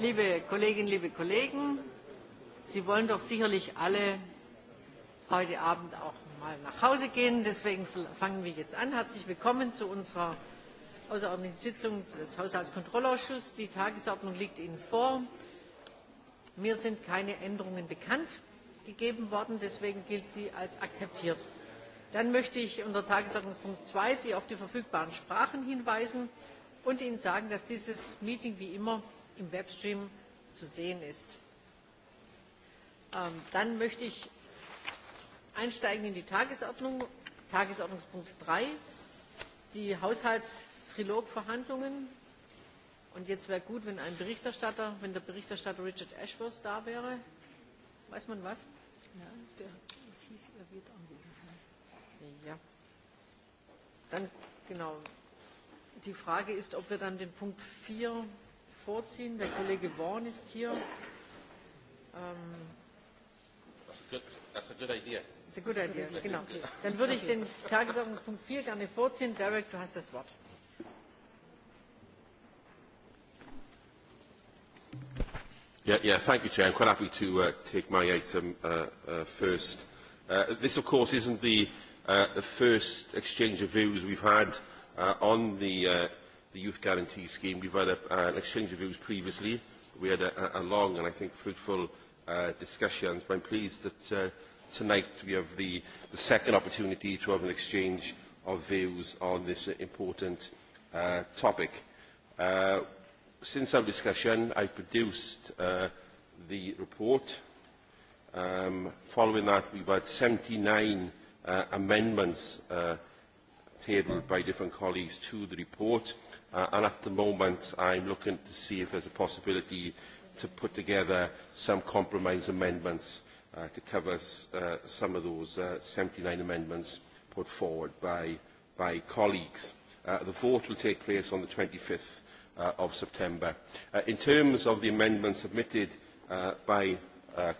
Liebe Kolleginnen, liebe Kollegen, Sie wollen doch sicherlich alle heute Abend auch mal nach Hause gehen. Deswegen fangen wir jetzt an. Herzlich willkommen zu unserer außerordentlichen Sitzung des Haushaltskontrollausschusses. Die Tagesordnung liegt Ihnen vor. Mir sind keine Änderungen bekannt gegeben worden. Deswegen gilt sie als akzeptiert. Dann möchte ich unter Tagesordnungspunkt 2 Sie auf die verfügbaren Sprachen hinweisen und Ihnen sagen, dass dieses Meeting wie immer im Webstream zu sehen ist. Ähm, dann möchte ich einsteigen in die Tagesordnung, Tagesordnungspunkt 3, die Haushaltstrilogverhandlungen. Und jetzt wäre gut, wenn ein Berichterstatter, wenn der Berichterstatter Richard Ashworth da wäre. Weiß man was? Ja, der, es hieß, er wird anwesend sein. Ja. Dann, genau. Die Frage ist, ob wir dann den Punkt 4 vorziehen. Der Kollege Vaughan ist hier. Ähm, that's, a good, that's a good idea. It's a good idea, genau. Dann würde ich den Tagesordnungspunkt 4 gerne vorziehen. Derek, du hast das Wort. Yeah, yeah, thank you, Chair. I'm quite happy to uh, take my item uh, uh, first. Uh, this, of course, isn't the, uh, the first exchange of views we've had uh, on the uh, the Youth Guarantee Scheme. We've had a, uh, an exchange of views previously. We had a, a long and, I think, fruitful uh, discussion. I'm pleased that uh, tonight we have the, the second opportunity to have an exchange of views on this important uh, topic. Uh, since our discussion, I produced uh, the report. Um, following that, we've had 79 uh, amendments uh, tabled by different colleagues to the report. Uh, and at the moment, I'm looking to see if there's a possibility to put together some compromise amendments uh, to cover uh, some of those uh, 79 amendments put forward by, by colleagues. Uh, the vote will take place on the 25th uh, of September. Uh, in terms of the amendments submitted uh, by uh,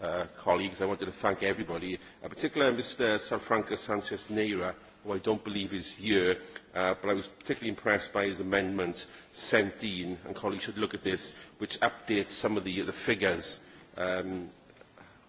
uh, colleagues, I wanted to thank everybody, in uh, particular Mr. Sarfranca Sanchez-Neira, who I don't believe is here, uh, but I was particularly impressed by his amendment 17, and colleagues should look at this, which updates some of the, the figures um,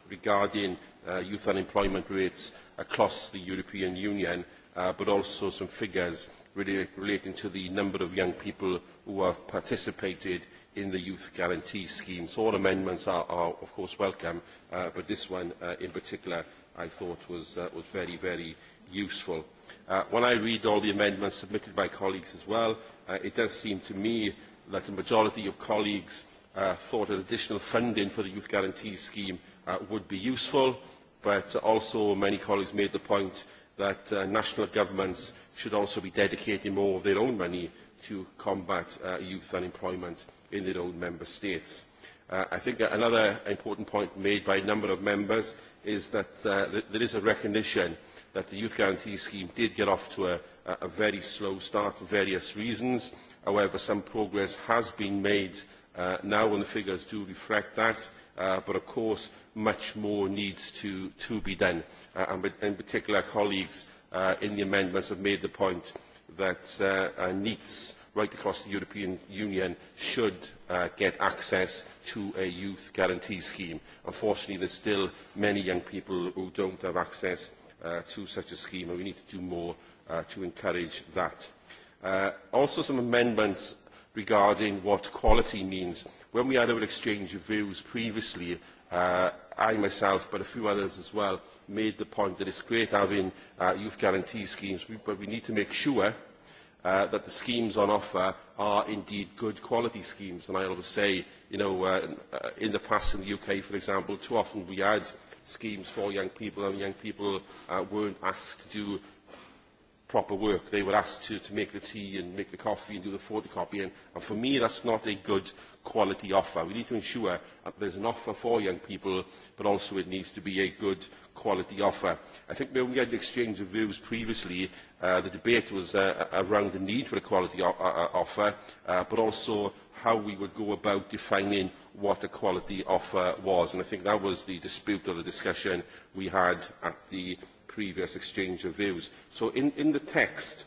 regarding uh, youth unemployment rates across the European Union, uh, but also some figures really relating to the number of young people who have participated in the Youth Guarantee Scheme. So all amendments are, are of course, welcome, uh, but this one uh, in particular I thought was, uh, was very, very useful. Uh, when I read all the amendments submitted by colleagues as well, uh, it does seem to me that a majority of colleagues uh, thought that additional funding for the Youth Guarantee Scheme uh, would be useful, but also many colleagues made the point that uh, national governments should also be dedicating more of their own money to combat uh, youth unemployment in their own member states. Uh, I think another important point made by a number of members is that uh, th there is a recognition uh, that the youth guarantee scheme did get off to a, a very slow start for various reasons. However, some progress has been made uh, now and the figures do reflect that. Uh, but of course, much more needs to, to be done. Uh, and in particular, colleagues uh, in the amendments have made the point that uh, uh, NEETs right across the European Union should uh, get access to a youth guarantee scheme. Unfortunately, there's still many young people who don't have access uh, to such a scheme, and we need to do more uh, to encourage that. Uh, also some amendments regarding what quality means. When we had our exchange of views previously, uh, I myself, but a few others as well, made the point that it's great having uh, youth guarantee schemes, but we need to make sure uh, that the schemes on offer are indeed good quality schemes. And I always say, you know, uh, uh in the past in the UK, for example, too often we had schemes for young people, and young people uh, weren't asked to do proper work. They were asked to, to make the tea and make the coffee and do the photocopying. And for me, that's not a good quality offer. We need to ensure that there's an offer for young people, but also it needs to be a good quality offer. I think when we had an exchange of views previously, uh, the debate was uh, around the need for a quality o- uh, uh offer, uh, but also how we would go about defining what a quality offer was. And I think that was the dispute or the discussion we had at the previous exchange of views. So in, in the text,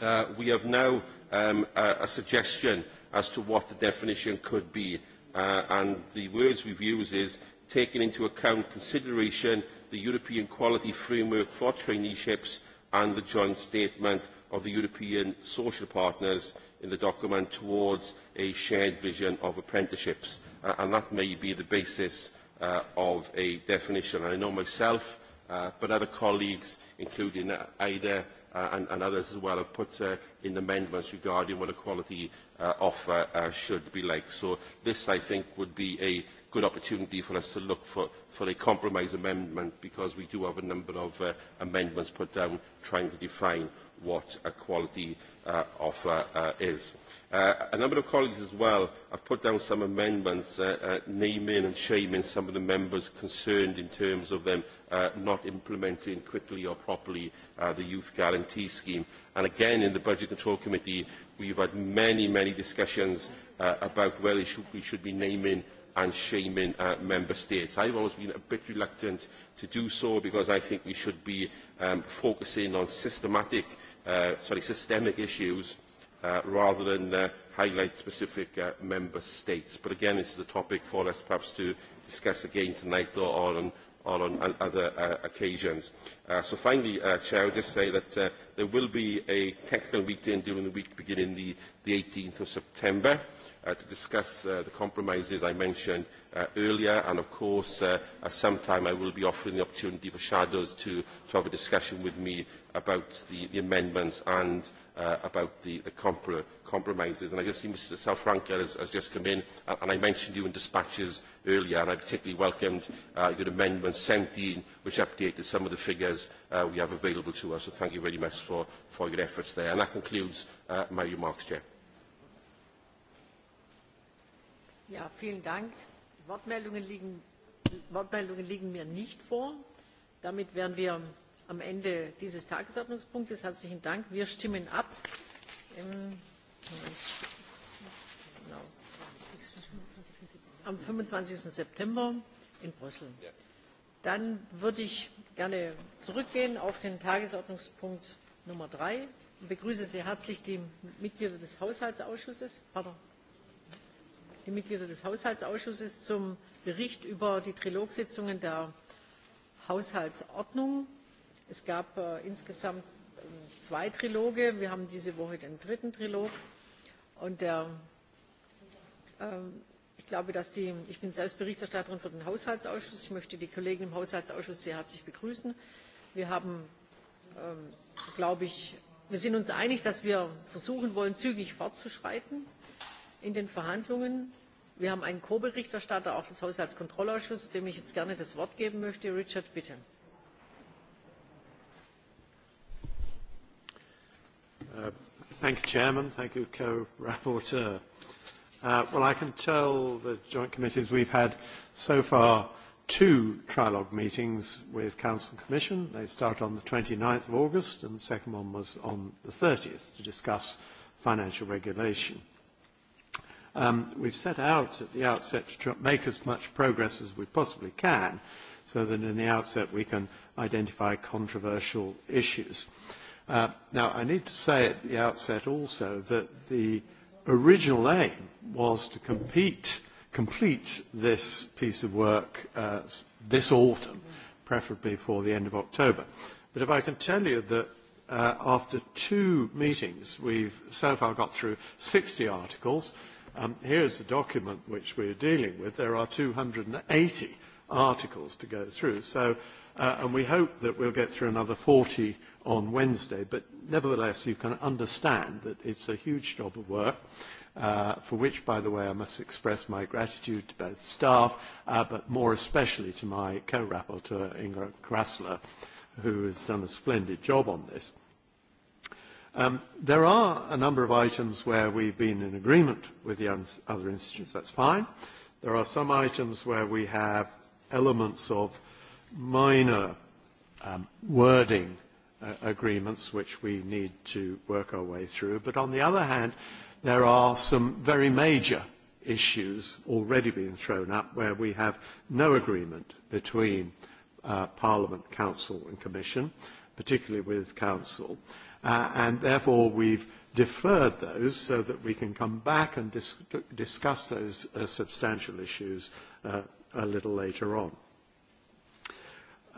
uh, we have now um, a, a suggestion as to what the definition could be. Uh, and the words we've used is taking into account consideration the European Quality Framework for Traineeships and the joint statement of the European Social Partners in the document towards a shared vision of apprenticeships, uh, and that may be the basis uh, of a definition. And I know myself, uh, but other colleagues, including uh, Ida uh, and, and others as well, have put uh, in amendments regarding what a quality uh, offer uh, should be like. So this, I think, would be a good opportunity for us to look for, for a compromise amendment because we do have a number of uh, amendments put down trying to define what a quality offer uh, offer uh, is. Uh, a number of colleagues as well have put down some amendments uh, uh, naming and shaming some of the members concerned in terms of them uh, not implementing quickly or properly uh, the youth guarantee scheme. And again, in the Budget Control Committee, we've had many, many discussions uh, about whether should, we should be naming and shaming uh, member states. I've always been a bit reluctant to do so because I think we should be um, focusing on systematic uh, uh, sorry, systemic issues uh, rather than uh, highlight specific uh, member states. But again, this is a topic for us perhaps to discuss again tonight or, or, on, or on other uh, occasions. Uh, so finally, uh, Chair, I would just say that uh, there will be a technical meeting during the week beginning the, the 18th of September uh, to discuss uh, the compromises I mentioned uh, earlier and of course uh, at some time I will be offering the opportunity for shadows to, to have a discussion with me about the, the amendments and uh, about the, the compr compromises. And I just see Mr Salfranca has, has just come in, and, and I mentioned you in dispatches earlier, and I particularly welcomed uh, your amendment 17, which updated some of the figures uh, we have available to us. So thank you very much for, for your efforts there. And that concludes uh, my remarks, Chair. Ja, vielen Dank. Wortmeldungen liegen, Wortmeldungen liegen mir nicht vor. Damit wären wir am Ende dieses Tagesordnungspunktes. Herzlichen Dank. Wir stimmen ab. Im, Moment, genau, am 25. September in Brüssel. Ja. Dann würde ich gerne zurückgehen auf den Tagesordnungspunkt Nummer 3 und begrüße sehr herzlich die Mitglieder des Haushaltsausschusses. Pardon die Mitglieder des Haushaltsausschusses zum Bericht über die Trilogsitzungen der Haushaltsordnung. Es gab äh, insgesamt äh, zwei Triloge. Wir haben diese Woche den dritten Trilog. Und der, äh, ich, glaube, dass die, ich bin selbst Berichterstatterin für den Haushaltsausschuss. Ich möchte die Kollegen im Haushaltsausschuss sehr herzlich begrüßen. Wir haben, ähm, glaube ich, wir sind uns einig, dass wir versuchen wollen, zügig fortzuschreiten in den Verhandlungen. Wir haben einen Co-Berichterstatter, auch des Haushaltskontrollausschusses, dem ich jetzt gerne das Wort geben möchte. Richard, bitte. Uh, thank you, Chairman. Thank you, Co-Rapporteur. Uh, well, I can tell the joint committees we've had so far two trilogue meetings with Council and Commission. They start on the 29th of August, and the second one was on the 30th to discuss financial regulation. Uh, Um, we've set out at the outset to make as much progress as we possibly can so that in the outset we can identify controversial issues. Uh, now, I need to say at the outset also that the original aim was to compete, complete this piece of work uh, this autumn, preferably before the end of October. But if I can tell you that uh, after two meetings, we've so far got through 60 articles, uh, Um, here is the document which we're dealing with. There are 280 articles to go through. So, uh, and we hope that we'll get through another 40 on Wednesday. But nevertheless, you can understand that it's a huge job of work. Uh, for which, by the way, I must express my gratitude to both staff, uh, but more especially to my co-rapporteur, Inga Grassler, who has done a splendid job on this. Um, there are a number of items where we've been in agreement with the other institutes. That's fine. There are some items where we have elements of minor um, wording uh, agreements which we need to work our way through. But on the other hand, there are some very major issues already being thrown up where we have no agreement between uh, Parliament, Council and Commission, particularly with Council. Uh, Uh, and therefore, we've deferred those so that we can come back and dis discuss those uh, substantial issues uh, a little later on.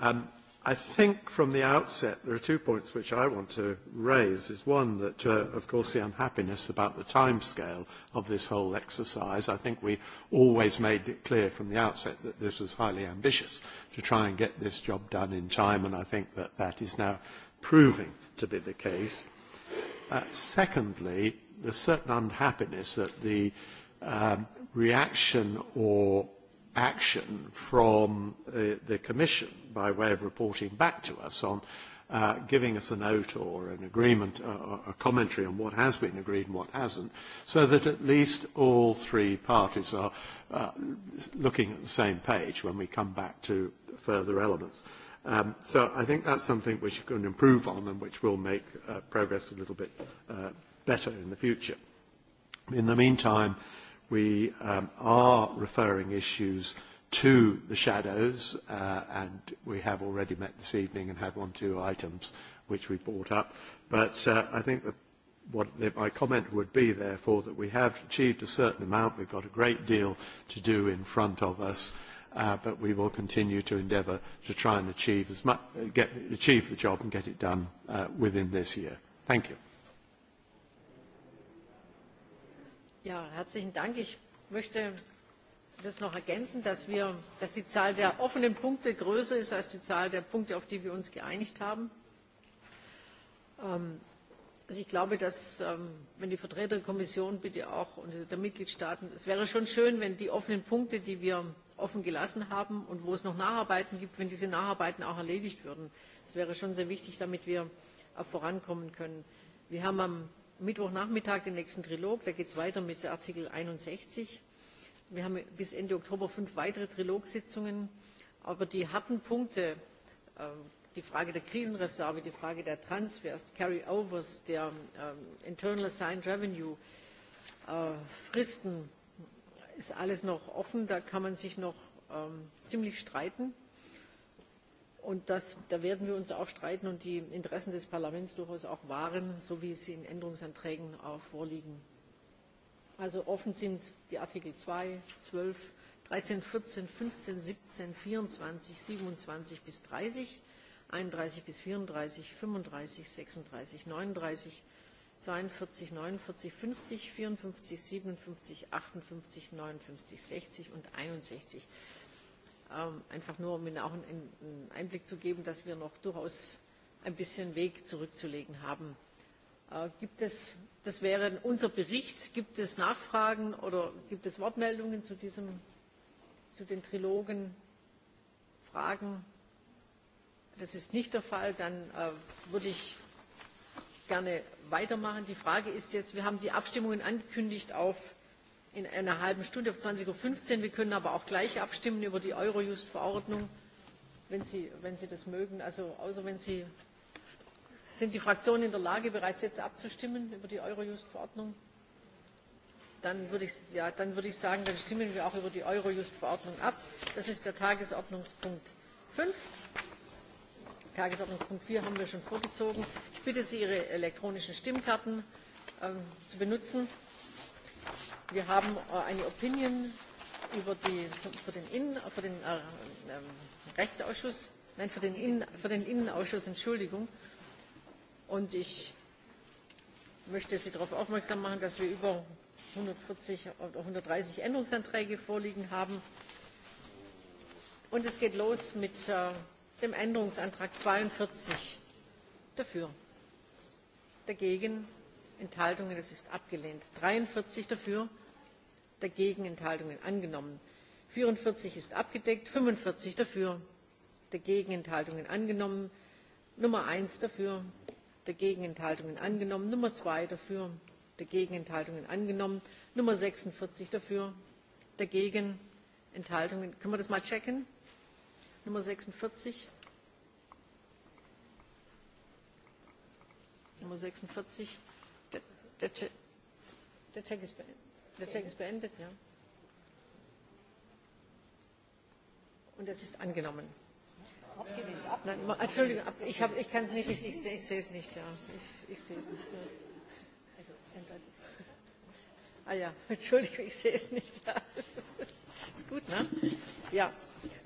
Um, I think from the outset there are two points which I want to raise. Is one that, uh, of course, the unhappiness about the timescale of this whole exercise. I think we always made it clear from the outset that this was highly ambitious to try and get this job done in time, and I think that that is now proving uh, to be the case. Uh, secondly, there's certain unhappiness at the um, reaction or action from uh, the Commission by way of reporting back to us on uh, giving us a note or an agreement, uh, a commentary on what has been agreed and what hasn't, so that at least all three parties are uh, looking at the same page when we come back to further elements. Uh, Um, so I think that's something which you can improve on and which will make uh, progress a little bit uh, better in the future. In the meantime, we um, are referring issues to the shadows, uh, and we have already met this evening and had one or two items which we brought up. But uh, I think that what the, my comment would be, therefore, that we have achieved a certain amount. We've got a great deal to do in front of us. Uh, uh, but we will continue to endeavour to try and achieve, as much, uh, get, achieve the job and get it done uh, within this year. Thank you. Ja, herzlichen Dank. Ich möchte das noch ergänzen, dass, wir, dass die Zahl der offenen Punkte größer ist als die Zahl der Punkte, auf die wir uns geeinigt haben. Ähm, also ich glaube, dass ähm, wenn die Vertreter der Kommission bitte auch und der Mitgliedstaaten, es wäre schon schön, wenn die offenen Punkte, die wir offen gelassen haben und wo es noch Nacharbeiten gibt, wenn diese Nacharbeiten auch erledigt würden. Das wäre schon sehr wichtig, damit wir auch vorankommen können. Wir haben am Mittwochnachmittag den nächsten Trilog, da geht es weiter mit Artikel 61. Wir haben bis Ende Oktober fünf weitere Trilogsitzungen. Aber die harten Punkte, ähm, die Frage der Krisenreserve, die Frage der Transfers, Carryovers, der ähm, Internal Assigned Revenue, äh, Fristen, ist alles noch offen, da kann man sich noch ähm, ziemlich streiten. Und das, da werden wir uns auch streiten und die Interessen des Parlaments durchaus auch wahren, so wie sie in Änderungsanträgen auch vorliegen. Also offen sind die Artikel 2, 12, 13, 14, 15, 17, 24, 27 bis 30, 31 bis 34, 35, 36, 39, 42, 49, 50, 54, 57, 58, 59, 60 und 61. Ähm, einfach nur, um Ihnen auch einen, einen Einblick zu geben, dass wir noch durchaus ein bisschen Weg zurückzulegen haben. Äh, gibt es, das wäre unser Bericht, gibt es Nachfragen oder gibt es Wortmeldungen zu, diesem, zu den Trilogen? Fragen? Das ist nicht der Fall. Dann äh, würde ich gerne weitermachen. Die Frage ist jetzt, wir haben die Abstimmungen angekündigt auf in einer halben Stunde auf 20.15 Uhr. Wir können aber auch gleich abstimmen über die Eurojust-Verordnung, wenn Sie, wenn Sie das mögen. Also außer wenn Sie, sind die Fraktionen in der Lage, bereits jetzt abzustimmen über die Eurojust-Verordnung? Dann würde, ich, ja, dann würde ich sagen, dann stimmen wir auch über die Eurojust-Verordnung ab. Das ist der Tagesordnungspunkt 5. Tagesordnungspunkt 4 haben wir schon vorgezogen. Ich bitte Sie, Ihre elektronischen Stimmkarten ähm, zu benutzen. Wir haben äh, eine Opinion über die, für den, Innen, für den äh, ähm, Rechtsausschuss, nein, für den, Innen, für den Innenausschuss, Entschuldigung. Und ich möchte Sie darauf aufmerksam machen, dass wir über 140 oder 130 Änderungsanträge vorliegen haben. Und es geht los mit äh, dem Änderungsantrag 42 dafür, dagegen, Enthaltungen, es ist abgelehnt. 43 dafür, dagegen, Enthaltungen angenommen. 44 ist abgedeckt, 45 dafür, dagegen, Enthaltungen angenommen. Nummer 1 dafür, dagegen, Enthaltungen angenommen. Nummer 2 dafür, dagegen, Enthaltungen angenommen. Nummer 46 dafür, dagegen, Enthaltungen. Können wir das mal checken? Nummer 46. Nummer 46. Der, der, Check, der, Check, ist beendet, der Check ist beendet, ja. Und es ist angenommen. Abgelehnt, abgelehnt. Nein, Entschuldigung, ich, hab, ich kann es nicht richtig sehen. Ich sehe es nicht, ja. Ich, ich sehe es nicht. Ja. Also, ah ja, Entschuldigung, ich sehe es nicht. Ja. Ist gut, ne? Ja.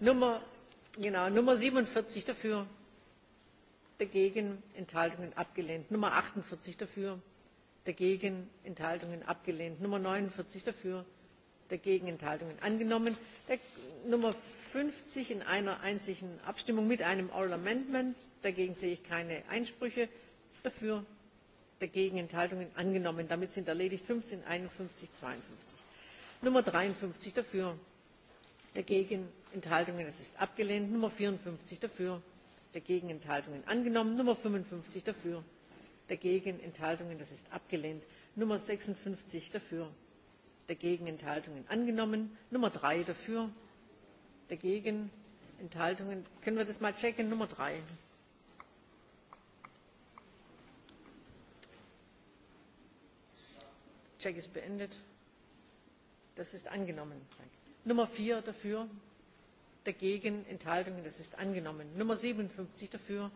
Nummer Genau, Nummer 47 dafür, dagegen, Enthaltungen abgelehnt. Nummer 48 dafür, dagegen, Enthaltungen abgelehnt. Nummer 49 dafür, dagegen, Enthaltungen angenommen. Der, Nummer 50 in einer einzigen Abstimmung mit einem Oral Amendment. Dagegen sehe ich keine Einsprüche. Dafür, dagegen, Enthaltungen angenommen. Damit sind erledigt 15, 51, 52. Nummer 53 dafür, dagegen, enthaltungen es ist abgelehnt nummer vierundfünfzig dafür dagegen enthaltungen angenommen nummer fünfundfünfzig dafür dagegen enthaltungen das ist abgelehnt nummer sechsundfünfzig dafür dagegen enthaltungen angenommen nummer drei dafür dagegen enthaltungen können wir das mal checken nummer drei check ist beendet das ist angenommen nummer vier dafür dagegen Enthaltungen, das ist angenommen. Nummer 57 dafür,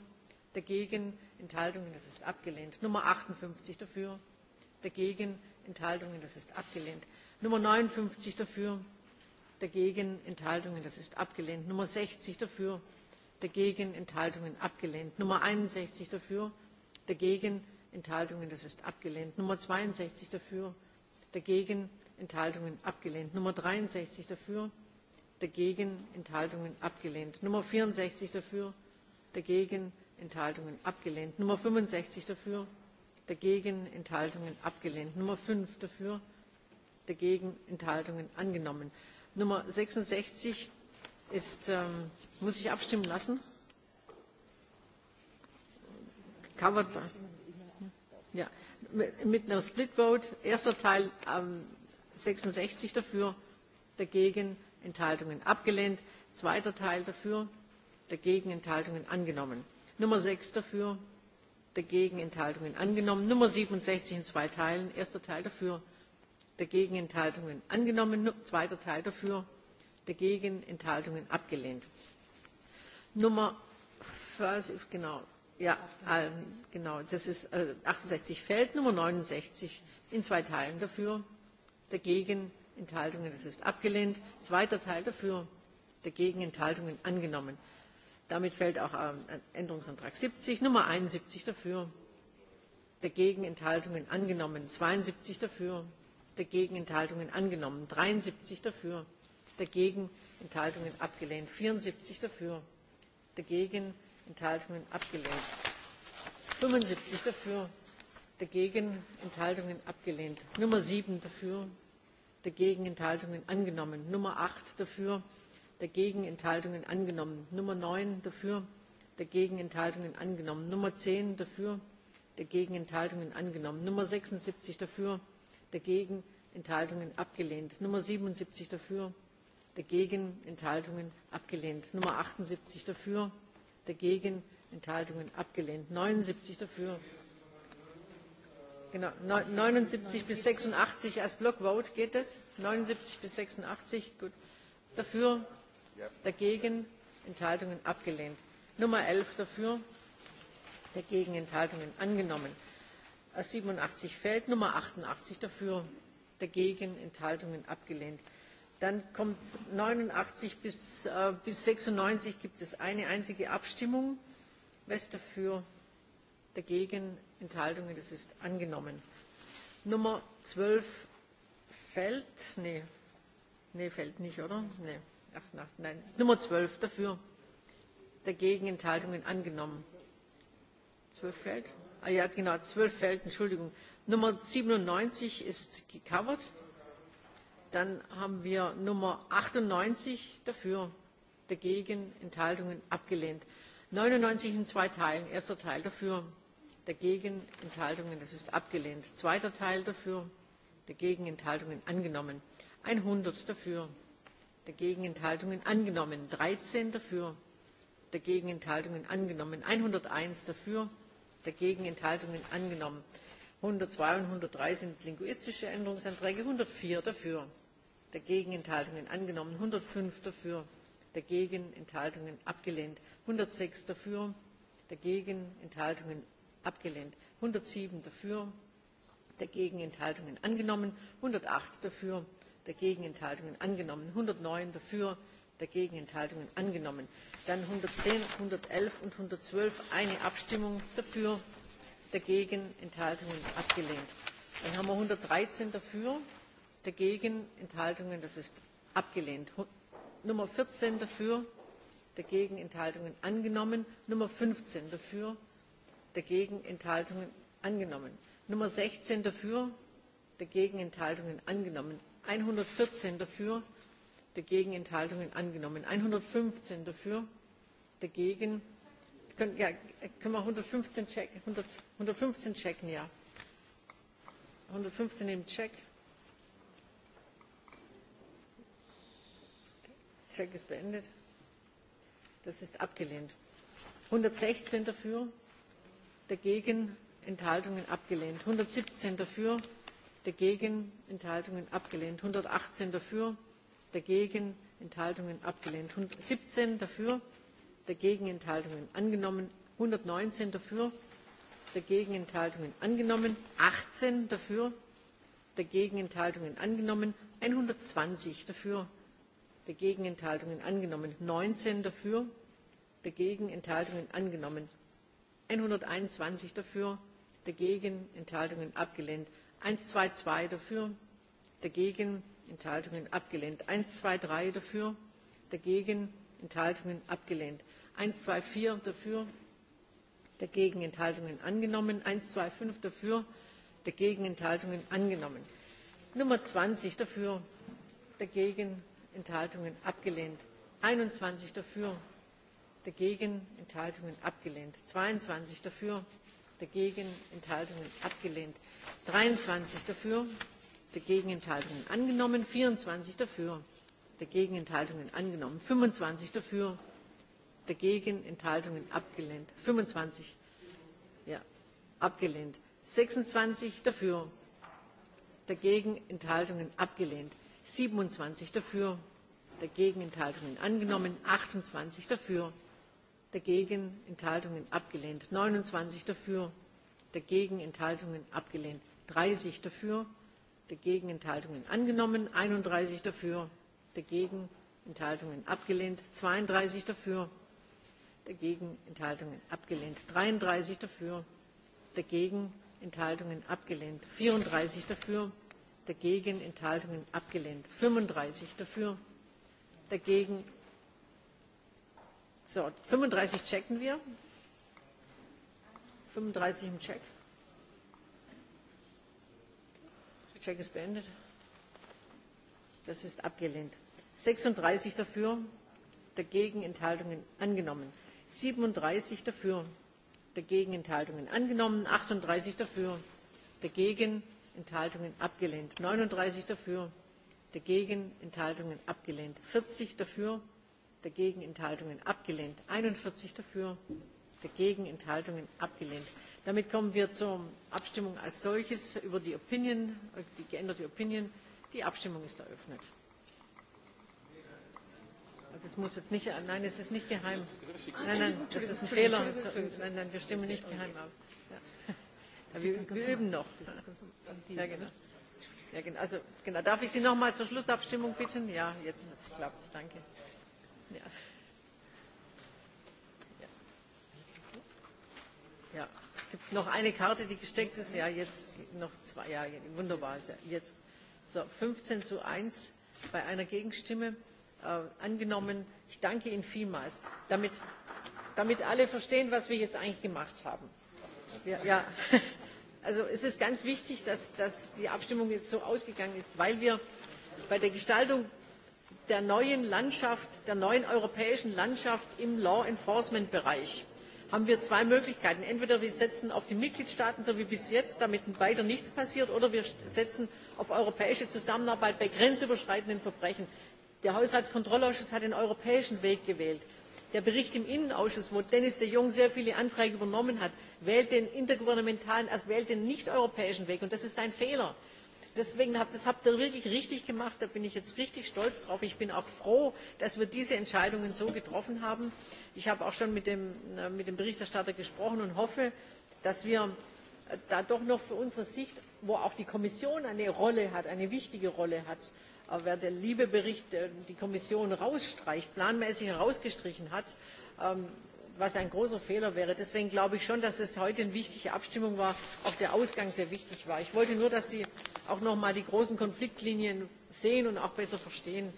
dagegen Enthaltungen, das ist abgelehnt. Nummer 58 dafür, dagegen Enthaltungen, das ist abgelehnt. Nummer 59 dafür, dagegen Enthaltungen, das ist abgelehnt. Nummer 60 dafür, dagegen Enthaltungen, abgelehnt. Nummer 61 dafür, dagegen Enthaltungen, das ist abgelehnt. Nummer 62 dafür, dagegen Enthaltungen, abgelehnt. Nummer 63 dafür, dagegen, dagegen Enthaltungen abgelehnt. Nummer 64 dafür, dagegen Enthaltungen abgelehnt. Nummer 65 dafür, dagegen Enthaltungen abgelehnt. Nummer 5 dafür, dagegen Enthaltungen angenommen. Nummer 66 ist, ähm, muss ich abstimmen lassen. Covered by. Ja, mit einer Split Vote. Erster Teil ähm, 66 dafür, dagegen enthaltungen abgelehnt zweiter teil dafür dagegen enthaltungen angenommen nummer sechs dafür dagegen enthaltungen angenommen nummer siebenundsechzig in zwei teilen erster teil dafür dagegen enthaltungen angenommen nu-, zweiter teil dafür dagegen enthaltungen abgelehnt nummer genau ja ähm, genau das ist äh, achtundsechzig fällt nummer neunundsechzig in zwei teilen dafür dagegen Enthaltungen. Das ist abgelehnt. Zweiter Teil dafür, dagegen Enthaltungen angenommen. Damit fällt auch ähm, Änderungsantrag 70. Nummer 71 dafür, dagegen Enthaltungen angenommen. 72 dafür, dagegen Enthaltungen angenommen. 73 dafür, dagegen Enthaltungen abgelehnt. 74 dafür, dagegen Enthaltungen abgelehnt. 75 dafür, dagegen Enthaltungen abgelehnt. Nummer 7 dafür, dagegen Enthaltungen angenommen. Nummer 8 dafür, dagegen Enthaltungen angenommen. Nummer 9 dafür, dagegen Enthaltungen angenommen. Nummer 10 dafür, dagegen Enthaltungen angenommen. Nummer 76 dafür, dagegen Enthaltungen abgelehnt. Nummer 77 dafür, dagegen Enthaltungen abgelehnt. Nummer 78 dafür, dagegen Enthaltungen abgelehnt. 79 dafür, Genau, 79 bis 86 als Blockvote geht es. 79 bis 86, gut. Dafür, dagegen, Enthaltungen abgelehnt. Nummer 11 dafür, dagegen, Enthaltungen angenommen. 87 äh, fällt, Nummer 88 dafür, dagegen, Enthaltungen abgelehnt. Dann kommt 89 bis, äh, bis 96 gibt es eine einzige Abstimmung. Wer ist dafür? Dagegen? Enthaltungen. Das ist angenommen. Nummer 12 fällt. Nee, nee fällt nicht, oder? Nee. Ach, ach, nein. Nummer 12 dafür. Dagegen Enthaltungen angenommen. 12 fällt. Ah ja, genau, 12 fällt. Entschuldigung. Nummer 97 ist gecovert. Dann haben wir Nummer 98 dafür, dagegen, Enthaltungen abgelehnt. 99 in zwei Teilen. Erster Teil dafür, dagegen Enthaltungen, das ist abgelehnt. Zweiter Teil dafür, dagegen Enthaltungen angenommen. 100 dafür, dagegen Enthaltungen angenommen. 13 dafür, dagegen Enthaltungen angenommen. 101 dafür, dagegen Enthaltungen angenommen. 102 und 103 sind linguistische Änderungsanträge. 104 dafür, dagegen Enthaltungen angenommen. 105 dafür, dagegen Enthaltungen abgelehnt. 106 dafür, dagegen Enthaltungen abgelehnt; einhundertsieben dafür dagegen enthaltungen angenommen; einhundertacht dafür dagegen enthaltungen angenommen; einhundertneun dafür dagegen enthaltungen angenommen; dann einhundertzehn einhundertelf und einhundertzwölf eine abstimmung dafür dagegen enthaltungen abgelehnt; dann haben wir einhundertdreizehn dafür dagegen enthaltungen das ist abgelehnt; nummer vierzehn dafür dagegen enthaltungen angenommen; nummer fünfzehn dafür dagegen Enthaltungen angenommen. Nummer 16 dafür, dagegen Enthaltungen angenommen. 114 dafür, dagegen Enthaltungen angenommen. 115 dafür, dagegen. Können, ja, können wir 115 checken? 100, 115 checken, ja. 115 im Check. Check ist beendet. Das ist abgelehnt. 116 dafür, dagegen enthaltungen abgelehnt; einhundertsiebzehn dafür dagegen enthaltungen abgelehnt; einhundertachtzehn dafür dagegen enthaltungen abgelehnt; siebzehn dafür dagegen enthaltungen angenommen; einhundertneunzehn dafür dagegen enthaltungen angenommen; achtzehn dafür dagegen enthaltungen angenommen; einhundertzwanzig dafür dagegen enthaltungen angenommen; neunzehn dafür dagegen enthaltungen angenommen; 121 dafür, dagegen, Enthaltungen abgelehnt. 122 dafür, dagegen, Enthaltungen abgelehnt. 123 dafür, dagegen, Enthaltungen abgelehnt. 124 dafür, dagegen, Enthaltungen angenommen. 125 dafür, dagegen, Enthaltungen angenommen. Nummer 20 dafür, dagegen, Enthaltungen abgelehnt. 21 dafür, dagegen Enthaltungen abgelehnt. 22 dafür, dagegen Enthaltungen abgelehnt. 23 dafür, dagegen Enthaltungen angenommen. 24 dafür, dagegen Enthaltungen angenommen. 25 dafür, dagegen Enthaltungen abgelehnt. 25 ja, abgelehnt. 26 dafür, dagegen Enthaltungen abgelehnt. 27 dafür, dagegen Enthaltungen angenommen. 28 dafür, dagegen Enthaltungen abgelehnt. 29 dafür, dagegen Enthaltungen abgelehnt. 30 dafür, dagegen Enthaltungen angenommen. 31 dafür, dagegen Enthaltungen abgelehnt. 32 dafür, dagegen Enthaltungen abgelehnt. 33 dafür, dagegen Enthaltungen abgelehnt. 34 dafür, dagegen Enthaltungen abgelehnt. 35 dafür, dagegen So, 35 checken wir. 35 im Check. Der Check ist beendet. Das ist abgelehnt. 36 dafür, dagegen Enthaltungen angenommen. 37 dafür, dagegen Enthaltungen angenommen. 38 dafür, dagegen Enthaltungen abgelehnt. 39 dafür, dagegen Enthaltungen abgelehnt. 40 dafür, dagegen dagegen Enthaltungen abgelehnt. 41 dafür, dagegen Enthaltungen abgelehnt. Damit kommen wir zur Abstimmung als solches über die Opinion, äh, die geänderte Opinion. Die Abstimmung ist eröffnet. Also es muss jetzt nicht, nein, es ist nicht geheim. Nein, nein, das ist ein Fehler. Nein, nein, wir stimmen nicht geheim ab. Ja. Ja, wir, wir üben noch. Ja, genau. Ja, genau. Also, genau. Darf ich Sie nochmal zur Schlussabstimmung bitten? Ja, jetzt klappt es. Danke. Ja, es gibt noch eine Karte, die gesteckt ist. Ja, jetzt noch zwei. Ja, wunderbar. Jetzt so 15 zu 1 bei einer Gegenstimme äh, angenommen. Ich danke Ihnen vielmals, damit, damit alle verstehen, was wir jetzt eigentlich gemacht haben. Wir, ja, also es ist ganz wichtig, dass, dass die Abstimmung jetzt so ausgegangen ist, weil wir bei der Gestaltung der neuen Landschaft, der neuen europäischen Landschaft im Law Enforcement Bereich haben wir zwei möglichkeiten entweder wir setzen auf die mitgliedstaaten so wie bis jetzt damit weiter nichts passiert oder wir setzen auf europäische zusammenarbeit bei grenzüberschreitenden verbrechen. der haushaltskontrollausschuss hat den europäischen weg gewählt. der bericht im innenausschuss wo dennis de jong sehr viele anträge übernommen hat wählt den nichteuropäischen weg und das ist ein fehler deswegen habt, das habt ihr wirklich richtig gemacht. Da bin ich jetzt richtig stolz drauf. Ich bin auch froh, dass wir diese Entscheidungen so getroffen haben. Ich habe auch schon mit dem, mit dem Berichterstatter gesprochen und hoffe, dass wir äh, da doch noch für unsere Sicht, wo auch die Kommission eine Rolle hat, eine wichtige Rolle hat, aber äh, wer der liebe Bericht äh, die Kommission rausstreicht, planmäßig herausgestrichen hat, ähm, was ein großer Fehler wäre. Deswegen glaube ich schon, dass es heute eine wichtige Abstimmung war, auch der Ausgang sehr wichtig war. Ich wollte nur, dass Sie auch nochmal die großen Konfliktlinien sehen und auch besser verstehen.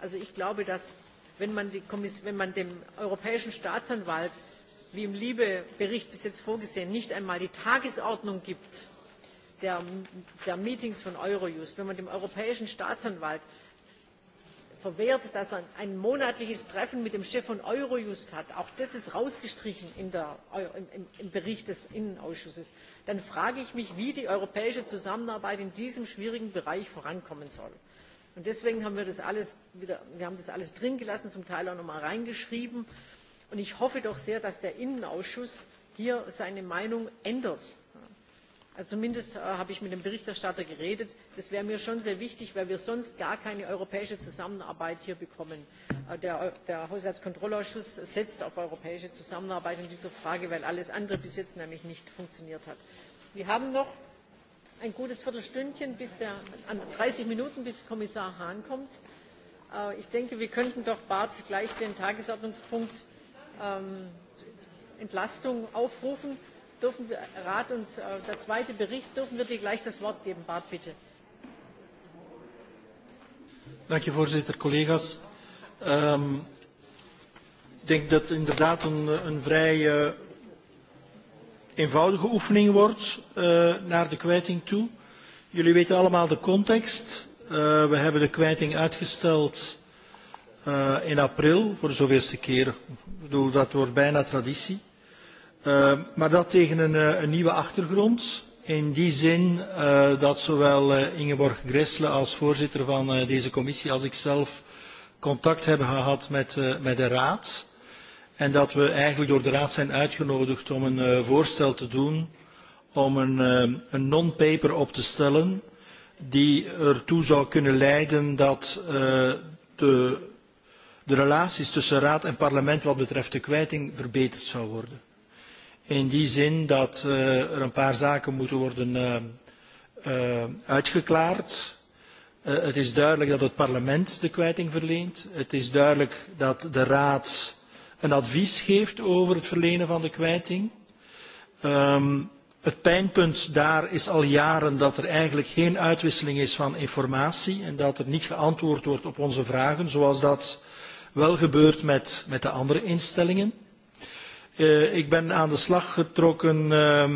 Also ich glaube, dass wenn man, die Kommission, wenn man dem europäischen Staatsanwalt, wie im Liebe-Bericht bis jetzt vorgesehen, nicht einmal die Tagesordnung gibt der, der Meetings von Eurojust, wenn man dem europäischen Staatsanwalt verwehrt dass er ein monatliches treffen mit dem chef von eurojust hat auch das ist rausgestrichen der, im, im bericht des innenausschusses dann frage ich mich wie die europäische zusammenarbeit in diesem schwierigen bereich vorankommen soll. Und deswegen haben wir das alles wieder wir haben das alles drin gelassen zum teil auch noch mal reingeschrieben und ich hoffe doch sehr dass der innenausschuss hier seine meinung ändert. Also zumindest äh, habe ich mit dem Berichterstatter geredet. Das wäre mir schon sehr wichtig, weil wir sonst gar keine europäische Zusammenarbeit hier bekommen. Äh, der, der Haushaltskontrollausschuss setzt auf europäische Zusammenarbeit in dieser Frage, weil alles andere bis jetzt nämlich nicht funktioniert hat. Wir haben noch ein gutes Viertelstündchen, bis der, 30 Minuten, bis Kommissar Hahn kommt. Äh, ich denke, wir könnten doch Bart gleich den Tagesordnungspunkt ähm, Entlastung aufrufen dürfen wir Rat und äh, der zweite Bericht dürfen wir dir gleich das Wort geben. Bart, bitte. Dank je, voorzitter, collega's. Um, ik denk dat het inderdaad een, een vrij uh, eenvoudige oefening wordt uh, naar de kwijting toe. Jullie weten allemaal de context. Uh, we hebben de kwijting uitgesteld uh, in april voor de zoveelste keer. Ik bedoel, dat wordt bijna traditie. Uh, maar dat tegen een, uh, een nieuwe achtergrond. In die zin uh, dat zowel uh, Ingeborg Gressle als voorzitter van uh, deze commissie als ikzelf contact hebben gehad met, uh, met de Raad. En dat we eigenlijk door de Raad zijn uitgenodigd om een uh, voorstel te doen om een, uh, een non-paper op te stellen die ertoe zou kunnen leiden dat uh, de, de relaties tussen Raad en parlement wat betreft de kwijting verbeterd zou worden. In die zin dat uh, er een paar zaken moeten worden uh, uh, uitgeklaard. Uh, het is duidelijk dat het parlement de kwijting verleent. Het is duidelijk dat de raad een advies geeft over het verlenen van de kwijting. Um, het pijnpunt daar is al jaren dat er eigenlijk geen uitwisseling is van informatie en dat er niet geantwoord wordt op onze vragen, zoals dat wel gebeurt met, met de andere instellingen. Uh, ik ben aan de slag getrokken uh,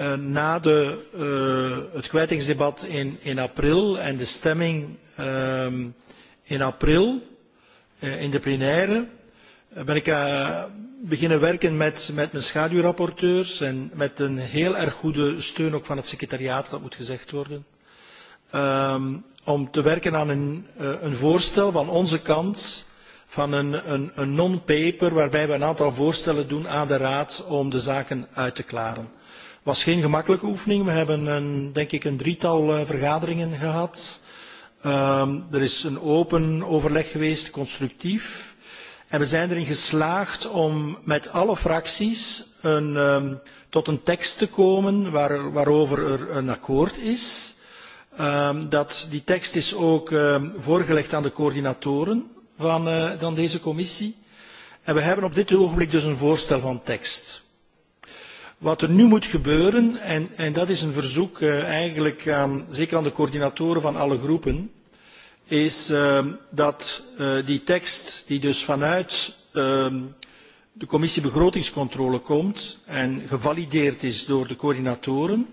uh, na de, uh, het kwijtingsdebat in, in april en de stemming uh, in april uh, in de plenaire. Uh, ben ik uh, beginnen werken met, met mijn schaduwrapporteurs en met een heel erg goede steun ook van het secretariaat, dat moet gezegd worden. Um, om te werken aan een, uh, een voorstel van onze kant van een, een, een non-paper waarbij we een aantal voorstellen doen aan de Raad om de zaken uit te klaren. Het was geen gemakkelijke oefening. We hebben een, denk ik een drietal uh, vergaderingen gehad. Um, er is een open overleg geweest, constructief. En we zijn erin geslaagd om met alle fracties een, um, tot een tekst te komen waar, waarover er een akkoord is. Um, dat, die tekst is ook um, voorgelegd aan de coördinatoren van, uh, van deze commissie. En we hebben op dit ogenblik dus een voorstel van tekst. Wat er nu moet gebeuren, en, en dat is een verzoek uh, eigenlijk aan, zeker aan de coördinatoren van alle groepen, is uh, dat uh, die tekst die dus vanuit uh, de commissie begrotingscontrole komt en gevalideerd is door de coördinatoren,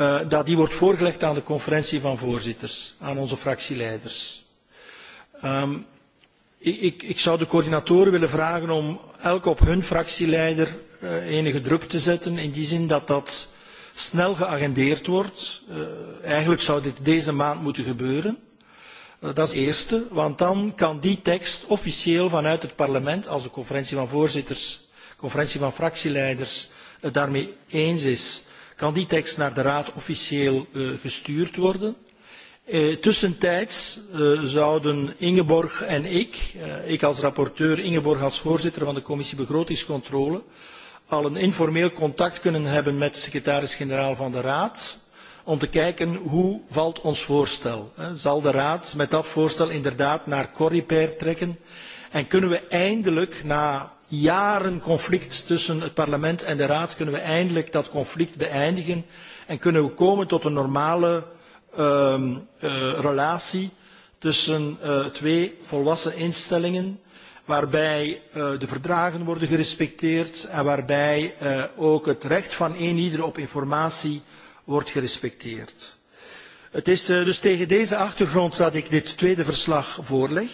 uh, dat die wordt voorgelegd aan de conferentie van voorzitters, aan onze fractieleiders. Um, Ik, ik, ik zou de coördinatoren willen vragen om elk op hun fractieleider uh, enige druk te zetten, in die zin dat dat snel geagendeerd wordt. Uh, eigenlijk zou dit deze maand moeten gebeuren. Uh, dat is het eerste, want dan kan die tekst officieel vanuit het parlement, als de conferentie van voorzitters, conferentie van fractieleiders het daarmee eens is, kan die tekst naar de raad officieel uh, gestuurd worden. Eh, tussentijds eh, zouden Ingeborg en ik, eh, ik als rapporteur, Ingeborg als voorzitter van de commissie begrotingscontrole, al een informeel contact kunnen hebben met de secretaris-generaal van de Raad om te kijken hoe valt ons voorstel. Hè. Eh, zal de Raad met dat voorstel inderdaad naar Corriper trekken en kunnen we eindelijk na jaren conflict tussen het parlement en de Raad, kunnen we eindelijk dat conflict beëindigen en kunnen we komen tot een normale um, uh, relatie tussen uh, twee volwassen instellingen waarbij uh, de verdragen worden gerespecteerd en waarbij uh, ook het recht van eenieder op informatie wordt gerespecteerd. Het is uh, dus tegen deze achtergrond dat ik dit tweede verslag voorleg.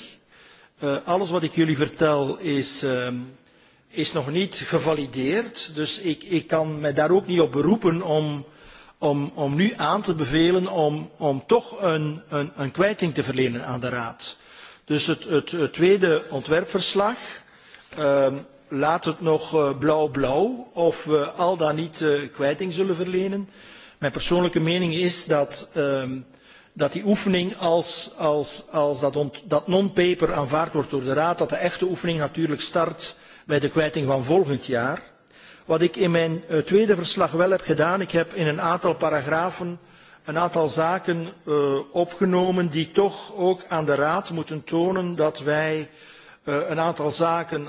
Uh, alles wat ik jullie vertel is, uh, is nog niet gevalideerd, dus ik, ik kan me daar ook niet op beroepen om om, om nu aan te bevelen om, om toch een, een, een kwijting te verlenen aan de Raad. Dus het, het, het tweede ontwerpverslag uh, laat het nog eh, blauw-blauw uh, of we al dan niet uh, kwijting zullen verlenen. Mijn persoonlijke mening is dat, uh, dat die oefening als, als, als dat, ont, dat non-paper aanvaard wordt door de Raad, dat de echte oefening natuurlijk start bij de kwijting van volgend jaar. Wat ik in mijn uh, tweede verslag wel heb gedaan, ik heb in een aantal paragrafen een aantal zaken uh, opgenomen die toch ook aan de Raad moeten tonen dat wij uh, een aantal zaken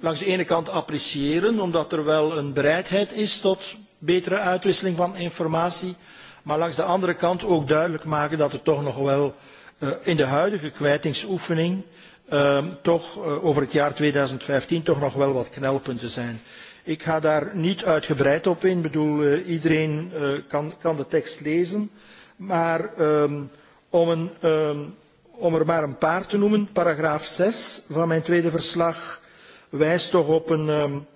langs de ene kant appreciëren, omdat er wel een bereidheid is tot betere uitwisseling van informatie, maar langs de andere kant ook duidelijk maken dat er toch nog wel uh, in de huidige kwijtingsoefening uh, toch uh, over het jaar 2015 toch nog wel wat knelpunten zijn. Ik ga daar niet uitgebreid op in. Ik bedoel, uh, iedereen uh, kan, kan de tekst lezen. Maar um, om, een, um, om er maar een paar te noemen, paragraaf 6 van mijn tweede verslag wijst toch op een, um,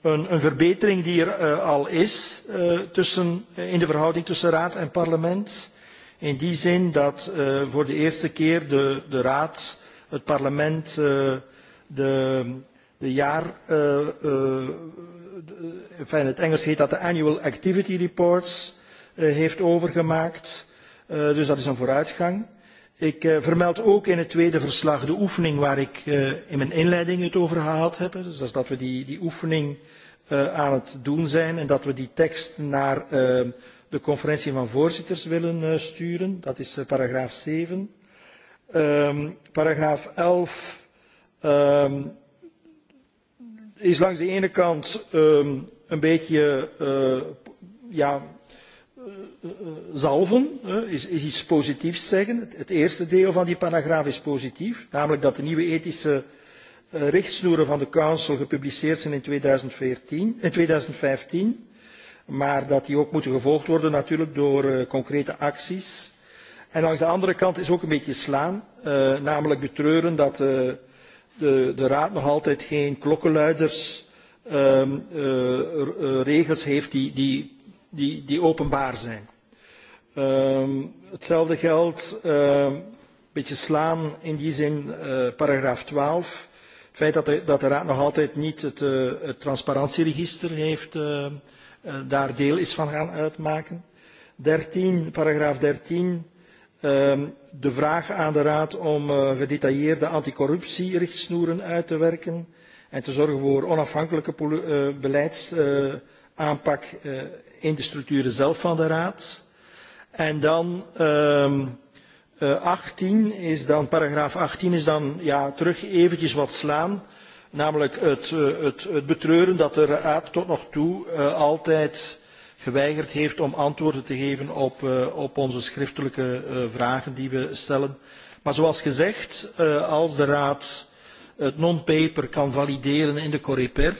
een, een verbetering die er uh, al is uh, tussen, uh, in de verhouding tussen raad en parlement. In die zin dat uh, voor de eerste keer de, de raad, het parlement, uh, de, de jaarverslagen enfin, eh, in het Engels heet dat de Annual Activity Reports, uh, heeft overgemaakt. Uh, dus dat is een vooruitgang. Ik uh, vermeld ook in het tweede verslag de oefening waar ik uh, in mijn inleiding het over gehaald heb. Dus dat is dat we die, die oefening uh, aan het doen zijn en dat we die tekst naar uh, de conferentie van voorzitters willen uh, sturen. Dat is uh, paragraaf 7. Um, ehm, paragraaf 11. Um, ehm, is langs de ene kant um, een beetje uh, ja, uh, zalven, uh, is, is iets positiefs zeggen. Het, het eerste deel van die paragraaf is positief, namelijk dat de nieuwe ethische uh, richtsnoeren van de Council gepubliceerd zijn in, 2014, in 2015, maar dat die ook moeten gevolgd worden natuurlijk door uh, concrete acties. En langs de andere kant is ook een beetje slaan, uh, namelijk betreuren dat... Uh, de, de Raad nog altijd geen klokkenluiders um, uh, uh, regels heeft die, die, die, die openbaar zijn. Um, hetzelfde geldt, um, een beetje slaan in die zin, uh, paragraaf 12. Het feit dat de, dat de Raad nog altijd niet het, uh, het transparantieregister heeft, uh, uh, daar deel is van gaan uitmaken. 13, paragraaf 13 Ehm, de vraag aan de Raad om eh, gedetailleerde anticorruptierichtsnoeren uit te werken en te zorgen voor onafhankelijke eh, beleidsaanpak eh, in de structuren zelf van de Raad. En dan um, uh, 18 is dan, paragraaf 18 is dan ja, terug eventjes wat slaan. Namelijk het, uh, het, het betreuren dat de Raad tot nog toe uh, altijd geweigerd heeft om antwoorden te geven op, uh, op onze schriftelijke uh, vragen die we stellen. Maar zoals gezegd, uh, als de Raad het non-paper kan valideren in de Coreper,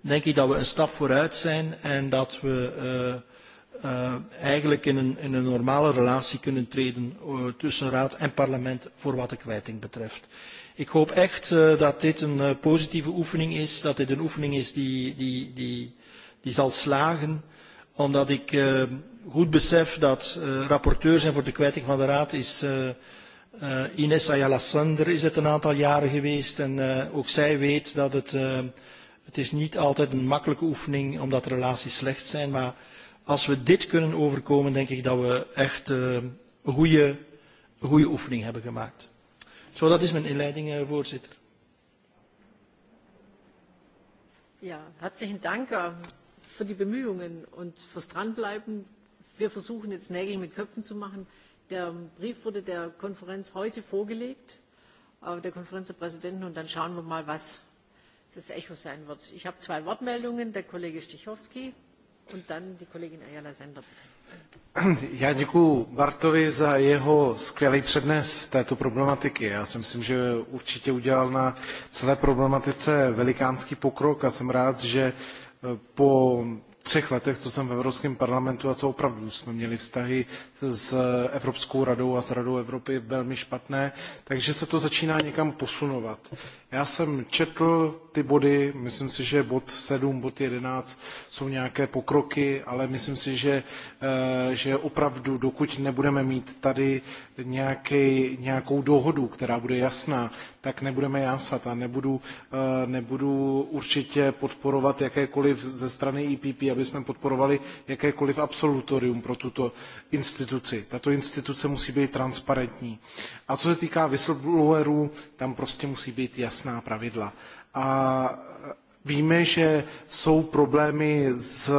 denk ik dat we een stap vooruit zijn en dat we uh, uh, eigenlijk in een, in een normale relatie kunnen treden uh, tussen Raad en parlement voor wat de kwijting betreft. Ik hoop echt uh, dat dit een uh, positieve oefening is, dat dit een oefening is die, die, die, die zal slagen omdat ik uh, goed besef dat uh, eh, rapporteur zijn voor de kwijting van de Raad is uh, uh, Ines Ayala Sander is het een aantal jaren geweest. En uh, ook zij weet dat het, uh, het is niet altijd een makkelijke oefening omdat relaties slecht zijn. Maar als we dit kunnen overkomen, denk ik dat we echt uh, een goede, goede oefening hebben gemaakt. Zo, dat is mijn inleiding, uh, voorzitter. Ja, herzlichen Dank für die Bemühungen und fürs Dranbleiben. Wir versuchen jetzt Nägel mit Köpfen zu machen. Der Brief wurde der Konferenz heute vorgelegt, äh, der Konferenz der Präsidenten, und dann schauen wir mal, was das Echo sein wird. Ich habe zwei Wortmeldungen, der Kollege Stichowski und dann die Kollegin Ayala Sender. Bitte. Já děkuji Bartovi za jeho skvělý přednes této problematiky. Já si myslím, že určitě udělal na celé problematice velikánský pokrok a jsem rád, že uh, po třech letech, co jsem v Evropském parlamentu a co opravdu jsme měli vztahy s Evropskou radou a s Radou Evropy velmi špatné, takže se to začíná někam posunovat. Já jsem četl ty body, myslím si, že bod 7, bod 11 jsou nějaké pokroky, ale myslím si, že, eh, že opravdu, dokud nebudeme mít tady nějaký, nějakou dohodu, která bude jasná, tak nebudeme jásat a nebudu, eh, nebudu určitě podporovat jakékoliv ze strany EPP, aby jsme podporovali jakékoliv absolutorium pro tuto instituci. Tato instituce musí být transparentní. A co se týká whistleblowerů, tam prostě musí být jasná jasná pravidla. A Víme, že jsou problémy s,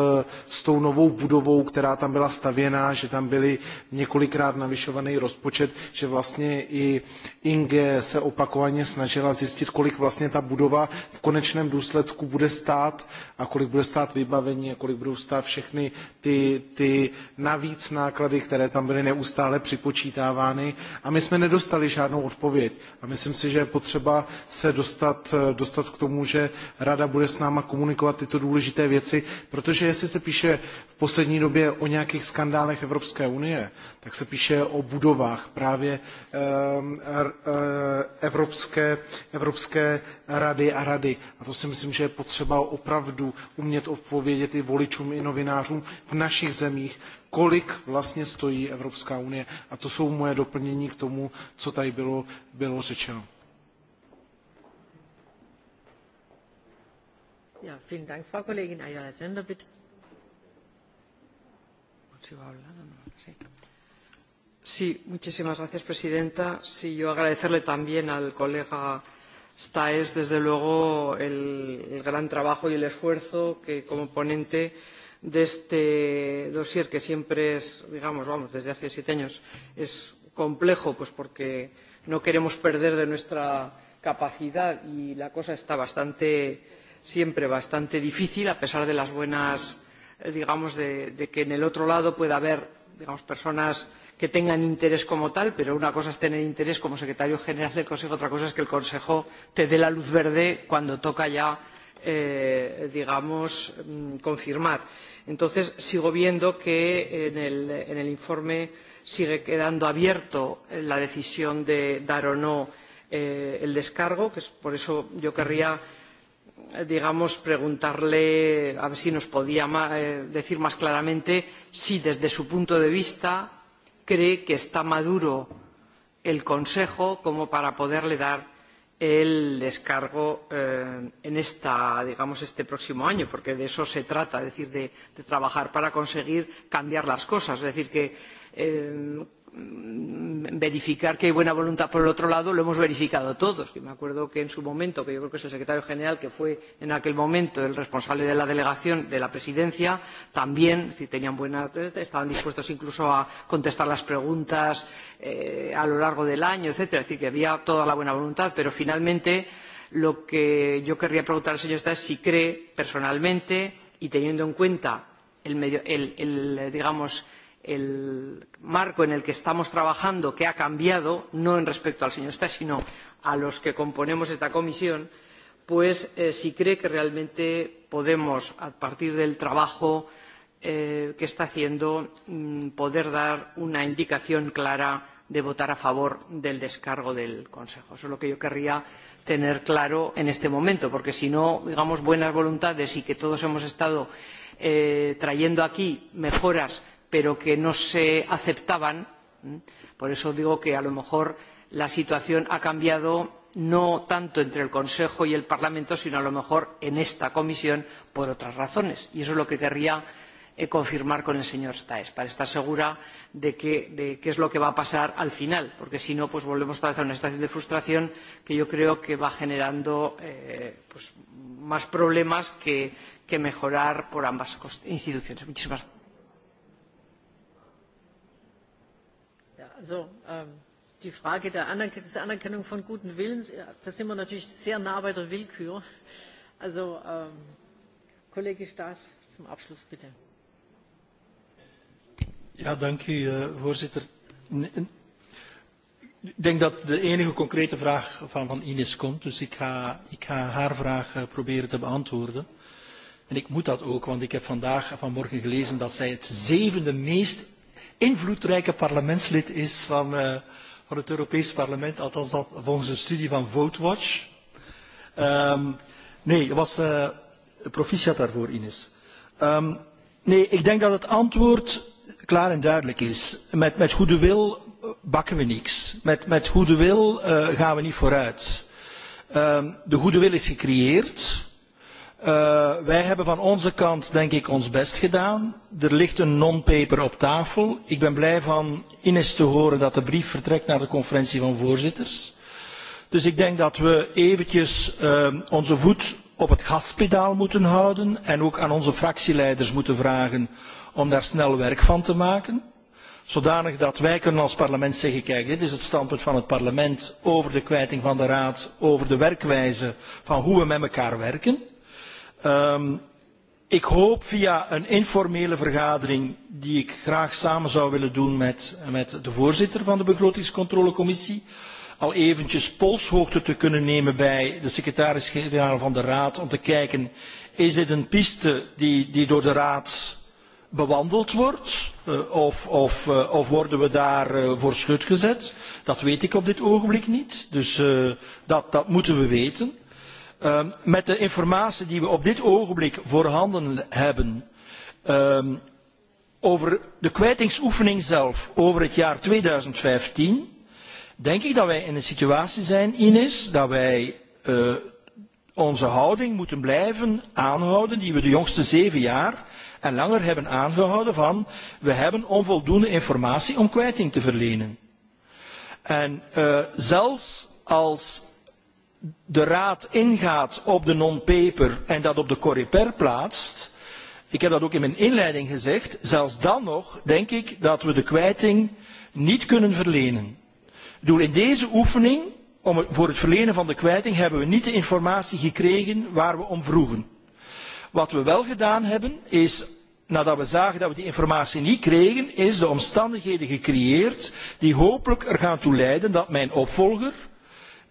s tou novou budovou, která tam byla stavěná, že tam byly několikrát navyšovaný rozpočet, že vlastně i Inge se opakovaně snažila zjistit, kolik vlastně ta budova v konečném důsledku bude stát a kolik bude stát vybavení a kolik budou stát všechny ty, ty navíc náklady, které tam byly neustále připočítávány. A my jsme nedostali žádnou odpověď. A myslím si, že je potřeba se dostat, dostat k tomu, že Rada bude s náma komunikovat tyto důležité věci, protože jestli se píše v poslední době o nějakých skandálech Evropské unie, tak se píše o budovách právě ehm, eh, Evropské, Evropské rady a rady. A to si myslím, že je potřeba opravdu umět odpovědět i voličům, i novinářům v našich zemích, kolik vlastně stojí Evropská unie. A to jsou moje doplnění k tomu, co tady bylo, bylo řečeno. Ja, vielen Dank, Frau Kollegin Ayala Sender, bitte. Sí, muchísimas gracias, presidenta. Sí, yo agradecerle también al colega Staes, desde luego, el, el gran trabajo y el esfuerzo que, como ponente, de este dossier que siempre es digamos vamos desde hace siete años es complejo pues porque no queremos perder de nuestra capacidad y la cosa está bastante siempre bastante difícil, a pesar de las buenas, eh, digamos, de, de que en el otro lado pueda haber, digamos, personas que tengan interés como tal, pero una cosa es tener interés como secretario general del Consejo, otra cosa es que el Consejo te dé la luz verde cuando toca ya, eh, digamos, mm, confirmar. Entonces, sigo viendo que en el, en el informe sigue quedando abierto eh, la decisión de dar o no eh, el descargo, que es por eso yo querría digamos, preguntarle a ver si nos podía eh, decir más claramente si desde su punto de vista cree que está maduro el Consejo como para poderle dar el descargo eh, en esta, digamos, este próximo año, porque de eso se trata, es decir, de, de trabajar para conseguir cambiar las cosas, es decir, que eh, Mm, verificar que hay buena voluntad por el otro lado lo hemos verificado todos. Yo me acuerdo que en su momento, que yo creo que es el secretario general, que fue en aquel momento el responsable de la delegación de la presidencia, también si tenían buena, estaban dispuestos incluso a contestar las preguntas eh, a lo largo del año, etcétera. Es decir, que había toda la buena voluntad, pero finalmente lo que yo querría preguntar al señor está es si cree personalmente y teniendo en cuenta el, medio, el, el digamos el marco en el que estamos trabajando que ha cambiado no respecto al señor staes sino a los que componemos esta comisión pues eh, si cree que realmente podemos a partir del trabajo eh, que está haciendo mm, poder dar una indicación clara de votar a favor del descargo del consejo. eso es lo que yo querría tener claro en este momento porque si no digamos buenas voluntades y que todos hemos estado eh, trayendo aquí mejoras pero que no se aceptaban por eso digo que a lo mejor la situación ha cambiado no tanto entre el consejo y el parlamento sino a lo mejor en esta comisión por otras razones y eso es lo que querría eh, confirmar con el señor staes para estar segura de qué es lo que va a pasar al final porque si no pues volvemos otra vez a una situación de frustración que yo creo que va generando eh, pues, más problemas que, que mejorar por ambas instituciones. muchísimas also ähm, die Frage der Anerk des Anerkennung von guten Willens, da sind wir natürlich sehr nah bei der Willkür. Also ähm, Kollege Staes, zum Abschluss bitte. Ja, dank u, uh, voorzitter. Ik denk dat de enige concrete vraag van, van Ines komt, dus ik ga, ik ga haar vraag uh, proberen te beantwoorden. En ik moet dat ook, want ik heb vandaag eh, vanmorgen gelezen dat zij het zevende meest invloedrijke parlementslid is van, uh, van het Europees Parlement, althans dat volgens een studie van VoteWatch. Um, nee, dat er was uh, proficiat daarvoor, Ines. Um, nee, ik denk dat het antwoord klaar en duidelijk is. Met, met goede wil eh, bakken we niks. Met, met goede wil uh, gaan we niet vooruit. Um, de goede wil is gecreëerd. Uh, wij hebben van onze kant, denk ik, ons best gedaan. Er ligt een non-paper op tafel. Ik ben blij van Ines te horen dat de brief vertrekt naar de conferentie van voorzitters. Dus ik denk dat we eventjes uh, onze voet op het gaspedaal moeten houden en ook aan onze fractieleiders moeten vragen om daar snel werk van te maken. Zodanig dat wij kunnen als parlement zeggen, kijk, dit is het standpunt van het parlement over de kwijting van de raad, over de werkwijze van hoe we met elkaar werken. Um, ik hoop via een informele vergadering die ik graag samen zou willen doen met, met de voorzitter van de begrotingscontrolecommissie al eventjes polshoogte te kunnen nemen bij de secretaris-generaal van de Raad om te kijken is dit een piste die, die door de Raad bewandeld wordt uh, of, of, uh, of worden we daar uh, voor schut gezet. Dat weet ik op dit ogenblik niet, dus uh, dat, dat moeten we weten. Um, met de informatie die we op dit ogenblik voorhanden hebben um, over de kwijtingsoefening zelf over het jaar 2015, denk ik dat wij in een situatie zijn, Ines, dat wij uh, onze houding moeten blijven aanhouden die we de jongste zeven jaar en langer hebben aangehouden van we hebben onvoldoende informatie om kwijting te verlenen. En uh, zelfs als de Raad ingaat op de non-paper en dat op de Coreper plaatst, ik heb dat ook in mijn inleiding gezegd, zelfs dan nog denk ik dat we de kwijting niet kunnen verlenen. Ik bedoel, in deze oefening om het, voor het verlenen van de kwijting hebben we niet de informatie gekregen waar we om vroegen. Wat we wel gedaan hebben is, nadat we zagen dat we die informatie niet kregen, is de omstandigheden gecreëerd die hopelijk er gaan toe leiden dat mijn opvolger,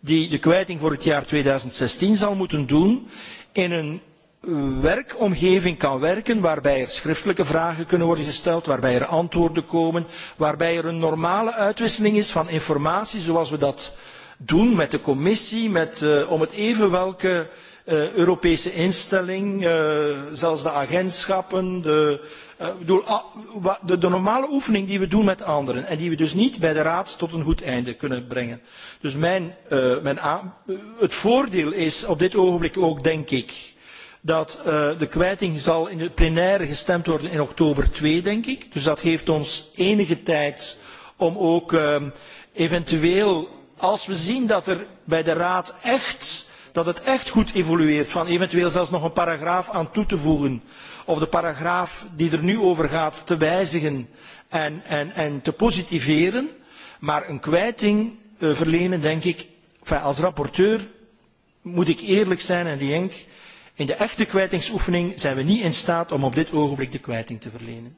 die de kwijting voor het jaar 2016 zal moeten doen, in een eh, werkomgeving kan werken waarbij er schriftelijke vragen kunnen worden gesteld, waarbij er antwoorden komen, waarbij er een normale uitwisseling is van informatie zoals we dat doen met de commissie, met uh, om het even welke uh, Europese instelling, uh, zelfs de agentschappen, de, uh, Uh, ik bedoel, ah, de, de normale oefening die we doen met anderen en die we dus niet bij de Raad tot een goed einde kunnen brengen. Dus mijn, uh, mijn a- het voordeel is op dit ogenblik ook, denk ik, dat uh, de kwijting zal in de plenaire gestemd worden in oktober 2, denk ik. Dus dat geeft ons enige tijd om ook uh, eventueel, als we zien dat er bij de Raad echt, dat het echt goed evolueert, van eventueel zelfs nog een paragraaf aan toe te voegen of de paragraaf die er nu over gaat te wijzigen en, en, en te positiveren. Maar een kwijting uh, verlenen, denk ik, enfin, als rapporteur moet ik eerlijk zijn en die Henk, in de echte kwijtingsoefening zijn we niet in staat om op dit ogenblik de kwijting te verlenen.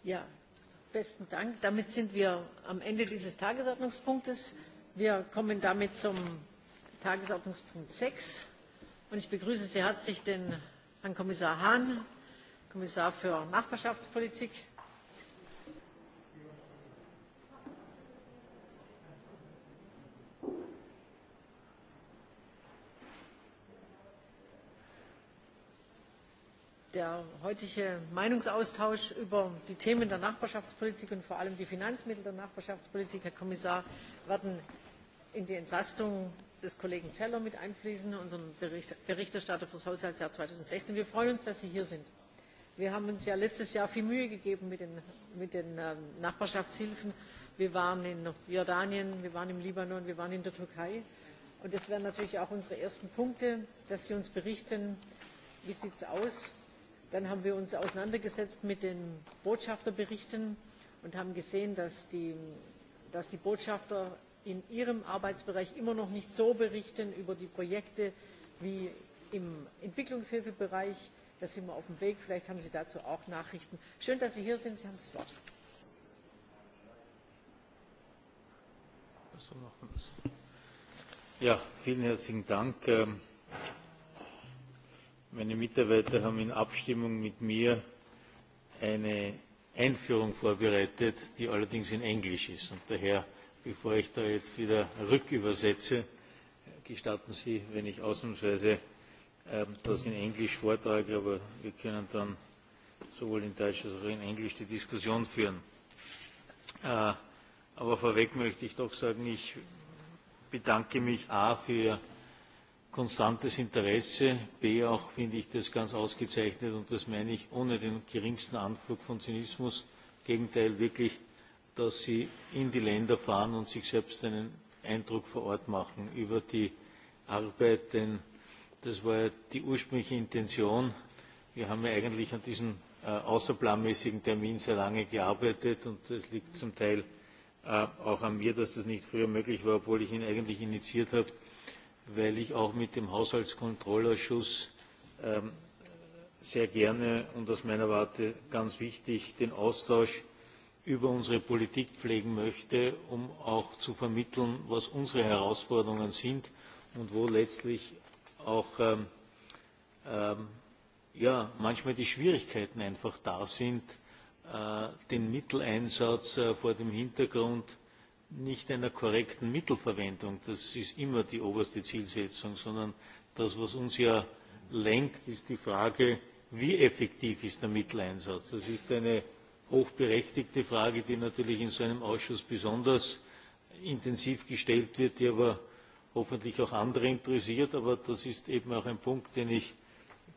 Ja, besten Dank. Damit sind wir am Ende dieses Tagesordnungspunktes. Wir kommen damit zum Tagesordnungspunkt 6. Und ich begrüße sehr herzlich den Herrn Kommissar Hahn, Kommissar für Nachbarschaftspolitik. der heutige Meinungsaustausch über die Themen der Nachbarschaftspolitik und vor allem die Finanzmittel der Nachbarschaftspolitik, Herr Kommissar, werden in die Entlastung des Kollegen Zeller mit einfließen, unserem Bericht, Berichterstatter für das Haushaltsjahr 2016. Wir freuen uns, dass Sie hier sind. Wir haben uns ja letztes Jahr viel Mühe gegeben mit den, mit den ähm, Nachbarschaftshilfen. Wir waren in Jordanien, wir waren im Libanon, wir waren in der Türkei. Und das wären natürlich auch unsere ersten Punkte, dass Sie uns berichten, wie sieht es aus. Dann haben wir uns auseinandergesetzt mit den Botschafterberichten und haben gesehen, dass die, dass die Botschafter in Ihrem Arbeitsbereich immer noch nicht so berichten über die Projekte wie im Entwicklungshilfebereich. Da sind wir auf dem Weg. Vielleicht haben Sie dazu auch Nachrichten. Schön, dass Sie hier sind. Sie haben das Wort. Ja, vielen herzlichen Dank. Ähm, meine Mitarbeiter haben in Abstimmung mit mir eine Einführung vorbereitet, die allerdings in Englisch ist und daher Bevor ich da jetzt wieder rückübersetze, gestatten Sie, wenn ich ausnahmsweise äh, das in Englisch vortrage, aber wir können dann sowohl in Deutsch als auch in Englisch die Diskussion führen. Äh, aber vorweg möchte ich doch sagen, ich bedanke mich A für konstantes Interesse, B auch finde ich das ganz ausgezeichnet und das meine ich ohne den geringsten Anflug von Zynismus, im Gegenteil wirklich dass sie in die Länder fahren und sich selbst einen Eindruck vor Ort machen über die Arbeit, denn das war ja die ursprüngliche Intention. Wir haben ja eigentlich an diesem äh, außerplanmäßigen Termin sehr lange gearbeitet und es liegt zum Teil äh, auch an mir, dass das nicht früher möglich war, obwohl ich ihn eigentlich initiiert habe, weil ich auch mit dem Haushaltskontrollausschuss ähm, sehr gerne und aus meiner Warte ganz wichtig den Austausch über unsere Politik pflegen möchte, um auch zu vermitteln, was unsere Herausforderungen sind und wo letztlich auch ähm, ähm, ja, manchmal die Schwierigkeiten einfach da sind, äh, den Mitteleinsatz äh, vor dem Hintergrund nicht einer korrekten Mittelverwendung, das ist immer die oberste Zielsetzung, sondern das, was uns ja lenkt, ist die Frage, wie effektiv ist der Mitteleinsatz. Das ist eine hochberechtigte Frage, die natürlich in so einem Ausschuss besonders intensiv gestellt wird, die aber hoffentlich auch andere interessiert. Aber das ist eben auch ein Punkt, den ich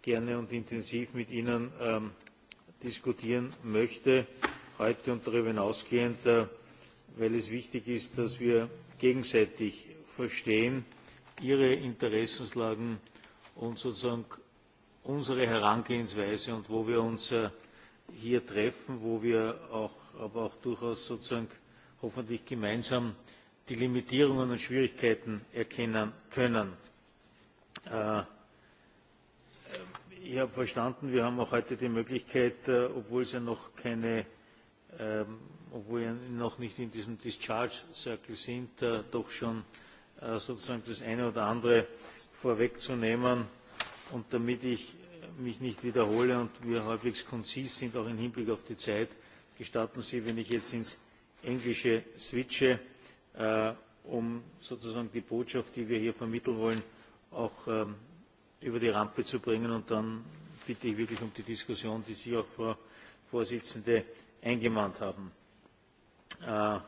gerne und intensiv mit Ihnen ähm, diskutieren möchte, heute und darüber hinausgehend, äh, weil es wichtig ist, dass wir gegenseitig verstehen, Ihre Interessenslagen und sozusagen unsere Herangehensweise und wo wir uns äh, hier treffen, wo wir auch, aber auch durchaus sozusagen hoffentlich gemeinsam die Limitierungen und Schwierigkeiten erkennen können. Äh, ich habe verstanden, wir haben auch heute die Möglichkeit, äh, obwohl es ja noch keine, ähm, obwohl wir noch nicht in diesem Discharge Circle sind, äh, doch schon äh, sozusagen das eine oder andere vorwegzunehmen. Und damit ich mich nicht wiederhole und wir halbwegs konzis sind, auch im Hinblick auf die Zeit, gestatten Sie, wenn ich jetzt ins Englische switche, äh, um sozusagen die Botschaft, die wir hier vermitteln wollen, auch ähm, über die Rampe zu bringen. Und dann bitte ich wirklich um die Diskussion, die Sie auch, Frau Vorsitzende, eingemahnt haben. Uh,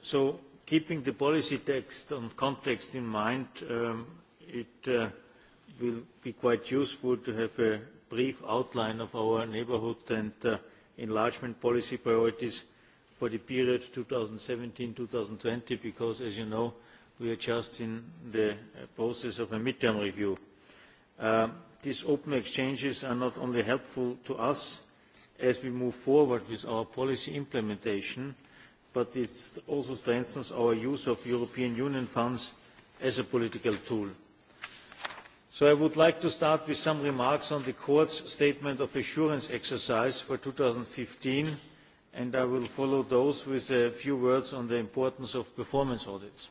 so keeping the policy text and context in mind, um, it uh, will be quite useful to have a brief outline of our neighbourhood and uh, enlargement policy priorities for the period 2017-2020 because, as you know, we are just in the uh, process of a midterm review. Uh, these open exchanges are not only helpful to us as we move forward with our policy implementation, but it also strengthens our use of European Union funds as a political tool so i would like to start with some remarks on the court's statement of assurance exercise for two thousand and fifteen and i will follow those with a few words on the importance of performance audits.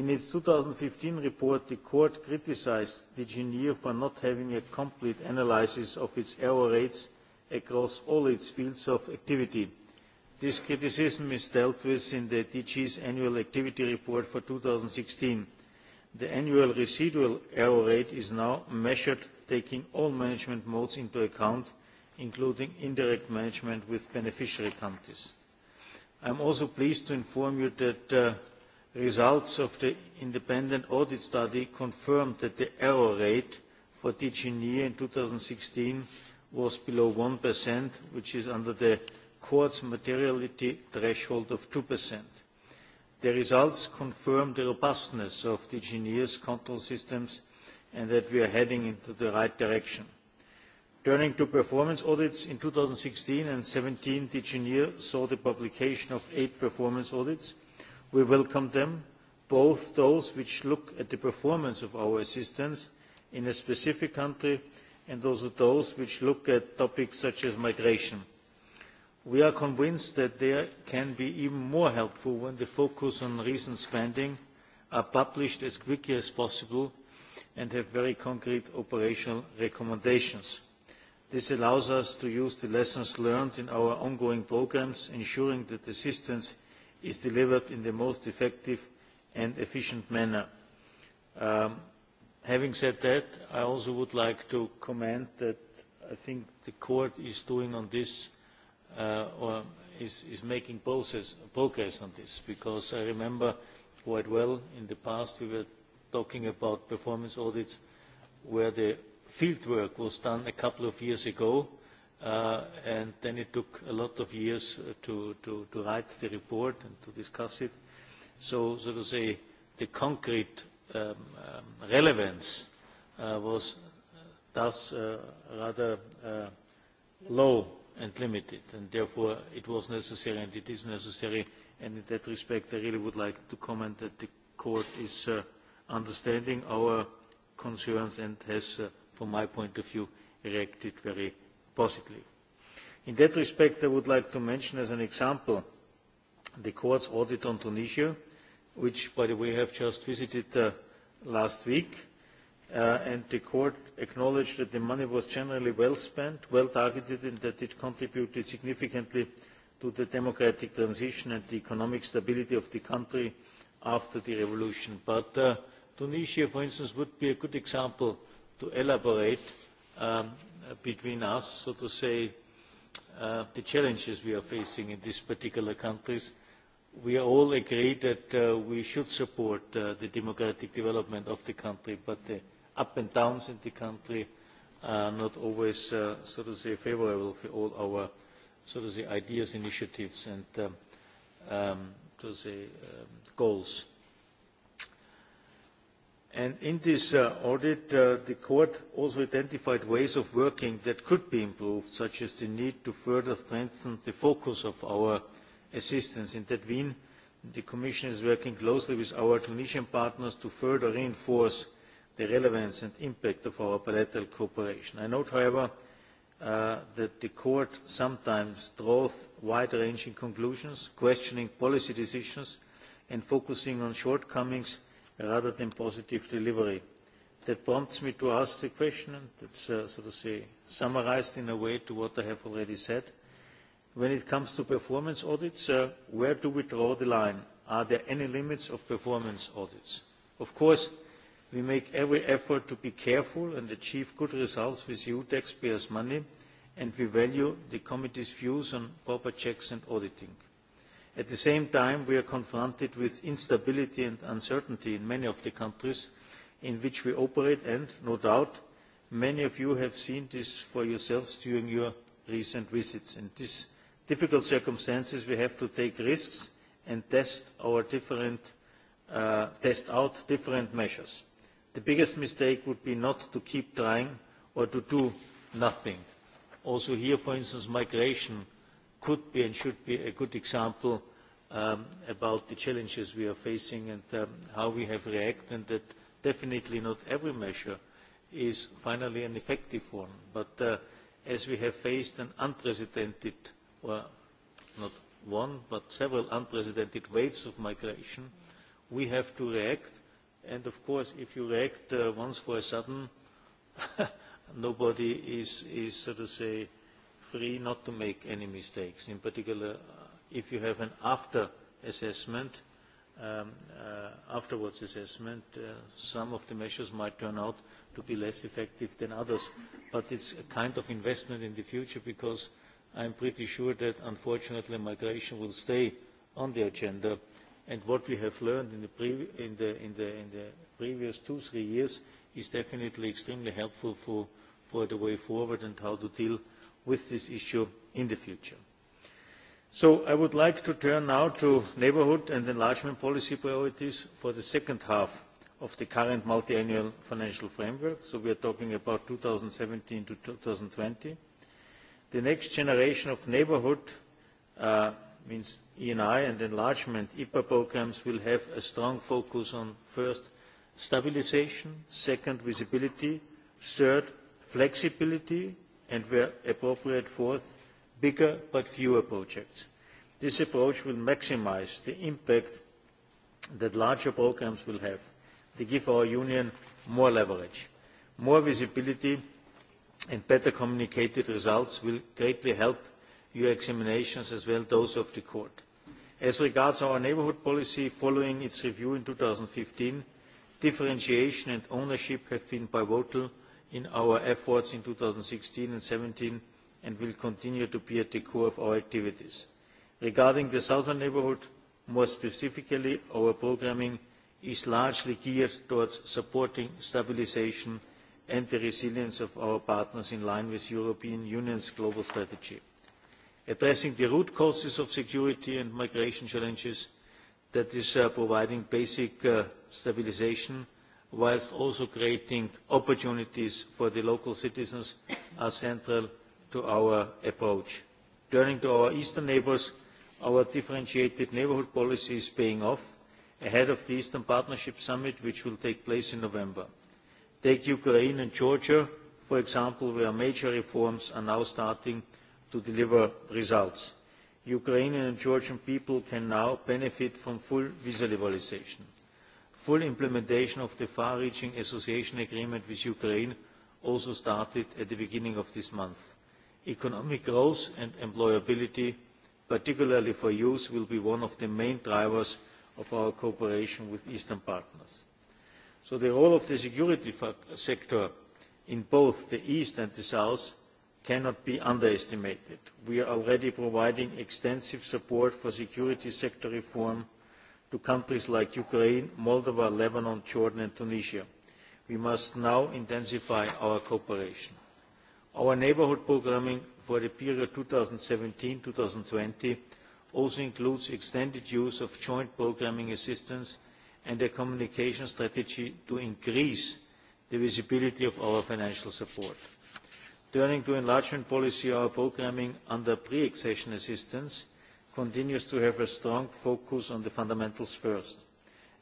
in its two thousand and fifteen report the court criticised dg near for not having a complete analysis of its error rates across all its fields of activity. this criticism is dealt with in the dg's annual activity report for two thousand and sixteen the annual residual error rate is now measured taking all management modes into account including indirect management with beneficiary countries. i am also pleased to inform you that the uh, results of the independent audit study confirmed that the error rate for dg near in two thousand and sixteen was below one which is under the court's materiality threshold of two percent The results confirm the robustness of DigiNear's control systems and that we are heading into the right direction. Turning to performance audits, in 2016 and 2017, DigiNear saw the publication of eight performance audits. We welcome them, both those which look at the performance of our assistance in a specific country and also those which look at topics such as migration. We are convinced that they can be even more helpful when the focus on recent spending are published as quickly as possible and have very concrete operational recommendations. This allows us to use the lessons learned in our ongoing programs, ensuring that assistance is delivered in the most effective and efficient manner. Um, having said that, I also would like to comment that I think the court is doing on this uh, is, is making poses, progress on this because I remember quite well in the past we were talking about performance audits where the field work was done a couple of years ago uh, and then it took a lot of years uh, to, to, to write the report and to discuss it. So, so to say, the concrete um, um, relevance uh, was uh, thus uh, rather uh, low and limited and therefore it was necessary and it is necessary and in that respect i really would like to comment that the court is uh, understanding our concerns and has uh, from my point of view reacted very positively. in that respect i would like to mention as an example the court's audit on tunisia which by the way i have just visited uh, last week uh, and the court acknowledged that the money was generally well spent, well targeted, and that it contributed significantly to the democratic transition and the economic stability of the country after the revolution. But uh, Tunisia, for instance, would be a good example to elaborate um, between us, so to say, uh, the challenges we are facing in these particular countries. We all agree that uh, we should support uh, the democratic development of the country, but the uh, up and downs in the country are not always, uh, so to say, favorable for all our, so to say, ideas, initiatives and, um, um, to say, um, goals. And in this uh, audit, uh, the court also identified ways of working that could be improved, such as the need to further strengthen the focus of our assistance. In that vein, the Commission is working closely with our Tunisian partners to further reinforce uh, the relevance and impact of our bilateral cooperation. I note, however, uh, that the Court sometimes draws wide-ranging conclusions, questioning policy decisions and focusing on shortcomings rather than positive delivery. That prompts me to ask the question, that's uh, so to say summarized in a way to what I have already said. When it comes to performance audits, uh, where do we draw the line? Are there any limits of performance audits? Of course, uh, we make every effort to be careful and achieve good results with eu taxpayers' money and we value the committee's views on proper checks and auditing. at the same time we are confronted with instability and uncertainty in many of the countries in which we operate and no doubt many of you have seen this for yourselves during your recent visits. in these difficult circumstances we have to take risks and test, different, uh, test out different measures the biggest mistake would be not to keep trying or to do nothing. Also here, for instance, migration could be and should be a good example um, about the challenges we are facing and um, how we have reacted and that definitely not every measure is finally an effective one. But uh, as we have faced an unprecedented, or not one, but several unprecedented waves of migration, we have to react And of course, if you react uh, once for a sudden, nobody is, is, so to say, free not to make any mistakes. In particular, uh, if you have an after assessment, um, uh, afterwards assessment, uh, some of the measures might turn out to be less effective than others. But it's a kind of investment in the future because I'm pretty sure that unfortunately migration will stay on the agenda and what we have learned in the, pre in the, in the, in the previous two, three years is definitely extremely helpful for, for the way forward and how to deal with this issue in the future. So I would like to turn now to neighbourhood and enlargement policy priorities for the second half of the current multiannual financial framework. So we are talking about 2017 to 2020. The next generation of neighbourhood uh, means ENI and enlargement IPA programs will have a strong focus on first, stabilization, second, visibility, third, flexibility, and where appropriate, fourth, bigger but fewer projects. This approach will maximize the impact that larger programs will have. They give our union more leverage. More visibility and better communicated results will greatly help your examinations as well those of the court. As regards our neighbourhood policy, following its review in 2015, differentiation and ownership have been pivotal in our efforts in 2016 and 2017 and will continue to be at the core of our activities. Regarding the southern neighbourhood, more specifically, our programming is largely geared towards supporting stabilisation and the resilience of our partners in line with the European Union's global strategy addressing the root causes of security and migration challenges that is uh, providing basic uh, stabilization whilst also creating opportunities for the local citizens are central to our approach. Turning to our eastern neighbours, our differentiated neighbourhood policy is paying off ahead of the Eastern Partnership Summit, which will take place in November. Take Ukraine and Georgia, for example, where major reforms are now starting – to deliver results. Ukrainian and Georgian people can now benefit from full visa liberalization. Full implementation of the far-reaching association agreement with Ukraine also started at the beginning of this month. Economic growth and employability, particularly for youth, will be one of the main drivers of our cooperation with Eastern partners. So the role of the security sector in both the East and the South cannot be underestimated. We are already providing extensive support for security sector reform to countries like Ukraine, Moldova, Lebanon, Jordan and Tunisia. We must now intensify our cooperation. Our neighbourhood programming for the period 2017-2020 also includes extended use of joint programming assistance and a communication strategy to increase the visibility of our financial support. Turning to enlargement policy, our programming under pre-accession assistance continues to have a strong focus on the fundamentals first.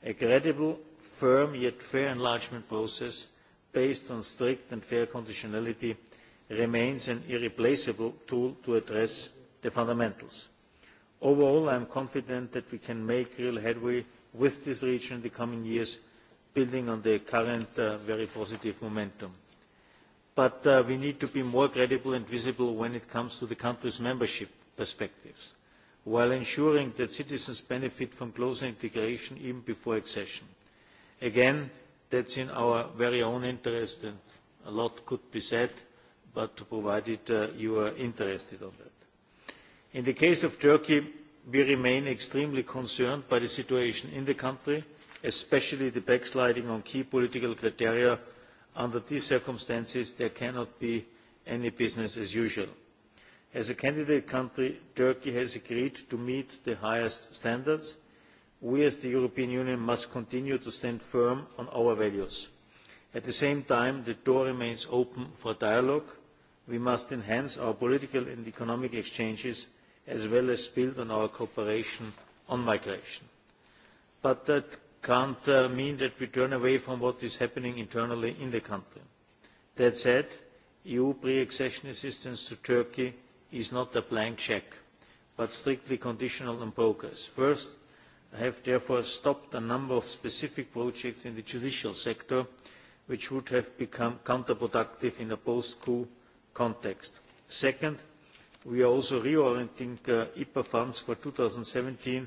A credible, firm yet fair enlargement process based on strict and fair conditionality remains an irreplaceable tool to address the fundamentals. Overall, I am confident that we can make real headway with this region in the coming years, building on the current uh, very positive momentum but uh, we need to be more credible and visible when it comes to the country's membership perspectives, while ensuring that citizens benefit from closer integration even before accession. Again, that's in our very own interest, and a lot could be said, but provided uh, you are interested on that. In the case of Turkey, we remain extremely concerned by the situation in the country, especially the backsliding on key political criteria under these circumstances there cannot be any business as usual. as a candidate country turkey has agreed to meet the highest standards. we as the european union must continue to stand firm on our values. at the same time the door remains open for dialogue. we must enhance our political and economic exchanges as well as build on our cooperation on migration. but that can't uh, mean that we turn away from what is happening internally in the country. That said, EU pre-accession assistance to Turkey is not a blank cheque, but strictly conditional on progress. First, I have therefore stopped a number of specific projects in the judicial sector which would have become counterproductive in a post-coup context. Second, we are also reorienting uh, IPA funds for 2017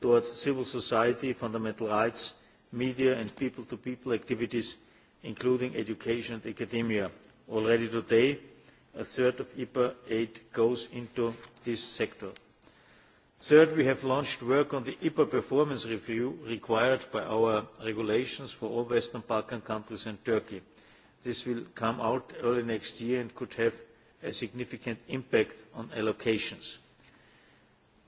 towards civil society fundamental rights media and people to people activities including education and academia. already today a third of ipa aid goes into this sector. third we have launched work on the ipa performance review required by our regulations for all western balkan countries and turkey. this will come out early next year and could have a significant impact on allocations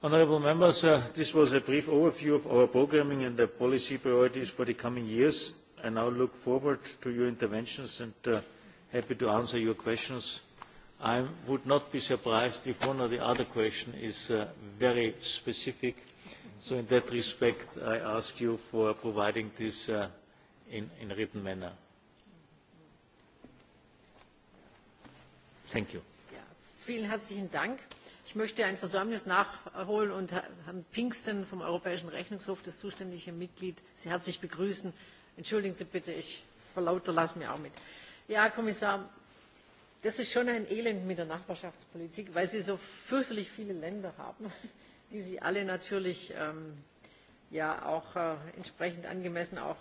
honourable members uh, this was a brief overview of our programming and the policy priorities for the coming years. i now look forward to your interventions and am uh, happy to answer your questions. i would not be surprised if one or the other question is uh, very specific so in that respect i ask you for providing this uh, in a written manner. thank you. Ja, vielen herzlichen dank! Ich möchte ein Versäumnis nachholen und Herrn Pinkston vom Europäischen Rechnungshof, das zuständige Mitglied, Sie herzlich begrüßen. Entschuldigen Sie bitte, ich verlauter lasse mir auch mit. Ja, Herr Kommissar, das ist schon ein Elend mit der Nachbarschaftspolitik, weil Sie so fürchterlich viele Länder haben, die Sie alle natürlich ähm, ja auch äh, entsprechend angemessen auch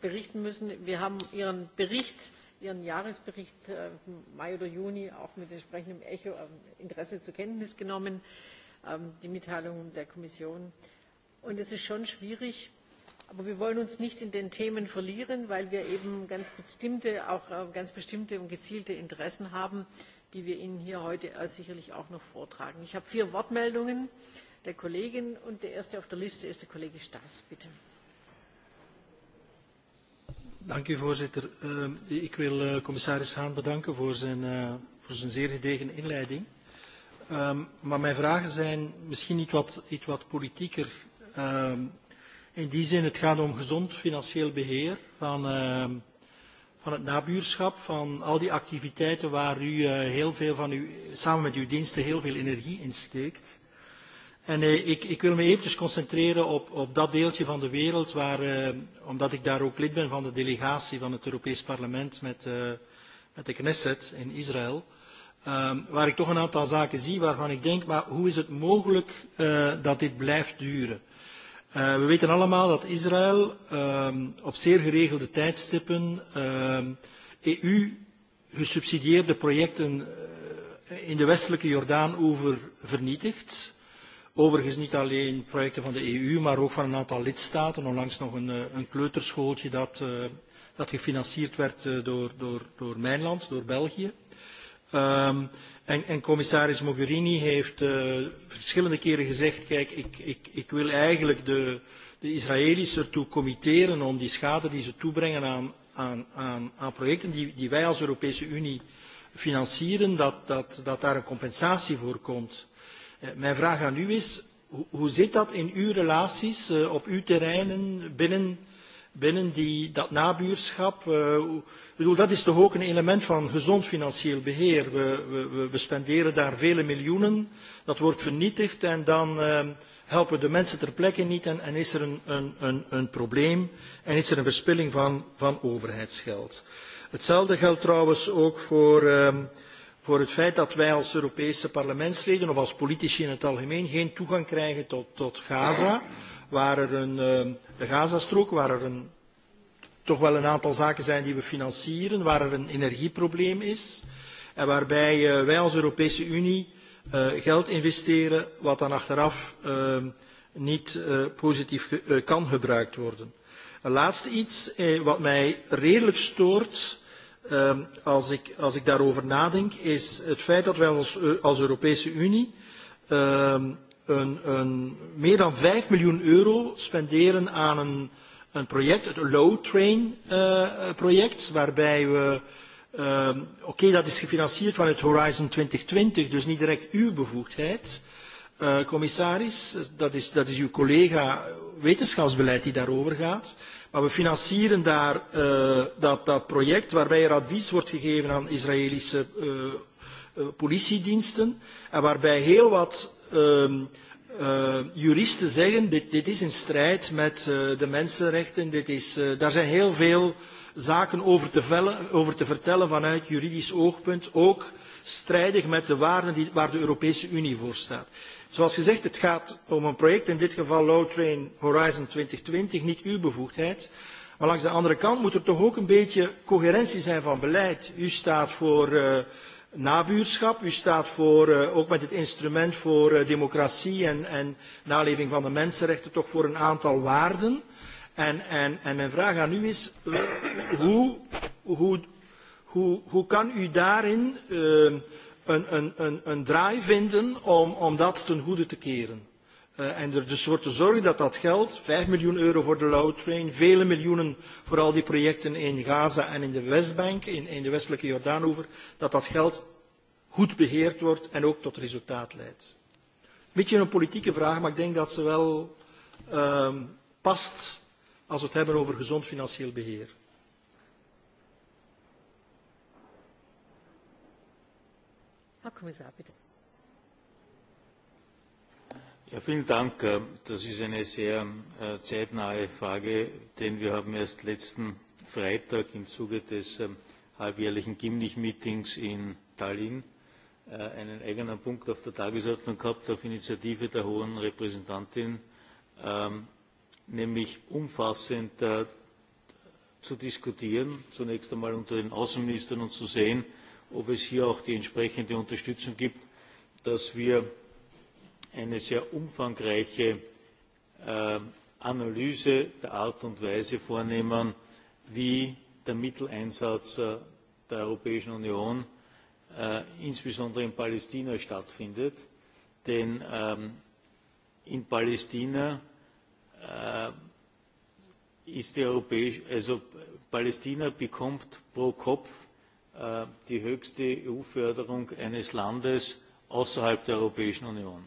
berichten müssen. Wir haben Ihren Bericht Ihren Jahresbericht im äh, Mai oder Juni auch mit entsprechendem Echo, ähm, Interesse zur Kenntnis genommen, ähm, die Mitteilung der Kommission. Und es ist schon schwierig, aber wir wollen uns nicht in den Themen verlieren, weil wir eben ganz bestimmte, auch äh, ganz bestimmte und gezielte Interessen haben, die wir Ihnen hier heute äh, sicherlich auch noch vortragen. Ich habe vier Wortmeldungen der Kollegin und der erste auf der Liste ist der Kollege Staes. Bitte. Dank u voorzitter. Uh, ik wil uh, commissaris Haan bedanken voor zijn, uh, voor zijn zeer gedegen inleiding. Um, maar mijn vragen zijn misschien iets wat, iets wat politieker. Um, in die zin, het gaat om gezond financieel beheer van, uh, van het nabuurschap, van al die activiteiten waar u uh, heel veel van uw, samen met uw diensten heel veel energie in steekt. En eh, ik, ik wil me eventjes concentreren op, op dat deeltje van de wereld waar, eh, omdat ik daar ook lid ben van de delegatie van het Europees Parlement met, eh, met de Knesset in Israël, eh, waar ik toch een aantal zaken zie waarvan ik denk, maar hoe is het mogelijk eh, dat dit blijft duren? Uh, we weten allemaal dat Israël uh, op zeer geregelde tijdstippen uh, ehm, EU-gesubsidieerde projecten eh, in de westelijke Jordaan-oever vernietigt. Overigens niet alleen projecten van de EU, maar ook van een aantal lidstaten. Onlangs nog een, eh, een kleuterschooltje dat, uh, dat gefinancierd werd uh, door, door, door mijn land, door België. Um, en, en commissaris Mogherini heeft uh, verschillende keren gezegd, kijk, ik, ik, ik wil eigenlijk de, de Israëli's ertoe committeren om die schade die ze toebrengen aan, aan, aan, aan projecten die, die wij als Europese Unie financieren, dat, dat, dat daar een compensatie voor komt. Eh, mijn vraag aan u is, hoe zit dat in uw relaties eh, op uw terreinen binnen, binnen die, dat nabuurschap? Eh, ik bedoel, dat is toch ook een element van gezond financieel beheer. We, we, we spenderen daar vele miljoenen, dat wordt vernietigd en dan uh, helpen we de mensen ter plekke niet en, en is er een, een, een, een probleem en is er een verspilling van, van overheidsgeld. Hetzelfde geldt trouwens ook voor... Um, uh, voor het feit dat wij als Europese parlementsleden of als politici in het algemeen geen toegang krijgen tot, tot Gaza, waar er een, ehm, de Gazastrook, waar er een, toch wel een aantal zaken zijn die we financieren, waar er een energieprobleem is en waarbij eh, wij als Europese Unie eh, geld investeren wat dan achteraf ehm, niet eh, positief kan gebruikt worden. Een laatste iets wat mij redelijk stoort um, als, ik, als ik daarover nadenk, is het feit dat wij als, eh, als Europese Unie um, een, een, meer dan 5 miljoen euro spenderen aan een, een project, het Low Train uh, project, waarbij we uh, oké, okay, dat is gefinancierd vanuit Horizon 2020, dus niet direct uw bevoegdheid. Uh, commissaris, dat is, dat is uw collega wetenschapsbeleid die daarover gaat. Uh, Maar we financieren daar uh, dat, dat project waarbij er advies wordt gegeven aan Israëlische uh, uh, politiediensten. En waarbij heel wat uh, uh, juristen zeggen, dit, dit is in strijd met uh, de mensenrechten. Dit is, uh, daar zijn heel veel uh, zaken over te, vellen, over te vertellen vanuit juridisch oogpunt, ook strijdig met de waarden die, waar de Europese Unie voor staat. Zoals gezegd, het gaat om een project, in dit geval Low Train Horizon 2020, niet uw bevoegdheid. Maar langs de andere kant moet er toch ook een beetje coherentie zijn van beleid. U staat voor uh, nabuurschap, u staat voor, uh, ook met het instrument voor uh, democratie en, en naleving van de mensenrechten, toch voor een aantal waarden. Uh, En, en, en mijn vraag aan u is, uh, hoe, hoe, hoe, hoe kan u daarin uh, een, een, een, een draai vinden om, om dat ten goede te keren? Uh, en er dus voor te zorgen dat dat geld, 5 miljoen euro voor de Low Train, vele miljoenen voor al die projecten in Gaza en in de Westbank, in, in de westelijke Jordaanover, dat dat geld goed beheerd wordt en ook tot resultaat leidt. Beetje een politieke vraag, maar ik denk dat ze wel uh, past als we het hebben over gezond financieel beheer. Herr Kommissar, bitte. Ja, vielen Dank. Äh, das ist eine sehr äh, zeitnahe Frage, denn wir haben erst letzten Freitag im Zuge des ähm, halbjährlichen Gimlich-Meetings in Tallinn äh, einen eigenen Punkt auf der Tagesordnung gehabt, auf Initiative der Hohen Repräsentantin ähm, nämlich umfassend zu diskutieren, zunächst einmal unter den Außenministern und zu sehen, ob es hier auch die entsprechende Unterstützung gibt, dass wir eine sehr umfangreiche äh, Analyse der Art und Weise vornehmen, wie der Mitteleinsatz äh, der Europäischen Union äh, insbesondere in Palästina stattfindet. Denn ähm, in Palästina Äh, ist die europäische, also Palästina bekommt pro Kopf äh, die höchste EU-Förderung eines Landes außerhalb der Europäischen Union.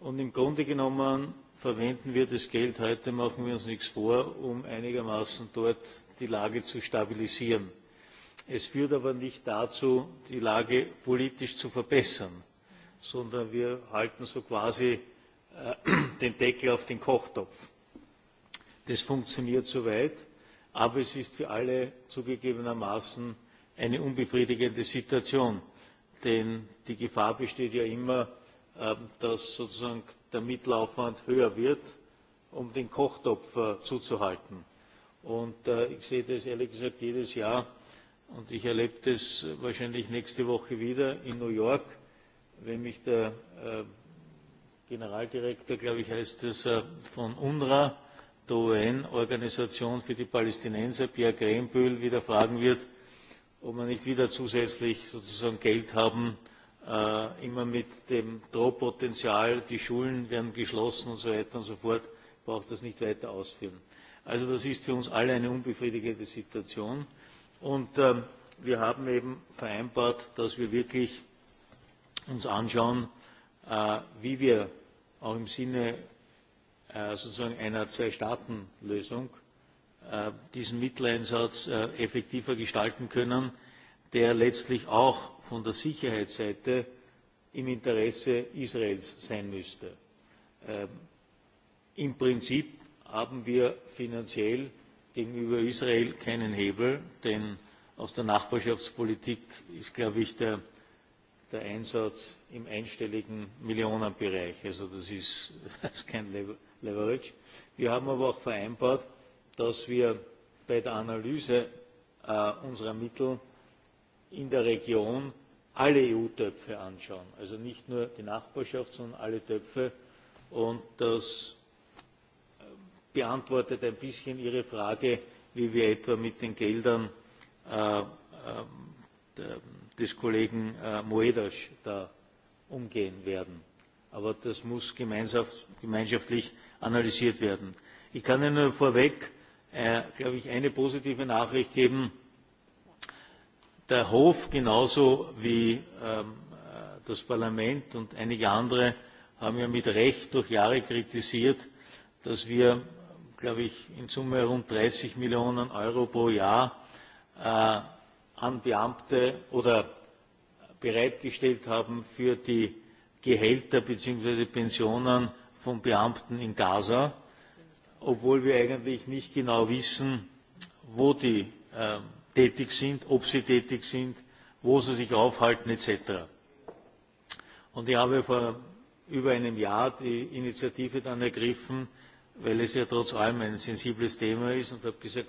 Und im Grunde genommen verwenden wir das Geld heute, machen wir uns nichts vor, um einigermaßen dort die Lage zu stabilisieren. Es führt aber nicht dazu, die Lage politisch zu verbessern, sondern wir halten so quasi Äh, den deckel auf den kochtopf. das funktioniert soweit aber es ist für alle zugegebenermaßen eine unbefriedigende situation denn die gefahr besteht ja immer ähm, dass sozusagen der mittelaufwand höher wird um den kochtopf äh, zuzuhalten. Und äh, ich sehe das ehrlich gesagt jedes jahr und ich erlebe das wahrscheinlich nächste woche wieder in new york wenn mich der Generaldirektor, glaube ich, heißt es, äh, von UNRWA, der UN-Organisation für die Palästinenser, Pierre Grenbühl, wieder fragen wird, ob wir nicht wieder zusätzlich sozusagen Geld haben, äh, immer mit dem Drohpotenzial, die Schulen werden geschlossen und so weiter und so fort, braucht das nicht weiter ausführen. Also das ist für uns alle eine unbefriedigende Situation. Und äh, wir haben eben vereinbart, dass wir wirklich uns anschauen, äh, wie wir auch im Sinne äh, sozusagen einer Zwei-Staaten-Lösung äh, diesen Mitteleinsatz äh, effektiver gestalten können, der letztlich auch von der Sicherheitsseite im Interesse Israels sein müsste. Ähm, Im Prinzip haben wir finanziell gegenüber Israel keinen Hebel, denn aus der Nachbarschaftspolitik ist, glaube ich, der der Einsatz im einstelligen Millionenbereich. Also das ist, das ist kein Leverage. Wir haben aber auch vereinbart, dass wir bei der Analyse äh, unserer Mittel in der Region alle EU-Töpfe anschauen. Also nicht nur die Nachbarschaft, sondern alle Töpfe. Und das äh, beantwortet ein bisschen Ihre Frage, wie wir etwa mit den Geldern äh, äh, des Kollegen äh, Moedas da umgehen werden. Aber das muss gemeinschaftlich analysiert werden. Ich kann Ihnen vorweg, äh, glaube ich, eine positive Nachricht geben. Der Hof genauso wie ähm, äh, das Parlament und einige andere haben ja mit Recht durch Jahre kritisiert, dass wir, glaube ich, in Summe rund 30 Millionen Euro pro Jahr äh, an Beamte oder bereitgestellt haben für die Gehälter bzw. Pensionen von Beamten in Gaza, obwohl wir eigentlich nicht genau wissen, wo die äh, tätig sind, ob sie tätig sind, wo sie sich aufhalten etc. Und ich habe vor über einem Jahr die Initiative dann ergriffen, weil es ja trotz allem ein sensibles Thema ist und habe gesagt,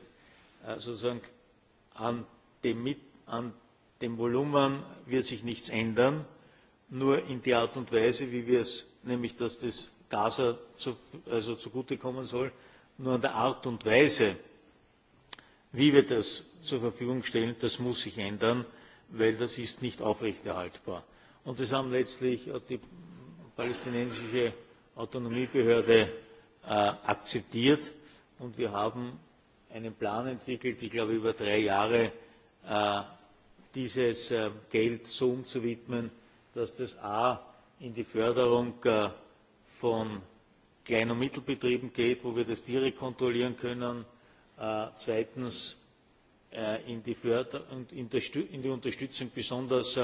äh, sozusagen an dem, Mit, an dem Volumen wird sich nichts ändern, nur in die Art und Weise, wie wir es, nämlich dass das Gaza zu, also zugutekommen soll, nur an der Art und Weise, wie wir das zur Verfügung stellen, das muss sich ändern, weil das ist nicht aufrechterhaltbar. Und das haben letztlich die palästinensische Autonomiebehörde äh, akzeptiert und wir haben einen Plan entwickelt, ich glaube über drei Jahre, Äh, dieses äh, Geld so umzuwidmen, dass das a in die Förderung äh, von Klein- und Mittelbetrieben geht, wo wir das direkt kontrollieren können, zweitens in die, Förder und in, der, in die Unterstützung besonders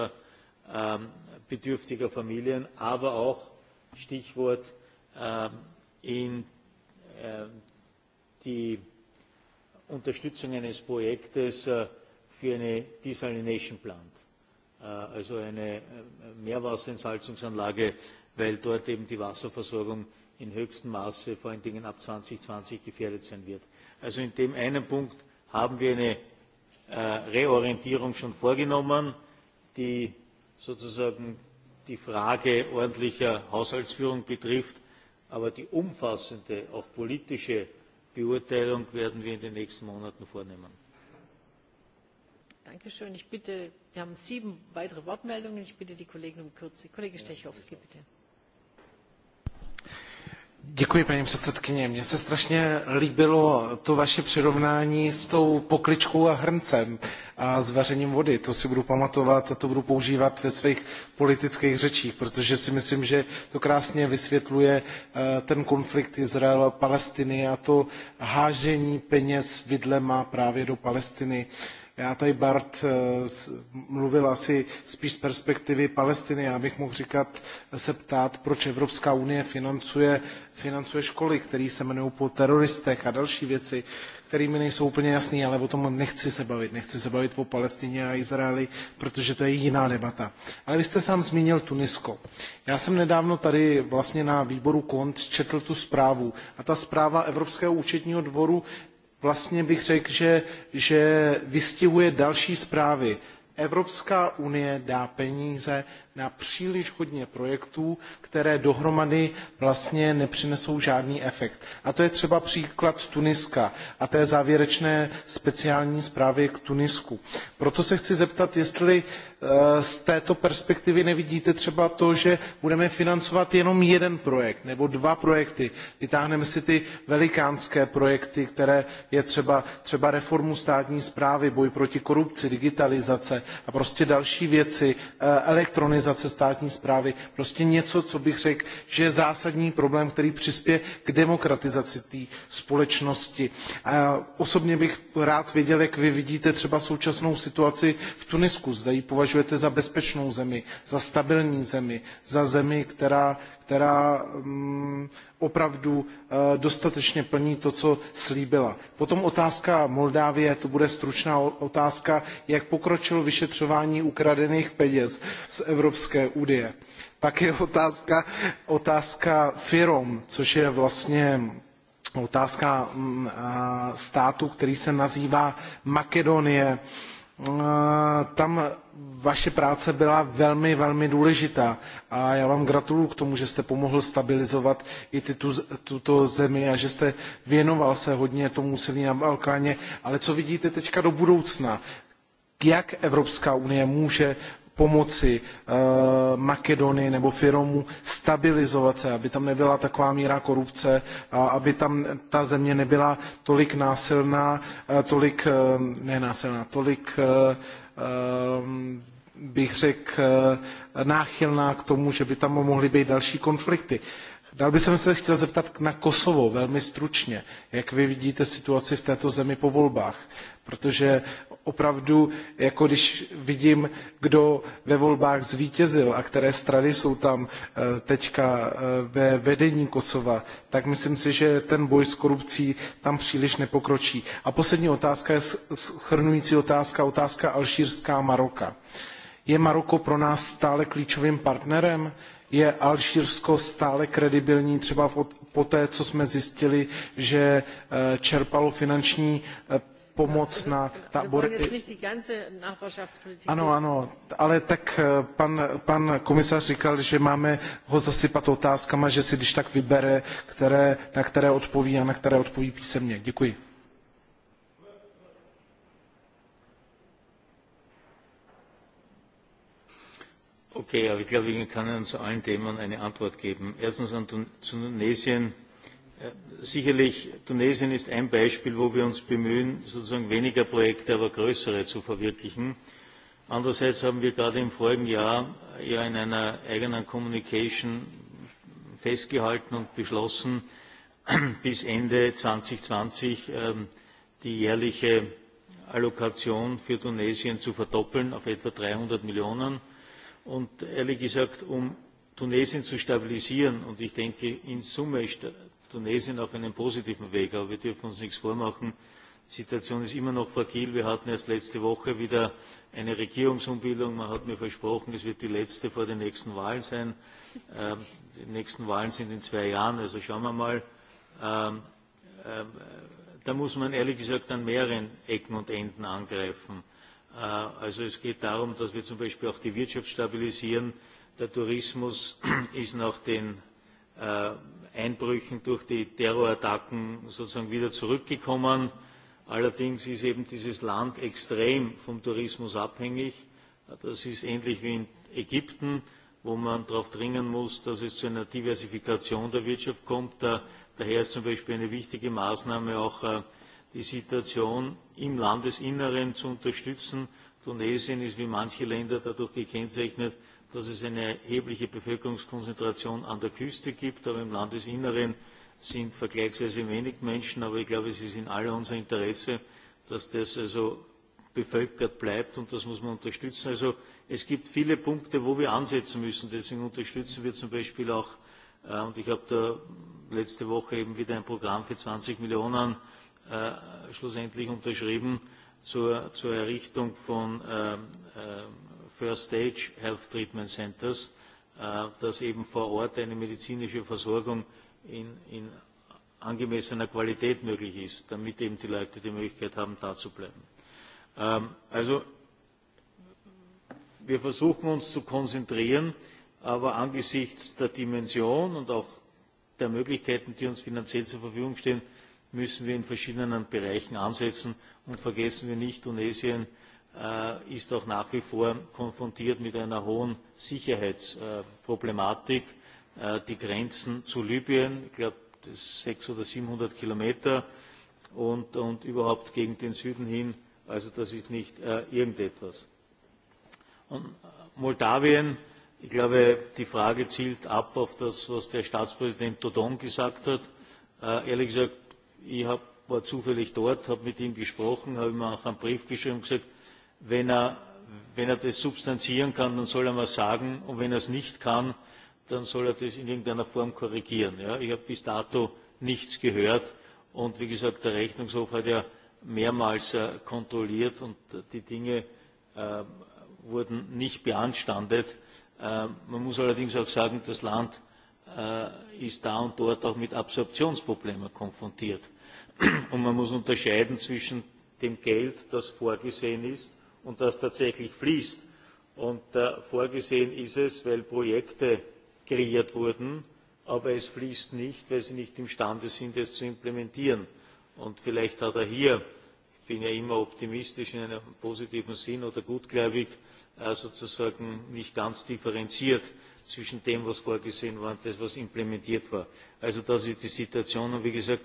ähm, bedürftiger Familien, aber auch Stichwort ähm, in die Unterstützung eines Projektes für eine Desalination Plant, äh, also eine äh, Meerwasserentsalzungsanlage, weil dort eben die Wasserversorgung in höchstem Maße vor allen Dingen ab 2020 gefährdet sein wird. Also in dem einen Punkt haben wir eine äh, Reorientierung schon vorgenommen, die sozusagen die Frage ordentlicher Haushaltsführung betrifft. Aber die umfassende, auch politische Beurteilung werden wir in den nächsten Monaten vornehmen. Dankeschön. Ich bitte, wir haben sieben weitere Wortmeldungen. Ich bitte die Kollegen um Kürze. Kollege Stechowski, bitte. Děkuji, paní předsedkyně. Mně se strašně líbilo to vaše přirovnání s tou pokličkou a hrncem a s vařením vody. To si budu pamatovat a to budu používat ve svých politických řečích, protože si myslím, že to krásně vysvětluje eh, ten konflikt Izrael a Palestiny a to hážení peněz vidlema právě do Palestiny. Uh, Já tady Bart eh, mluvil asi spíš z perspektivy Palestiny. Já bych mohl říkat, se ptát, proč Evropská unie financuje, financuje školy, které se jmenují po teroristech a další věci který mi nejsou úplně jasný, ale o tom nechci se bavit. Nechci se bavit o Palestině a Izraeli, protože to je jiná debata. Ale vy jste sám zmínil Tunisko. Já jsem nedávno tady vlastně na výboru KONT četl tu zprávu a ta zpráva Evropského účetního dvoru vlastně bych řekl, že, že vystihuje další zprávy. Evropská unie dá peníze na příliš hodně projektů, které dohromady vlastně nepřinesou žádný efekt. A to je třeba příklad Tuniska a té závěrečné speciální zprávy k Tunisku. Proto se chci zeptat, jestli eh, z této perspektivy nevidíte třeba to, že budeme financovat jenom jeden projekt nebo dva projekty. Vytáhneme si ty velikánské projekty, které je třeba, třeba reformu státní správy, boj proti korupci, digitalizace a prostě další věci, eh, elektronizace modernizace státní správy, prostě něco, co bych řekl, že je zásadní problém, který přispěje k demokratizaci té společnosti. Osobně bych rád věděl, jak vy vidíte třeba současnou situaci v Tunisku. Zda ji považujete za bezpečnou zemi, za stabilní zemi, za zemi, která, která mm, opravdu eh, dostatečně plní to, co slíbila. Potom otázka Moldávie, to bude stručná otázka, jak pokročilo vyšetřování ukradených peněz z Evropské unie. Pak je otázka, otázka FIROM, což je vlastně otázka mm, eh, státu, který se nazývá Makedonie. Eh, tam vaše práce byla velmi, velmi důležitá a já vám gratuluju k tomu, že jste pomohl stabilizovat i ty, tu, tuto zemi a že jste věnoval se hodně tomu úsilí na Balkáně. Ale co vidíte teďka do budoucna? Jak Evropská unie může pomoci uh, Makedonii nebo Firomu stabilizovat se, aby tam nebyla taková míra korupce, a aby tam ta země nebyla tolik násilná, uh, tolik, uh, eh, ne násilná, tolik uh, bych řekl, eh, náchylná k tomu, že by tam mohly být další konflikty. Dál bych se chtěl zeptat na Kosovo velmi stručně. Jak vy vidíte situaci v této zemi po volbách? Protože opravdu, jako když vidím, kdo ve volbách zvítězil a které strany jsou tam eh, teďka eh, ve vedení Kosova, tak myslím si, že ten boj s korupcí tam příliš nepokročí. A poslední otázka je shrnující otázka, otázka alžírská Maroka. Uh, Je Maroko pro nás stále klíčovým partnerem? Je Alžírsko stále kredibilní třeba po té, co jsme zjistili, že eh, čerpalo finanční eh, pomoc na tábory. Ano, ano, ale tak eh, pan, pan komisař říkal, že máme ho zasypat otázkama, že si když tak vybere, které, na které odpoví a na které odpoví písemně. Děkuji. Okay, aber ich glaube, ich kann Ihnen zu allen Themen eine Antwort geben. Erstens an Tunesien. Äh, sicherlich, Tunesien ist ein Beispiel, wo wir uns bemühen, sozusagen weniger Projekte, aber größere zu verwirklichen. Andererseits haben wir gerade im vorigen Jahr ja in einer eigenen Communication festgehalten und beschlossen, bis Ende 2020 ähm, die jährliche Allokation für Tunesien zu verdoppeln auf etwa 300 Millionen Euro und ehrlich gesagt, um Tunesien zu stabilisieren. Und ich denke, in Summe ist Tunesien auf einem positiven Weg. Aber wir dürfen uns nichts vormachen. Die Situation ist immer noch fragil. Wir hatten erst letzte Woche wieder eine Regierungsumbildung. Man hat mir versprochen, es wird die letzte vor den nächsten Wahlen sein. Ähm, die nächsten Wahlen sind in zwei Jahren. Also schauen wir mal. Ähm, ähm, äh, da muss man ehrlich gesagt an mehreren Ecken und Enden angreifen. Äh, also es geht darum, dass wir zum Beispiel auch die Wirtschaft stabilisieren. Der Tourismus ist nach den äh, Einbrüchen durch die Terrorattacken sozusagen wieder zurückgekommen. Allerdings ist eben dieses Land extrem vom Tourismus abhängig. Das ist ähnlich wie in Ägypten, wo man darauf dringen muss, dass es zu einer Diversifikation der Wirtschaft kommt. Äh, daher ist zum Beispiel eine wichtige Maßnahme auch die Situation im Landesinneren zu unterstützen. Tunesien ist wie manche Länder dadurch gekennzeichnet, dass es eine erhebliche Bevölkerungskonzentration an der Küste gibt, aber im Landesinneren sind vergleichsweise wenig Menschen. Aber ich glaube, es ist in aller unser Interesse, dass das also bevölkert bleibt und das muss man unterstützen. Also es gibt viele Punkte, wo wir ansetzen müssen. Deswegen unterstützen wir zum Beispiel auch, äh, und ich habe da letzte Woche eben wieder ein Programm für 20 Millionen äh, schlussendlich unterschrieben zur, zur Errichtung von ähm, äh, First Stage Health Treatment Centers, äh, dass eben vor Ort eine medizinische Versorgung in, in angemessener Qualität möglich ist, damit eben die Leute die Möglichkeit haben, da zu bleiben. Ähm, also wir versuchen uns zu konzentrieren, aber angesichts der Dimension und auch der Möglichkeiten, die uns finanziell zur Verfügung stehen, müssen wir in verschiedenen Bereichen ansetzen. Und vergessen wir nicht, Tunesien äh, ist auch nach wie vor konfrontiert mit einer hohen Sicherheitsproblematik. Äh, äh, die Grenzen zu Libyen, ich glaube, das sind 600 oder 700 Kilometer und, und überhaupt gegen den Süden hin. Also das ist nicht äh, irgendetwas. Und äh, Moldawien, ich glaube, die Frage zielt ab auf das, was der Staatspräsident Dodon gesagt hat. Äh, ehrlich gesagt, Ich hab, war zufällig dort, habe mit ihm gesprochen, habe ihm auch einen Brief geschrieben und gesagt, wenn er, wenn er das substanzieren kann, dann soll er mal sagen und wenn er es nicht kann, dann soll er das in irgendeiner Form korrigieren. Ja, ich habe bis dato nichts gehört und wie gesagt, der Rechnungshof hat ja mehrmals äh, kontrolliert und die Dinge äh, wurden nicht beanstandet. Äh, man muss allerdings auch sagen, das Land äh, ist da und dort auch mit Absorptionsproblemen konfrontiert. Und man muss unterscheiden zwischen dem Geld, das vorgesehen ist und das tatsächlich fließt. Und äh, vorgesehen ist es, weil Projekte kreiert wurden, aber es fließt nicht, weil sie nicht imstande sind, es zu implementieren. Und vielleicht hat er hier, ich bin ja immer optimistisch in einem positiven Sinn oder gutgläubig, äh, sozusagen nicht ganz differenziert zwischen dem, was vorgesehen war und dem, was implementiert war. Also das ist die Situation. Und wie gesagt,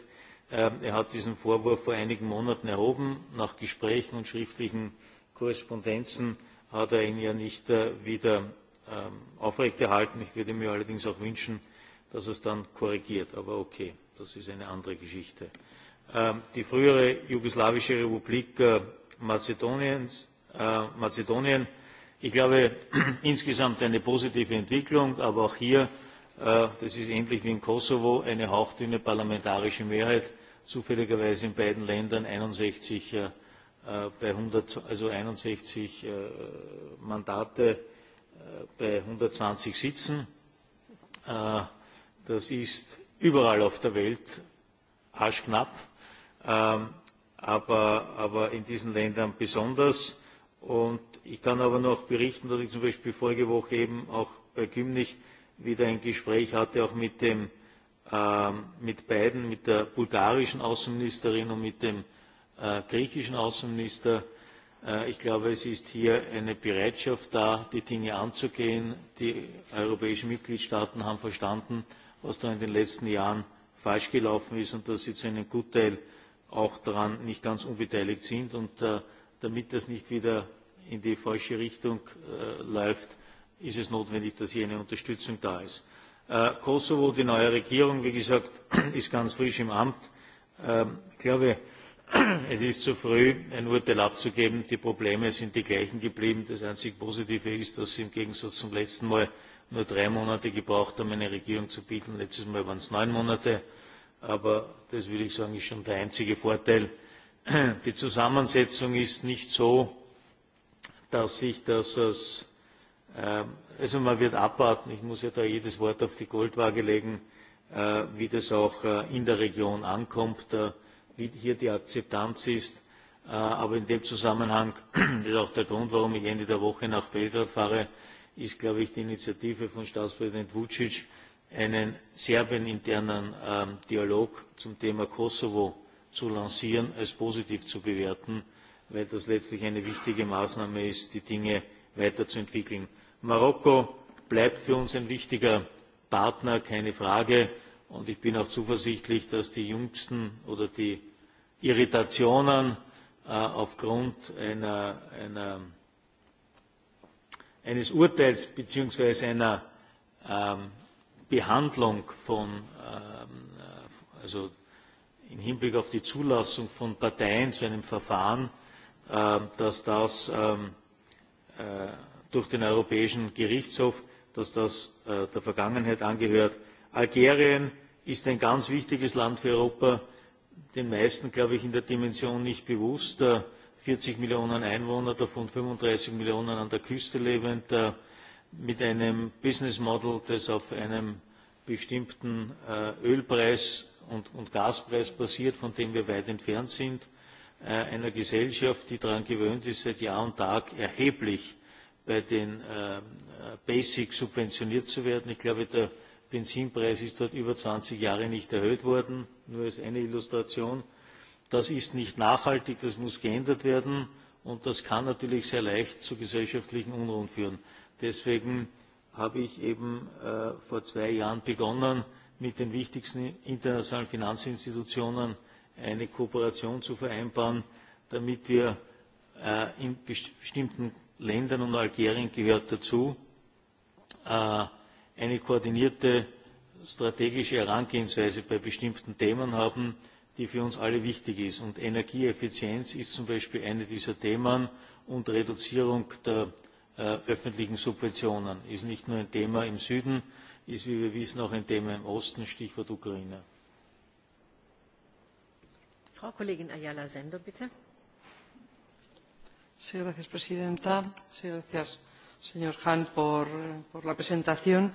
Ähm, er hat diesen Vorwurf vor einigen Monaten erhoben. Nach Gesprächen und schriftlichen Korrespondenzen hat er ihn ja nicht äh, wieder ähm, aufrechterhalten. Ich würde mir allerdings auch wünschen, dass er es dann korrigiert. Aber okay, das ist eine andere Geschichte. Ähm, die frühere jugoslawische Republik äh, Mazedoniens, äh, Mazedonien, ich glaube insgesamt eine positive Entwicklung, aber auch hier Äh, das ist ähnlich wie im Kosovo, eine hauchdünne parlamentarische Mehrheit, zufälligerweise in beiden Ländern 61 äh, äh, bei 100, also 61 äh, Mandate äh, bei 120 Sitzen. Äh, das ist überall auf der Welt arschknapp, ähm, aber, aber in diesen Ländern besonders. Und ich kann aber noch berichten, dass ich zum Beispiel vorige Woche eben auch bei Gymnich äh, wieder ein Gespräch hatte, auch mit, dem, ähm, mit beiden, mit der bulgarischen Außenministerin und mit dem äh, griechischen Außenminister. Äh, ich glaube, es ist hier eine Bereitschaft da, die Dinge anzugehen. Die europäischen Mitgliedstaaten haben verstanden, was da in den letzten Jahren falsch gelaufen ist und dass sie zu einem Gutteil auch daran nicht ganz unbeteiligt sind. Und äh, damit das nicht wieder in die falsche Richtung äh, läuft, ist es notwendig, dass hier eine Unterstützung da ist. Äh, Kosovo, die neue Regierung, wie gesagt, ist ganz frisch im Amt. Ähm, ich glaube, es ist zu früh, ein Urteil abzugeben. Die Probleme sind die gleichen geblieben. Das einzig Positive ist, dass sie im Gegensatz zum letzten Mal nur drei Monate gebraucht haben, eine Regierung zu bilden. Letztes Mal waren es neun Monate. Aber das würde ich sagen, ist schon der einzige Vorteil. Die Zusammensetzung ist nicht so, dass sich das als Ähm, also man wird abwarten. Ich muss ja da jedes Wort auf die Goldwaage legen, äh, wie das auch äh, in der Region ankommt, äh, wie hier die Akzeptanz ist. Aber in dem Zusammenhang ist auch der Grund, warum ich Ende der Woche nach Belgrad fahre, ist, glaube ich, die Initiative von Staatspräsident Vucic, einen serbeninternen ähm, Dialog zum Thema Kosovo zu lancieren, als positiv zu bewerten, weil das letztlich eine wichtige Maßnahme ist, die Dinge weiterzuentwickeln marokko bleibt für uns ein wichtiger partner keine frage und ich bin auch zuversichtlich dass die jüngsten oder die irritationen äh, aufgrund einer, einer, eines urteils bzw. einer ähm, behandlung von ähm, äh, also im hinblick auf die zulassung von parteien zu einem verfahren äh, dass das ähm, äh, durch den Europäischen Gerichtshof, dass das äh, der Vergangenheit angehört. Algerien ist ein ganz wichtiges Land für Europa, den meisten, glaube ich, in der Dimension nicht bewusst. Äh, 40 Millionen Einwohner, davon 35 Millionen an der Küste lebend, äh, mit einem Business Model, das auf einem bestimmten äh, Ölpreis und, und Gaspreis basiert, von dem wir weit entfernt sind, äh, einer Gesellschaft, die daran gewöhnt ist, seit Jahr und Tag erheblich bei den äh, uh, uh, Basics subventioniert zu werden. Ich glaube, der Benzinpreis ist dort über 20 Jahre nicht erhöht worden, nur als eine Illustration. Das ist nicht nachhaltig, das muss geändert werden und das kann natürlich sehr leicht zu gesellschaftlichen Unruhen führen. Deswegen habe ich eben äh, vor zwei Jahren begonnen, mit den wichtigsten internationalen Finanzinstitutionen eine Kooperation zu vereinbaren, damit wir äh, in bestimmten Ländern und Algerien gehört dazu äh, eine koordinierte strategische Herangehensweise bei bestimmten Themen haben, die für uns alle wichtig ist. Und Energieeffizienz ist zum Beispiel eine dieser Themen und Reduzierung der äh, öffentlichen Subventionen ist nicht nur ein Thema im Süden, ist, wie wir wissen, auch ein Thema im Osten, Stichwort Ukraine. Frau Kollegin Ayala Sender, bitte. Sí, gracias, presidenta. Sí, gracias, señor Hahn, por, por la presentación.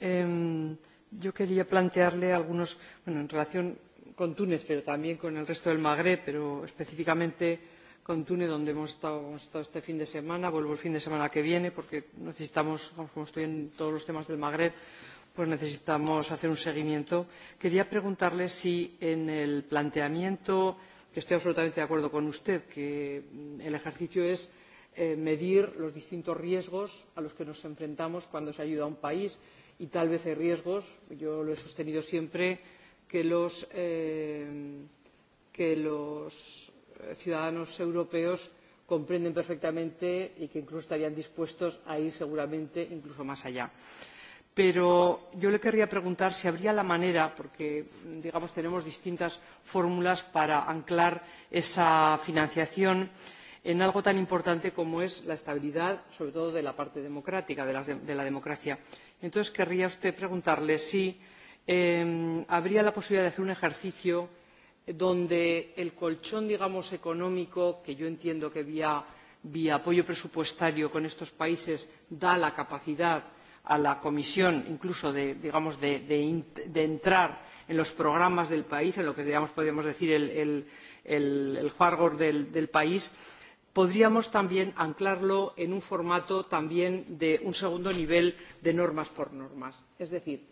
Eh, yo quería plantearle algunos, bueno, en relación con Túnez, pero también con el resto del Magreb, pero específicamente con Túnez, donde hemos estado, hemos estado este fin de semana. Vuelvo el fin de semana que viene porque necesitamos, como estoy en todos los temas del Magreb, pues necesitamos hacer un seguimiento. Quería preguntarle si en el planteamiento que estoy absolutamente de acuerdo con usted que mm, el ejercicio es eh, medir los distintos riesgos a los que nos enfrentamos cuando se ayuda a un país y tal vez hay riesgos yo lo he sostenido siempre que los, eh, que los eh, ciudadanos europeos comprenden perfectamente y que incluso estarían dispuestos a ir seguramente incluso más allá. Eh, pero yo le querría preguntar si habría la manera porque digamos tenemos distintas fórmulas para anclar esa financiación en algo tan importante como es la estabilidad sobre todo de la parte democrática de la, de la democracia. entonces querría usted preguntarle si eh, habría la posibilidad de hacer un ejercicio donde el colchón digamos económico que yo entiendo que vía, vía apoyo presupuestario con estos países da la capacidad a la comisión incluso de, digamos, de, de, de entrar en los programas del país, en lo que digamos, podríamos decir el, el, el, el hardware del, del país, podríamos también anclarlo en un formato también de un segundo nivel de normas por normas. Es decir,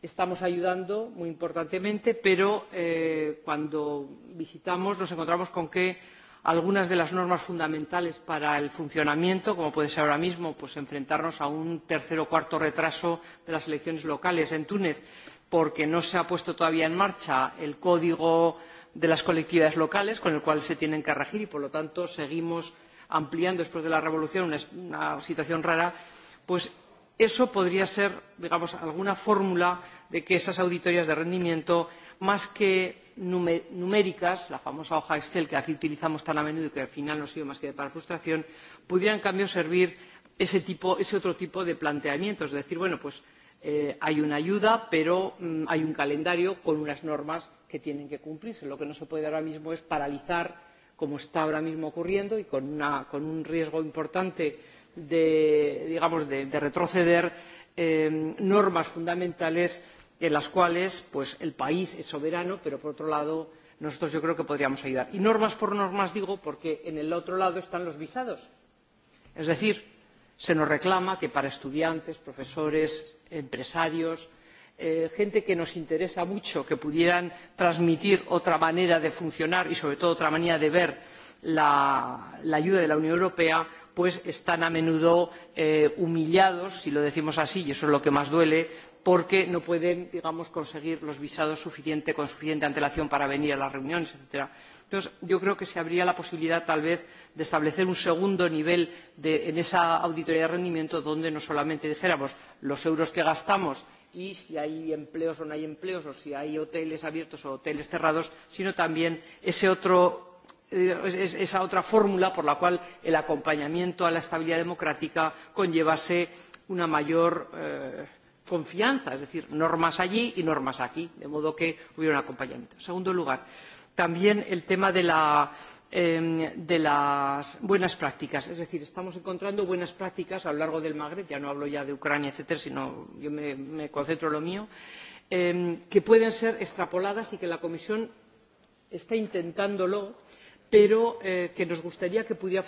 estamos ayudando muy importantemente, pero eh, cuando visitamos nos encontramos con que algunas de las normas fundamentales para el funcionamiento, como puede ser ahora mismo pues, enfrentarnos a un tercer o cuarto retraso de las elecciones locales en Túnez, porque no se ha puesto todavía en marcha el código de las colectividades locales con el cual se tienen que regir y, por lo tanto, seguimos ampliando después de la revolución una, una situación rara, pues eso podría ser, digamos, alguna fórmula de que esas auditorías de rendimiento, más que numéricas, la famosa hoja Excel que aquí utilizamos tan a menudo y que al final no sirve más que para frustración, pudiera en cambio servir ese, tipo, ese otro tipo de planteamientos. Es decir, bueno, pues eh, hay una ayuda, pero mm, hay un calendario con unas normas que tienen que cumplirse. Lo que no se puede ahora mismo es paralizar, como está ahora mismo ocurriendo y con, una, con un riesgo importante de, digamos, de, de retroceder eh, normas fundamentales en las cuales pues, el país es soberano, pero por otro lado nosotros yo creo que podríamos ayudar. Y normas por normas digo porque en el otro lado están los visados. Es decir, se nos reclama que para estudiantes, profesores, empresarios, eh, gente que nos interesa mucho, que pudieran transmitir otra manera de funcionar y sobre todo otra manera de ver la, la ayuda de la Unión Europea, pues están a menudo eh, humillados, si lo decimos así, y eso es lo que más duele, porque no pueden digamos, conseguir los visados suficiente, con suficiente antelación para venir a las reuniones, etc. Entonces, yo creo que se abría la posibilidad, tal vez, de establecer un segundo nivel de, en esa auditoría de rendimiento donde no solamente dijéramos los euros que gastamos y si hay empleos o no hay empleos, o si hay hoteles abiertos o hoteles cerrados, sino también ese otro eh, esa otra fórmula por la cual el acompañamiento a la estabilidad democrática conllevase una mayor eh, confianza, es decir, normas allí y normas aquí, de modo que hubiera un acompañamiento. En segundo lugar, también el tema de, la, eh, de las buenas prácticas, es decir, estamos encontrando buenas prácticas a lo largo del Magreb, ya no hablo ya de Ucrania, etcétera, sino yo me, me concentro en lo mío, eh, que pueden ser extrapoladas y que la Comisión está intentándolo, pero eh, que nos gustaría que pudiera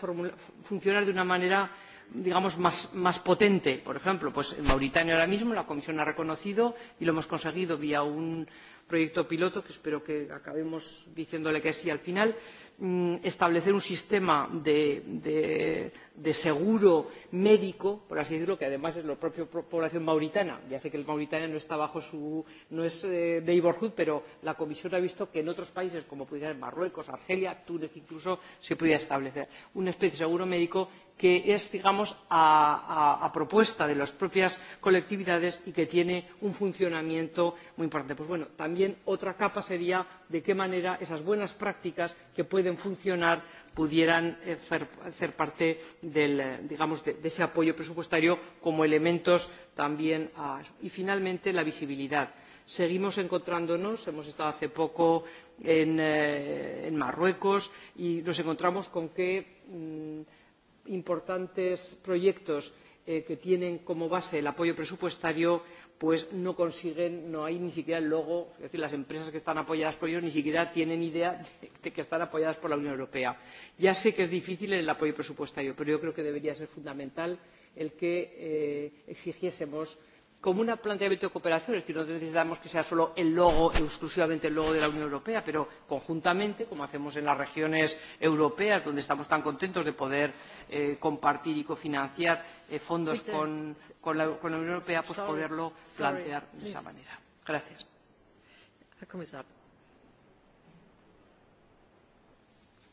funcionar de una manera digamos, más, más potente. Por ejemplo, pues en Mauritania ahora mismo la Comisión ha reconocido y lo hemos conseguido vía un proyecto piloto que espero que acabemos diciéndole que sí al final. Eh, Mm, establecer un sistema de, de, de seguro médico, por así decirlo, que además es la propia población mauritana. Ya sé que el Mauritania no está bajo su no es eh, neighborhood, pero la Comisión ha visto que en otros países, como pudiera ser Marruecos, Argelia, Túnez incluso, se podía establecer una especie de seguro médico que es, digamos, a, a, a propuesta de las propias colectividades y que tiene un funcionamiento muy importante. pues bueno también otra capa sería de qué manera esas buenas prácticas que pueden funcionar pudieran eh, fer, ser parte del, eh, digamos, de, de ese apoyo presupuestario como elementos también a eso. y finalmente la visibilidad seguimos encontrándonos hemos estado hace poco en, eh, en marruecos y nos encontramos con que mmm, importantes proyectos eh, que tienen como base el apoyo presupuestario pues no consiguen, no hay ni siquiera el logo, es decir, las empresas que están apoyadas por ellos ni siquiera tienen idea de que están apoyadas por la Unión Europea. Ya sé que es difícil el apoyo presupuestario, pero yo creo que debería ser fundamental el que eh, exigiésemos como un planteamiento de cooperación, es decir, no necesitamos que sea solo el logo, exclusivamente el logo de la Unión Europea, pero conjuntamente, como hacemos en las regiones europeas, donde estamos tan contentos de poder eh, compartir y cofinanciar eh, fondos Peter, con, con, la, con la Unión Europea, pues sorry, poderlo sorry, plantear sorry, de please. esa manera. Gracias. Herr Kommissar.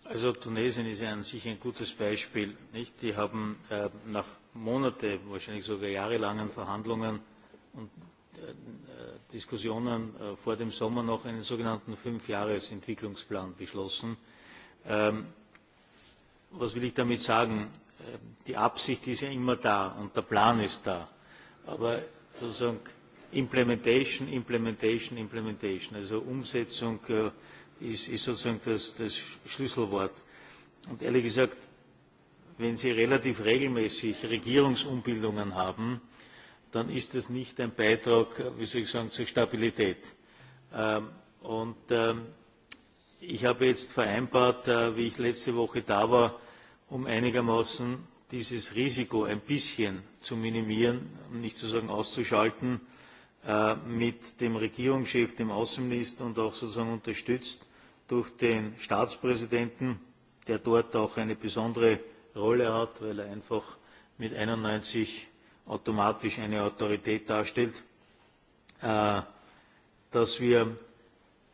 Also Tunesien ist ja an sich ein gutes Beispiel. Nicht? Die haben äh, nach Monate, wahrscheinlich sogar jahrelangen Verhandlungen und äh, äh Diskussionen äh, vor dem Sommer noch einen sogenannten Fünfjahresentwicklungsplan beschlossen. Ähm, was will ich damit sagen? Ähm, die Absicht ist ja immer da und der Plan ist da. Aber sozusagen Implementation, Implementation, Implementation, also Umsetzung äh, ist, ist sozusagen das, das Schlüsselwort. Und ehrlich gesagt, wenn Sie relativ regelmäßig Regierungsumbildungen haben, dann ist das nicht ein Beitrag, äh, wie soll ich sagen, zur Stabilität. Ähm, und ähm, ich habe jetzt vereinbart, äh, wie ich letzte Woche da war, um einigermaßen dieses Risiko ein bisschen zu minimieren, um nicht zu sagen auszuschalten, äh, mit dem Regierungschef, dem Außenminister und auch sozusagen unterstützt durch den Staatspräsidenten, der dort auch eine besondere Rolle hat, weil er einfach mit 91 automatisch eine Autorität darstellt, äh, dass wir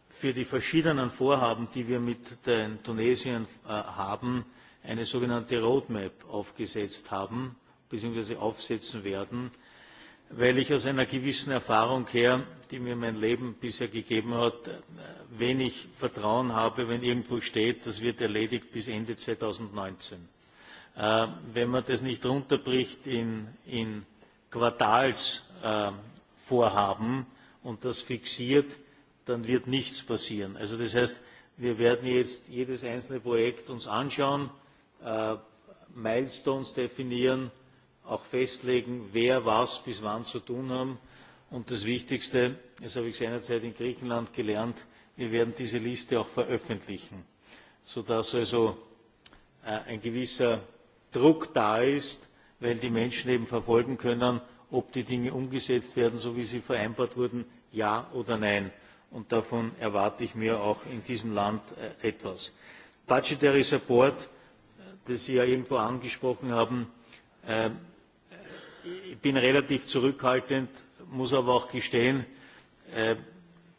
für die verschiedenen Vorhaben, die wir mit den Tunesiern äh, haben, eine sogenannte Roadmap aufgesetzt haben bzw. aufsetzen werden, weil ich aus einer gewissen Erfahrung her, die mir mein Leben bisher gegeben hat, wenig Vertrauen habe, wenn irgendwo steht, das wird erledigt bis Ende 2019. Äh, wenn man das nicht runterbricht in, in Quartalsvorhaben äh, und das fixiert, dann wird nichts passieren. Also das heißt, wir werden jetzt jedes einzelne Projekt uns anschauen, äh, Äh, milestones definieren auch festlegen wer was bis wann zu tun hat. und das wichtigste das habe ich seinerzeit in griechenland gelernt wir werden diese liste auch veröffentlichen sodass also äh, ein gewisser druck da ist weil die menschen eben verfolgen können ob die dinge umgesetzt werden so wie sie vereinbart wurden ja oder nein. und davon erwarte ich mir auch in diesem land äh, etwas. budgetary support das Sie ja ebenso angesprochen haben. Ähm, ich bin relativ zurückhaltend, muss aber auch gestehen, ähm,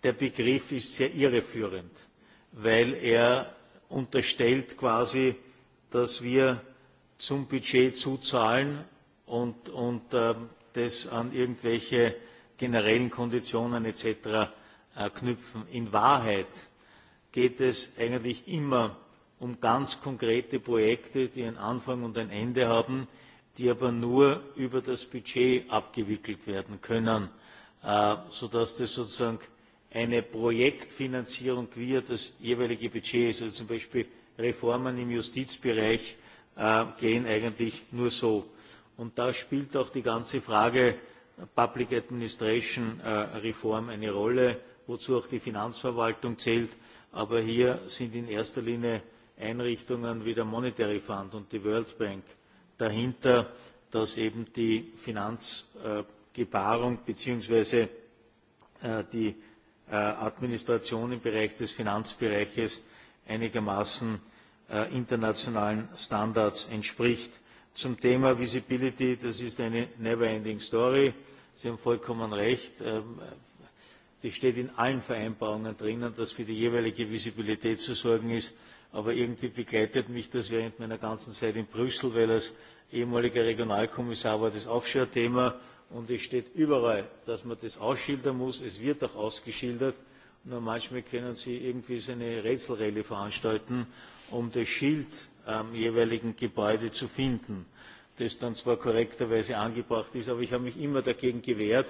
der Begriff ist sehr irreführend, weil er unterstellt quasi, dass wir zum Budget zuzahlen und, und äh, das an irgendwelche generellen Konditionen etc. Äh, knüpfen. In Wahrheit geht es eigentlich immer um ganz konkrete Projekte, die einen Anfang und ein Ende haben, die aber nur über das Budget abgewickelt werden können, äh, sodass das sozusagen eine Projektfinanzierung via das jeweilige Budget ist. Also zum Beispiel Reformen im Justizbereich äh, gehen eigentlich nur so. Und da spielt auch die ganze Frage Public Administration äh, Reform eine Rolle, wozu auch die Finanzverwaltung zählt. Aber hier sind in erster Linie Einrichtungen wie der Monetary Fund und die World Bank dahinter, dass eben die Finanzgebarung bzw. Äh, die äh, Administration im Bereich des Finanzbereiches einigermaßen äh, internationalen Standards entspricht. Zum Thema Visibility, das ist eine never-ending story. Sie haben vollkommen recht. Ähm, das steht in allen Vereinbarungen drinnen, dass für die jeweilige Visibilität zu sorgen ist aber irgendwie begleitet mich das während meiner ganzen Zeit in Brüssel, weil als ehemaliger Regionalkommissar war das Offshore-Thema und es steht überall, dass man das ausschildern muss. Es wird auch ausgeschildert. Nur manchmal können Sie irgendwie so eine Rätselrallye veranstalten, um das Schild am jeweiligen Gebäude zu finden, das dann zwar korrekterweise angebracht ist, aber ich habe mich immer dagegen gewehrt,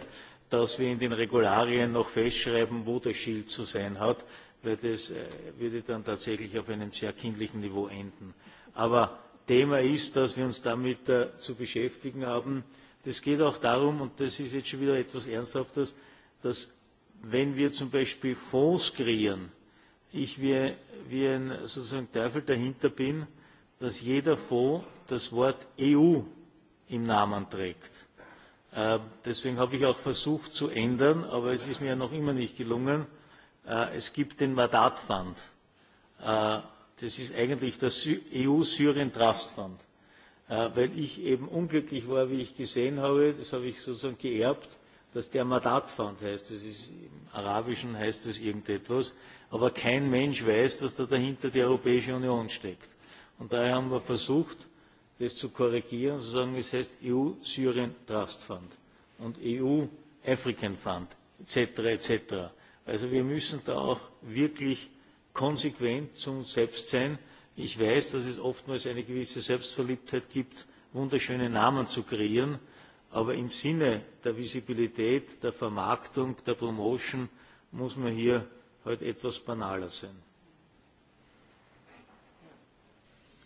dass wir in den Regularien noch festschreiben, wo das Schild zu sein hat wird es äh, würde dann tatsächlich auf einem sehr kindlichen Niveau enden. Aber Thema ist, dass wir uns damit äh, zu beschäftigen haben. Es geht auch darum, und das ist jetzt schon wieder etwas Ernsthaftes, dass wenn wir zum Beispiel Fonds kreieren, ich wie, wie ein sozusagen Teufel dahinter bin, dass jeder Fonds das Wort EU im Namen trägt. Äh, deswegen habe ich auch versucht zu ändern, aber es ist mir ja noch immer nicht gelungen, Äh, es gibt den Wadat Fund. Äh, das ist eigentlich der EU-Syrien-Trust-Fund, äh, weil ich eben unglücklich war, wie ich gesehen habe, das habe ich sozusagen geerbt, dass der Madat Fund heißt. Das ist, Im Arabischen heißt das irgendetwas, aber kein Mensch weiß, dass da dahinter die Europäische Union steckt. Und daher haben wir versucht, das zu korrigieren, zu sagen, es heißt EU-Syrien-Trust-Fund und EU-African-Fund etc. etc Also wir müssen da auch wirklich konsequent zu uns selbst sein. Ich weiß, dass es oftmals eine gewisse Selbstverliebtheit gibt, wunderschöne Namen zu kreieren, aber im Sinne der Visibilität, der Vermarktung, der Promotion muss man hier heute halt etwas banaler sein.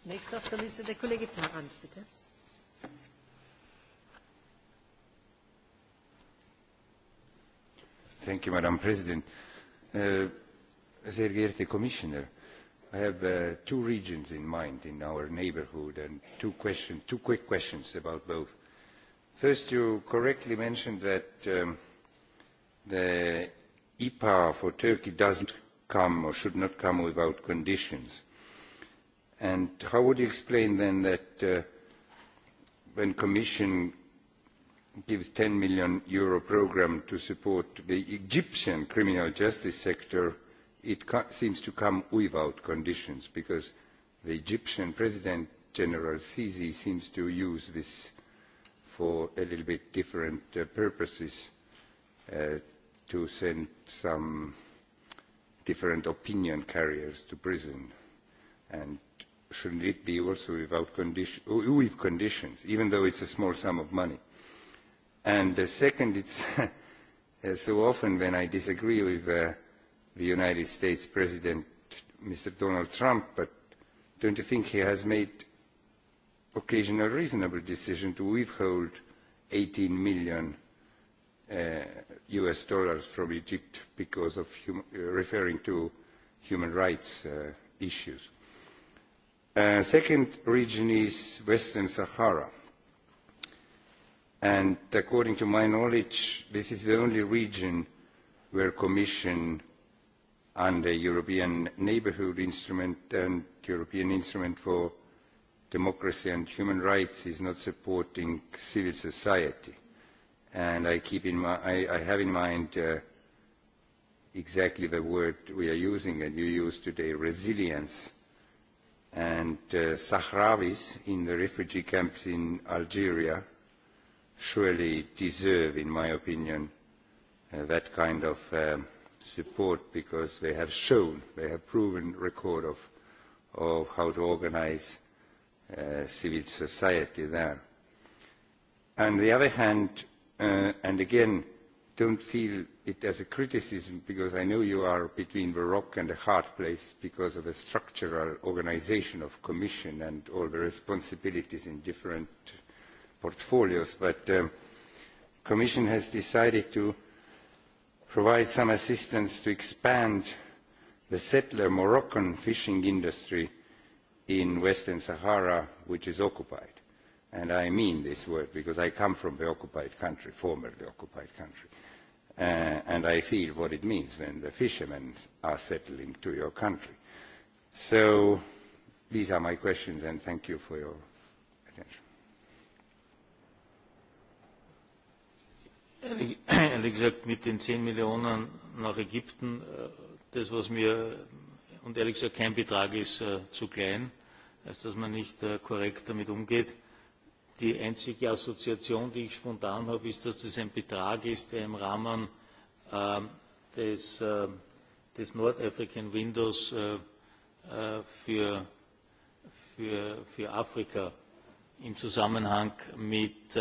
Nächster auf der Liste der Kollege Tarand, bitte. Thank you, Madam President. Uh, sehr geehrte Commissioner, I have uh, two regions in mind in our neighborhood and two, question, two quick questions about both. First, you correctly mentioned that um, the EPA for Turkey doesn't come or should not come without conditions. And how would you explain then that uh, when Commission gives 10 million euro program to support the Egyptian criminal justice sector, it seems to come without conditions because the Egyptian President General Sisi seems to use this for a little bit different uh, purposes uh, to send some different opinion carriers to prison. And shouldn't it be also without condition, with conditions, even though it's a small sum of money? And uh, second, it's uh, so often when I disagree with uh, the United States President, Mr. Donald Trump, but don't you think he has made occasional reasonable decision to withhold 18 million uh, US dollars from Egypt because of hum uh, referring to human rights uh, issues. Uh, second region is Western Sahara. Uh, and according to my knowledge this is the only region where commission under european neighbourhood instrument and european instrument for democracy and human rights is not supporting civil society and i keep in mind I, I have in mind uh, exactly the word we are using and you used today resilience and uh, sahrawis in the refugee camps in algeria surely deserve, in my opinion, uh, that kind of um, support because they have shown, they have proven record of, of how to organize uh, civil society there. On the other hand, uh, and again, don't feel it as a criticism because I know you are between the rock and a hard place because of a structural organization of commission and all the responsibilities in different portfolios, but the um, Commission has decided to provide some assistance to expand the settler Moroccan fishing industry in Western Sahara, which is occupied. And I mean this word because I come from the occupied country, formerly occupied country. Uh, and I feel what it means when the fishermen are settling to your country. So these are my questions and thank you for your attention. ehrlich gesagt mit den zehn millionen nach ägypten äh, das was mir und ehrlich gesagt kein betrag ist äh, zu klein als dass man nicht äh, korrekt damit umgeht. die einzige assoziation die ich spontan habe ist dass das ein betrag ist der im rahmen ähm, des, des nord african windows für, für, für afrika im zusammenhang mit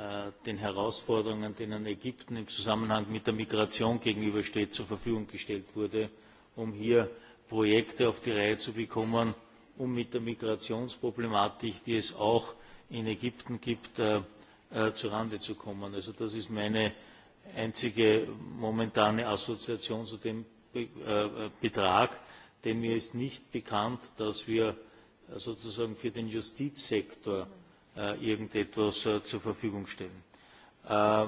Äh, den Herausforderungen, denen Ägypten im Zusammenhang mit der Migration gegenübersteht, zur Verfügung gestellt wurde, um hier Projekte auf die Reihe zu bekommen, um mit der Migrationsproblematik, die es auch in Ägypten gibt, äh, äh, zurande zu kommen. Also das ist meine einzige momentane Assoziation zu dem Be äh, äh Betrag, denn mir ist nicht bekannt, dass wir äh, sozusagen für den Justizsektor Äh, irgendetwas äh, zur Verfügung stellen. Äh,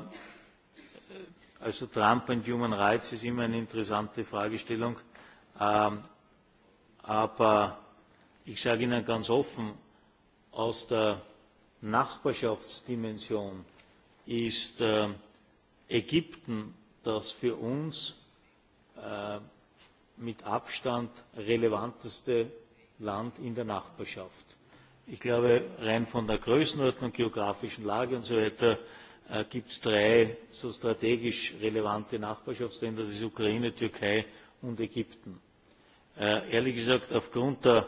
also Trump und Human Rights ist immer eine interessante Fragestellung. Ähm, aber ich sage Ihnen ganz offen, aus der Nachbarschaftsdimension ist Ägypten das für uns mit Abstand relevanteste Land in der Nachbarschaft Ich glaube, rein von der Größenordnung, geografischen Lage und so weiter äh, gibt es drei so strategisch relevante Nachbarschaftsländer, das ist Ukraine, Türkei und Ägypten. Äh, ehrlich gesagt, aufgrund der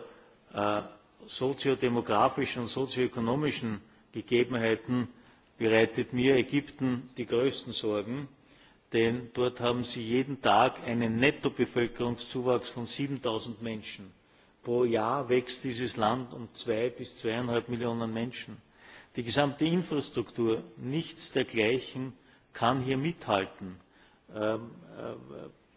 äh, soziodemografischen und sozioökonomischen Gegebenheiten bereitet mir Ägypten die größten Sorgen, denn dort haben sie jeden Tag einen Nettobevölkerungszuwachs von 7000 Menschen Pro Jahr wächst dieses Land um zwei bis zweieinhalb Millionen Menschen. Die gesamte Infrastruktur, nichts dergleichen kann hier mithalten. Ähm, äh,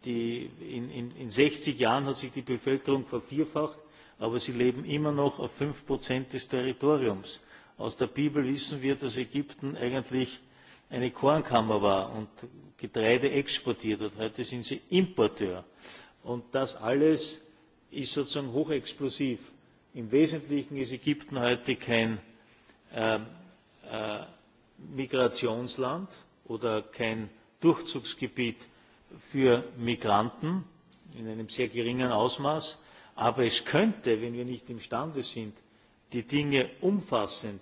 die, in, in, in 60 Jahren hat sich die Bevölkerung vervierfacht, aber sie leben immer noch auf 5 Prozent des Territoriums. Aus der Bibel wissen wir, dass Ägypten eigentlich eine Kornkammer war und Getreide exportiert hat. Heute sind sie Importeur. Und das alles ist sozusagen hochexplosiv. Im Wesentlichen ist Ägypten heute kein äh, äh, Migrationsland oder kein Durchzugsgebiet für Migranten in einem sehr geringen Ausmaß. Aber es könnte, wenn wir nicht imstande sind, die Dinge umfassend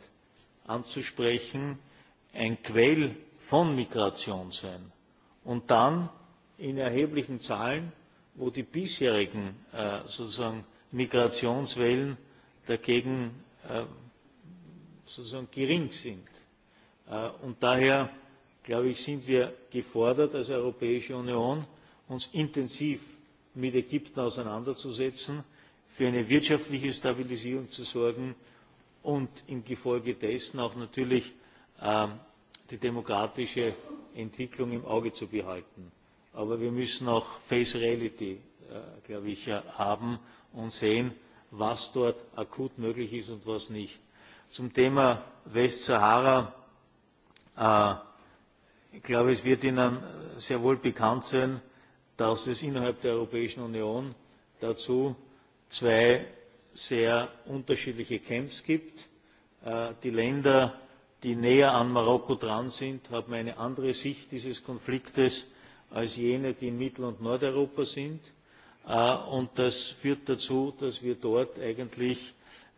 anzusprechen, ein Quell von Migration sein. Und dann in erheblichen Zahlen wo die bisherigen äh, sozusagen Migrationswellen dagegen äh, sozusagen gering sind. Äh, und daher, glaube ich, sind wir gefordert als Europäische Union, uns intensiv mit Ägypten auseinanderzusetzen, für eine wirtschaftliche Stabilisierung zu sorgen und im Gefolge dessen auch natürlich äh, die demokratische Entwicklung im Auge zu behalten. Aber wir müssen auch Face Reality, äh, glaube ich, haben und sehen, was dort akut möglich ist und was nicht. Zum Thema Westsahara, äh, ich glaube, es wird Ihnen sehr wohl bekannt sein, dass es innerhalb der Europäischen Union dazu zwei sehr unterschiedliche Camps gibt. Äh, die Länder, die näher an Marokko dran sind, haben eine andere Sicht dieses Konfliktes als jene, die in Mittel- und Nordeuropa sind. Äh, und das führt dazu, dass wir dort eigentlich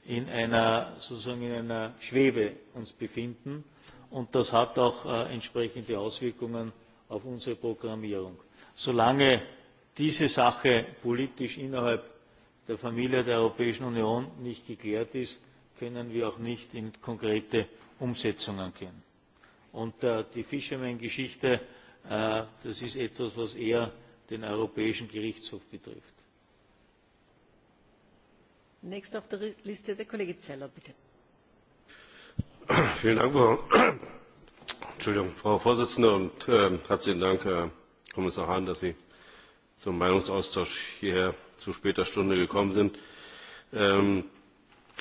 in einer, sozusagen in einer Schwebe uns befinden. Und das hat auch äh, entsprechende Auswirkungen auf unsere Programmierung. Solange diese Sache politisch innerhalb der Familie der Europäischen Union nicht geklärt ist, können wir auch nicht in konkrete Umsetzungen gehen. Und äh, die Fisherman-Geschichte Äh, das ist etwas was eher den europäischen gerichtshof betrifft. Nächster auf der Liste der Kollege Zeller, bitte. Vielen Dank, Frau, Entschuldigung, Frau Vorsitzende und äh, herzlichen Dank, Herr Kommissar Hahn, dass Sie zum Meinungsaustausch hierher zu später Stunde gekommen sind. Ähm,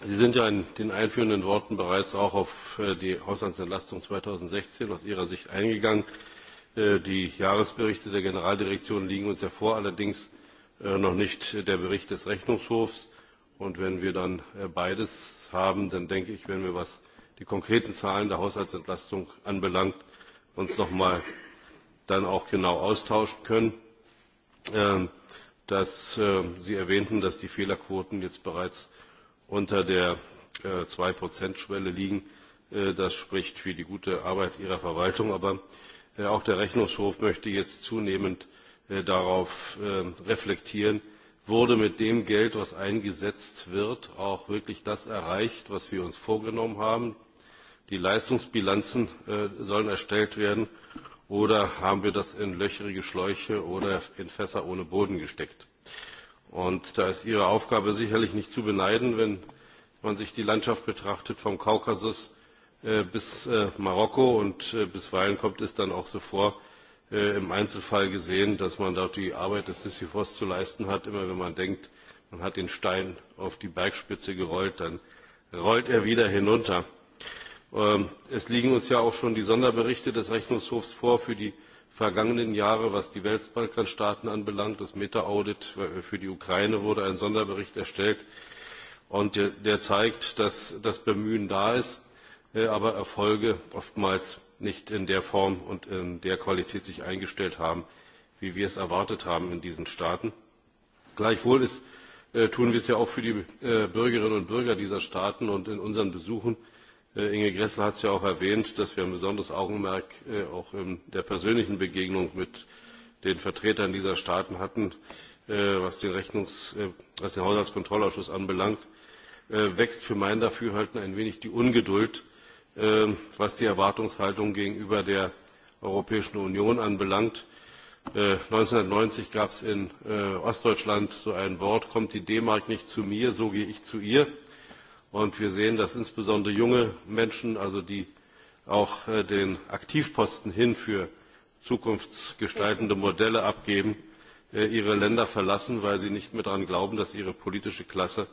Sie sind ja in den einführenden Worten bereits auch auf äh, die Haushaltsentlastung 2016 aus Ihrer Sicht eingegangen. Äh, Äh, die Jahresberichte der Generaldirektionen liegen uns ja vor, allerdings äh, noch nicht der Bericht des Rechnungshofs. Und wenn wir dann äh, beides haben, dann denke ich, werden wir, was die konkreten Zahlen der Haushaltsentlastung anbelangt, uns noch mal dann auch genau austauschen können. Ähm, dass ähm, Sie erwähnten, dass die Fehlerquoten jetzt bereits unter der 2-Prozent-Schwelle liegen. Das spricht für die gute Arbeit Ihrer Verwaltung. Aber Äh, auch der Rechnungshof möchte jetzt zunehmend äh, darauf ähm, reflektieren, wurde mit dem Geld, was eingesetzt wird, auch wirklich das erreicht, was wir uns vorgenommen haben. Die Leistungsbilanzen äh, sollen erstellt werden oder haben wir das in löcherige Schläuche oder in Fässer ohne Boden gesteckt. Und da ist Ihre Aufgabe sicherlich nicht zu beneiden, wenn man sich die Landschaft betrachtet vom Kaukasus Äh, bis äh, Marokko und äh, bisweilen kommt es dann auch so vor, im Einzelfall gesehen, dass man dort die Arbeit des Sisyphos zu leisten hat. Immer wenn man denkt, man hat den Stein auf die Bergspitze gerollt, dann rollt er wieder hinunter. Ähm, es liegen uns ja auch schon die Sonderberichte des Rechnungshofs vor für die vergangenen Jahre, was die Westbalkanstaaten anbelangt. Das Meta-Audit für die Ukraine wurde ein Sonderbericht erstellt und der zeigt, dass das Bemühen da ist Äh, aber Erfolge oftmals nicht in der Form und in der Qualität sich eingestellt haben, wie wir es erwartet haben in diesen Staaten. Gleichwohl ist, äh, tun wir es ja auch für die äh, Bürgerinnen und Bürger dieser Staaten und in unseren Besuchen. Äh, Inge Gressel hat es ja auch erwähnt, dass wir ein besonderes Augenmerk äh, auch in der persönlichen Begegnung mit den Vertretern dieser Staaten hatten, äh, was, den Rechnungs-, äh, was den Haushaltskontrollausschuss anbelangt, äh, wächst für mein Dafürhalten ein wenig die Ungeduld, äh, Ähm, was die Erwartungshaltung gegenüber der Europäischen Union anbelangt. 1990 äh, gab es in äh, Ostdeutschland so ein Wort, kommt die D-Mark nicht zu mir, so gehe ich zu ihr. Und wir sehen, dass insbesondere junge Menschen, also die auch äh, den Aktivposten hin für zukunftsgestaltende Modelle abgeben, ihre Länder verlassen, weil sie nicht mehr daran glauben, dass ihre politische Klasse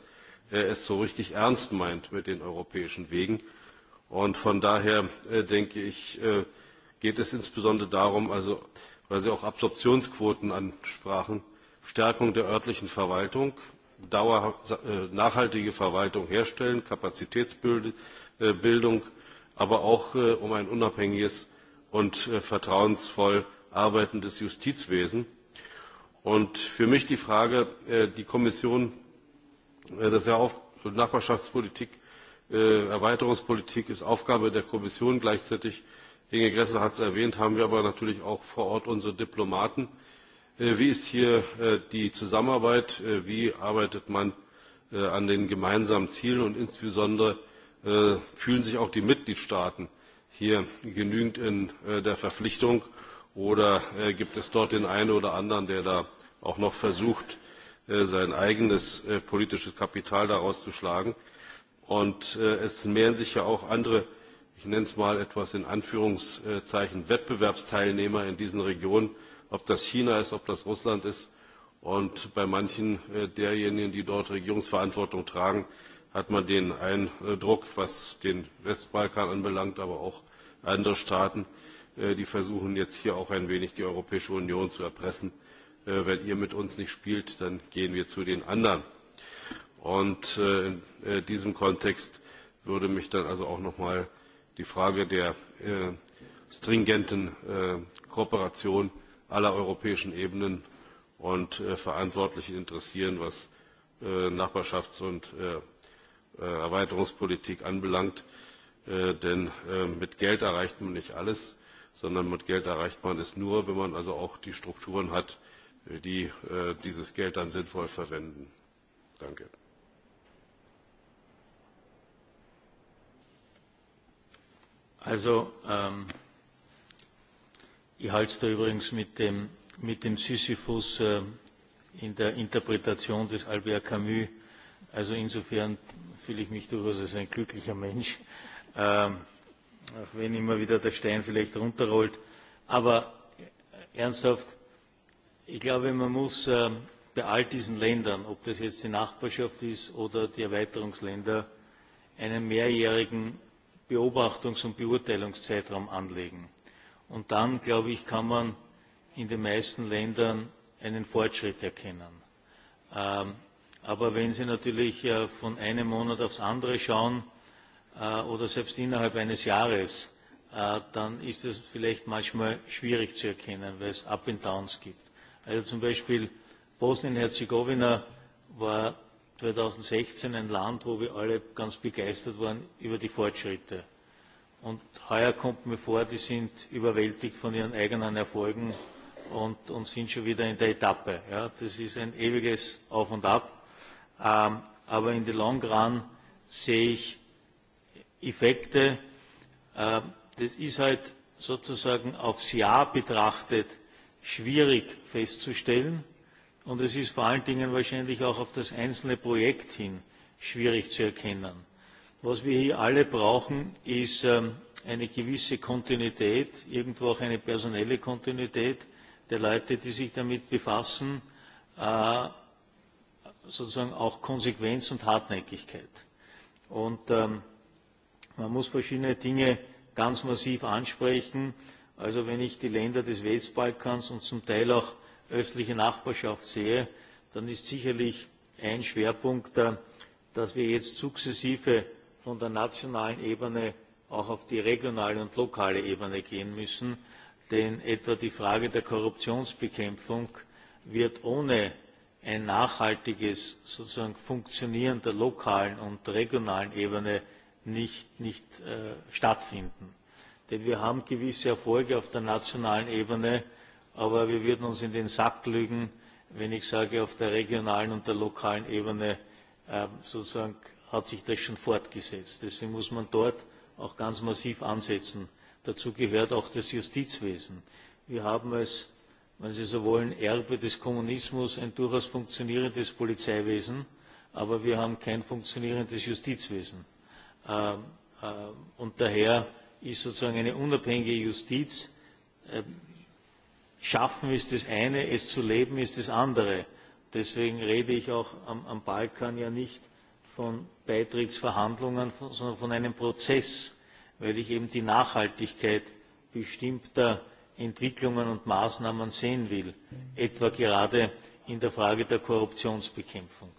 es so richtig ernst meint mit den europäischen Wegen. Und von daher äh, denke ich, äh, geht es insbesondere darum, also, weil Sie auch Absorptionsquoten ansprachen, Stärkung der örtlichen Verwaltung, Dauer, äh, nachhaltige Verwaltung herstellen, Kapazitätsbildung, äh, Bildung, aber auch äh, um ein unabhängiges und äh, vertrauensvoll arbeitendes Justizwesen. Und für mich die Frage, äh, die Kommission, äh, das ist ja auch Nachbarschaftspolitik, äh, erweiterungspolitik ist aufgabe der kommission. gleichzeitig inge grässle hat es erwähnt haben wir aber natürlich auch vor ort unsere diplomaten. Äh, wie ist hier äh, die zusammenarbeit? Äh, wie arbeitet man äh, an den gemeinsamen zielen und insbesondere äh, fühlen sich auch die mitgliedstaaten hier genügend in der verpflichtung oder gibt es dort den einen oder anderen der da auch noch versucht sein eigenes politisches kapital daraus zu schlagen? Und äh, es mehren sich ja auch andere, ich nenne es mal etwas in Anführungszeichen, Wettbewerbsteilnehmer in diesen Regionen, ob das China ist, ob das Russland ist. Und bei manchen äh, derjenigen, die dort Regierungsverantwortung tragen, hat man den Eindruck, was den Westbalkan anbelangt, aber auch andere Staaten, äh, die versuchen jetzt hier auch ein wenig die Europäische Union zu erpressen. Äh, wenn ihr mit uns nicht spielt, dann gehen wir zu den anderen. Und äh, in diesem Kontext würde mich dann also auch nochmal die Frage der äh, stringenten äh, Kooperation aller europäischen Ebenen und äh, Verantwortlichen interessieren, was äh, Nachbarschafts- und äh, äh, Erweiterungspolitik anbelangt. Äh, denn äh, mit Geld erreicht man nicht alles, sondern mit Geld erreicht man es nur, wenn man also auch die Strukturen hat, äh, die äh, dieses Geld dann sinnvoll verwenden. Danke. Also ähm, ich halte es da übrigens mit dem, mit dem Sisyphus äh, in der Interpretation des Albert Camus. Also insofern fühle ich mich durchaus als ein glücklicher Mensch, ähm, auch wenn immer wieder der Stein vielleicht runterrollt. Aber äh, ernsthaft, ich glaube, man muss äh, bei all diesen Ländern, ob das jetzt die Nachbarschaft ist oder die Erweiterungsländer, einen mehrjährigen Beobachtungs- und Beurteilungszeitraum anlegen. Und dann, glaube ich, kann man in den meisten Ländern einen Fortschritt erkennen. Ähm, aber wenn Sie natürlich äh, von einem Monat aufs andere schauen äh, oder selbst innerhalb eines Jahres, äh, dann ist es vielleicht manchmal schwierig zu erkennen, weil es Up and Downs gibt. Also zum Beispiel Bosnien-Herzegowina war 2016 ein Land, wo wir alle ganz begeistert waren über die Fortschritte. Und heuer kommt mir vor, die sind überwältigt von ihren eigenen Erfolgen und, und sind schon wieder in der Etappe. Ja, das ist ein ewiges Auf und Ab. Ähm, aber in the long run sehe ich Effekte. Äh, das ist halt sozusagen aufs Jahr betrachtet schwierig festzustellen Und es ist vor allen Dingen wahrscheinlich auch auf das einzelne Projekt hin schwierig zu erkennen. Was wir hier alle brauchen, ist ähm, eine gewisse Kontinuität, irgendwo auch eine personelle Kontinuität der Leute, die sich damit befassen, äh, sozusagen auch Konsequenz und Hartnäckigkeit. Und ähm, man muss verschiedene Dinge ganz massiv ansprechen. Also wenn ich die Länder des Westbalkans und zum Teil auch östliche Nachbarschaft sehe, dann ist sicherlich ein Schwerpunkt, dass wir jetzt sukzessive von der nationalen Ebene auch auf die regionale und lokale Ebene gehen müssen. Denn etwa die Frage der Korruptionsbekämpfung wird ohne ein nachhaltiges sozusagen Funktionieren der lokalen und regionalen Ebene nicht, nicht äh, stattfinden. Denn wir haben gewisse Erfolge auf der nationalen Ebene, aber wir würden uns in den Sack lügen, wenn ich sage, auf der regionalen und der lokalen Ebene äh, sozusagen hat sich das schon fortgesetzt. Deswegen muss man dort auch ganz massiv ansetzen. Dazu gehört auch das Justizwesen. Wir haben als, wenn Sie so wollen, Erbe des Kommunismus ein durchaus funktionierendes Polizeiwesen, aber wir haben kein funktionierendes Justizwesen. Ähm, äh, und daher ist sozusagen eine unabhängige Justiz äh, Schaffen ist das eine, es zu leben ist das andere. Deswegen rede ich auch am, am Balkan ja nicht von Beitrittsverhandlungen, von, sondern von einem Prozess, weil ich eben die Nachhaltigkeit bestimmter Entwicklungen und Maßnahmen sehen will, etwa gerade in der Frage der Korruptionsbekämpfung.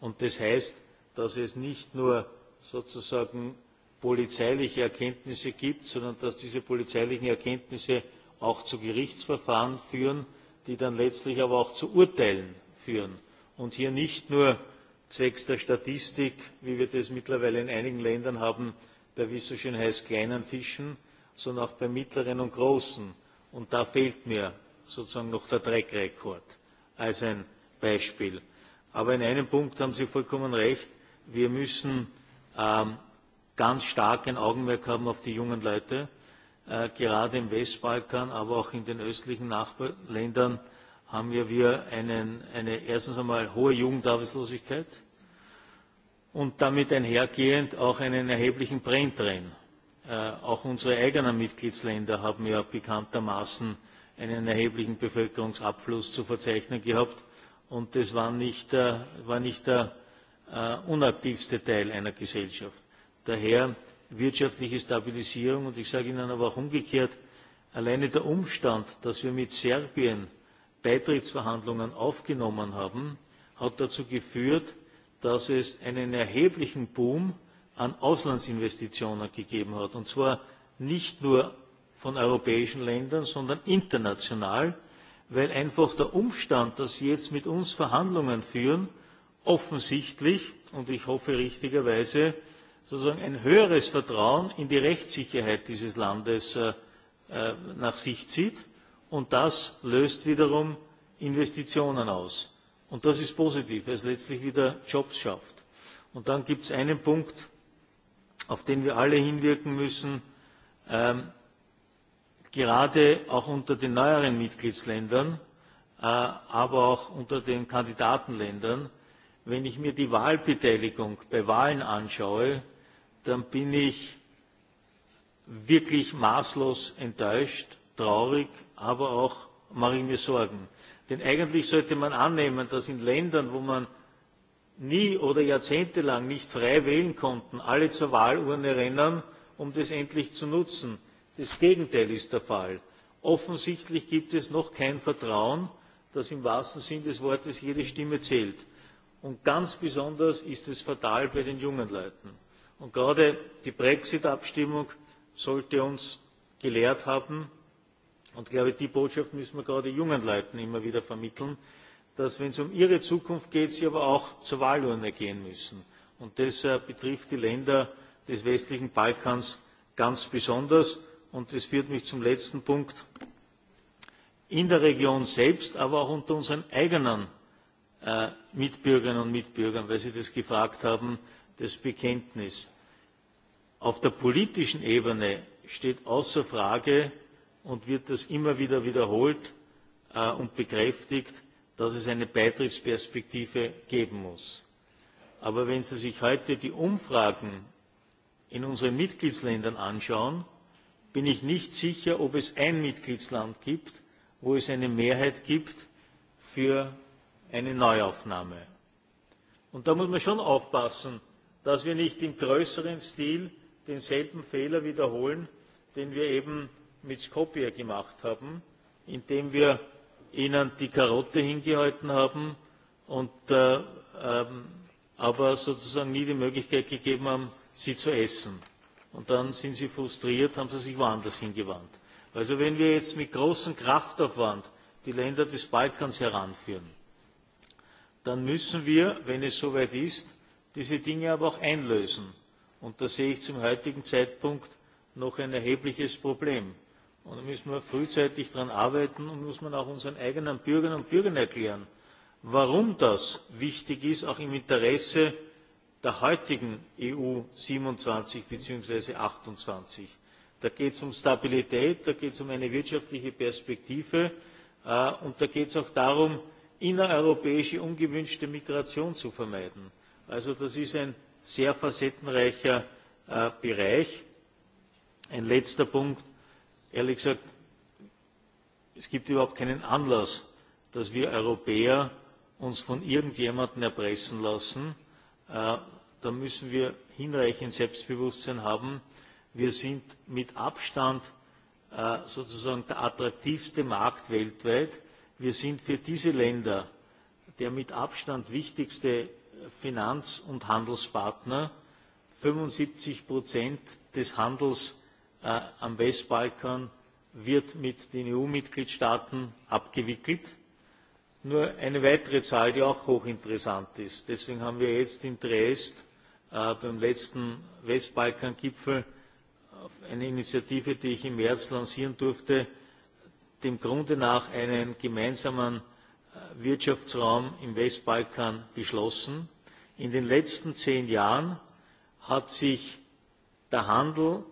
Und das heißt, dass es nicht nur sozusagen polizeiliche Erkenntnisse gibt, sondern dass diese polizeilichen Erkenntnisse auch zu Gerichtsverfahren führen, die dann letztlich aber auch zu Urteilen führen und hier nicht nur zwecks der Statistik, wie wir das mittlerweile in einigen Ländern haben, bei wie es so schön heißt, kleinen Fischen, sondern auch bei mittleren und großen. Und da fehlt mir sozusagen noch der Dreckrekord als ein Beispiel. Aber in einem Punkt haben Sie vollkommen recht. Wir müssen ähm, ganz stark ein Augenmerk haben auf die jungen Leute äh, gerade im Westbalkan, aber auch in den östlichen Nachbarländern haben ja wir einen, eine erstens einmal hohe Jugendarbeitslosigkeit und damit einhergehend auch einen erheblichen Braindrain. Äh, auch unsere eigenen Mitgliedsländer haben ja bekanntermaßen einen erheblichen Bevölkerungsabfluss zu verzeichnen gehabt. Und das war nicht, äh, war nicht der äh, unaktivste Teil einer Gesellschaft. Daher wirtschaftliche Stabilisierung. Und ich sage Ihnen aber auch umgekehrt, alleine der Umstand, dass wir mit Serbien Beitrittsverhandlungen aufgenommen haben, hat dazu geführt, dass es einen erheblichen Boom an Auslandsinvestitionen gegeben hat. Und zwar nicht nur von europäischen Ländern, sondern international, weil einfach der Umstand, dass Sie jetzt mit uns Verhandlungen führen, offensichtlich und ich hoffe richtigerweise sozusagen ein höheres Vertrauen in die Rechtssicherheit dieses Landes äh, äh, nach sich zieht. Und das löst wiederum Investitionen aus. Und das ist positiv, weil es letztlich wieder Jobs schafft. Und dann gibt es einen Punkt, auf den wir alle hinwirken müssen, ähm, gerade auch unter den neueren Mitgliedsländern, äh, aber auch unter den Kandidatenländern. Wenn ich mir die Wahlbeteiligung bei Wahlen anschaue, dann bin ich wirklich maßlos enttäuscht, traurig, aber auch mache ich mir Sorgen. Denn eigentlich sollte man annehmen, dass in Ländern, wo man nie oder jahrzehntelang nicht frei wählen konnten, alle zur Wahlurne rennen, um das endlich zu nutzen. Das Gegenteil ist der Fall. Offensichtlich gibt es noch kein Vertrauen, dass im wahrsten Sinn des Wortes jede Stimme zählt. Und ganz besonders ist es fatal bei den jungen Leuten. Und gerade die Brexit-Abstimmung sollte uns gelehrt haben, und ich glaube, die Botschaft müssen wir gerade jungen Leuten immer wieder vermitteln, dass wenn es um ihre Zukunft geht, sie aber auch zur Wahlurne gehen müssen. Und das äh, betrifft die Länder des westlichen Balkans ganz besonders. Und das führt mich zum letzten Punkt. In der Region selbst, aber auch unter unseren eigenen äh, Mitbürgerinnen und Mitbürgern, weil Sie das gefragt haben, äh, das bekenntnis. auf der politischen ebene steht außer frage und wird das immer wieder wiederholt äh, und bekräftigt dass es eine beitrittsperspektive geben muss. aber wenn sie sich heute die umfragen in unseren mitgliedsländern anschauen bin ich nicht sicher ob es ein mitgliedsland gibt wo es eine mehrheit gibt für eine neuaufnahme. und da muss man schon aufpassen dass wir nicht im größeren stil denselben fehler wiederholen den wir eben mit skopje gemacht haben indem wir ihnen die karotte hingehalten haben und äh, ähm, aber sozusagen nie die möglichkeit gegeben haben sie zu essen. und dann sind sie frustriert haben sie sich woanders hingewandt. also wenn wir jetzt mit großem kraftaufwand die länder des balkans heranführen dann müssen wir wenn es soweit ist diese dinge aber auch einlösen. Und da sehe ich zum heutigen Zeitpunkt noch ein erhebliches Problem. Und da müssen wir frühzeitig daran arbeiten und muss man auch unseren eigenen Bürgern und Bürgern erklären, warum das wichtig ist, auch im Interesse der heutigen EU 27 bzw. 28. Da geht es um Stabilität, da geht es um eine wirtschaftliche Perspektive äh, und da geht es auch darum, innereuropäische ungewünschte Migration zu vermeiden Also das ist ein sehr facettenreicher äh, Bereich. Ein letzter Punkt. Ehrlich gesagt, es gibt überhaupt keinen Anlass, dass wir Europäer uns von irgendjemandem erpressen lassen. Äh, da müssen wir hinreichend Selbstbewusstsein haben. Wir sind mit Abstand äh, sozusagen der attraktivste Markt weltweit. Wir sind für diese Länder der mit Abstand wichtigste Finanz- und Handelspartner. 75 Prozent des Handels äh, am Westbalkan wird mit den EU-Mitgliedstaaten abgewickelt. Nur eine weitere Zahl, die auch hochinteressant ist. Deswegen haben wir jetzt in Triest äh, beim letzten Westbalkan-Gipfel äh, eine Initiative, die ich im März lancieren durfte, dem Grunde nach einen gemeinsamen äh, Wirtschaftsraum im Westbalkan beschlossen in den letzten zehn Jahren hat sich der Handel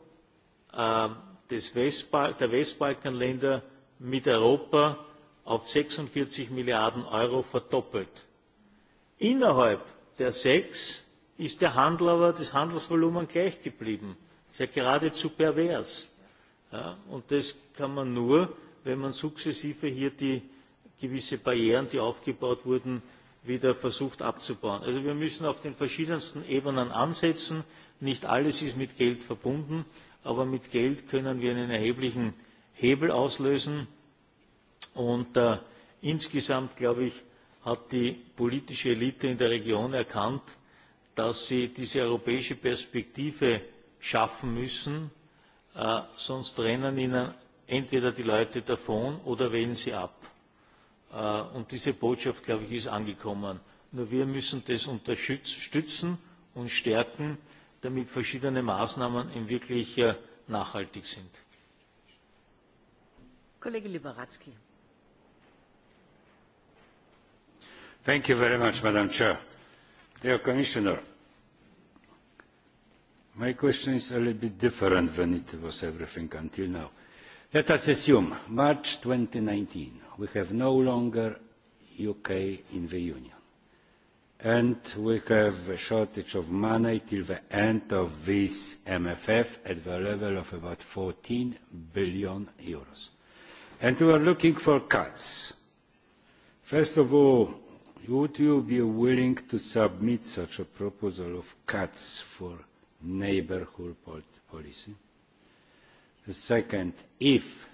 äh, des Westbal der Westbalkanländer mit Europa auf 46 Milliarden Euro verdoppelt. Innerhalb der sechs ist der Handel aber das Handelsvolumen gleich geblieben. Das ist ja geradezu pervers. Ja, und das kann man nur, wenn man sukzessive hier die gewisse Barrieren, die aufgebaut wurden, wieder versucht abzubauen. Also wir müssen auf den verschiedensten Ebenen ansetzen. Nicht alles ist mit Geld verbunden, aber mit Geld können wir einen erheblichen Hebel auslösen. Und äh, insgesamt, glaube ich, hat die politische Elite in der Region erkannt, dass sie diese europäische Perspektive schaffen müssen, äh, sonst rennen ihnen entweder die Leute davon oder wählen sie ab. Äh, und diese Botschaft, glaube ich, ist angekommen. Nur wir müssen das unterstützen und stärken, damit verschiedene Maßnahmen wirklich äh, nachhaltig sind. Kollege Liberadzki. Thank you very much, Madam Chair. Dear Commissioner, my question is a little bit different than it was everything until now. Let us assume March 2019, we have no longer UK in the Union, and we have a shortage of money till the end of this MFF at the level of about 14 billion euros. And we are looking for cuts. First of all, would you be willing to submit such a proposal of cuts for neighbourhood policy? second if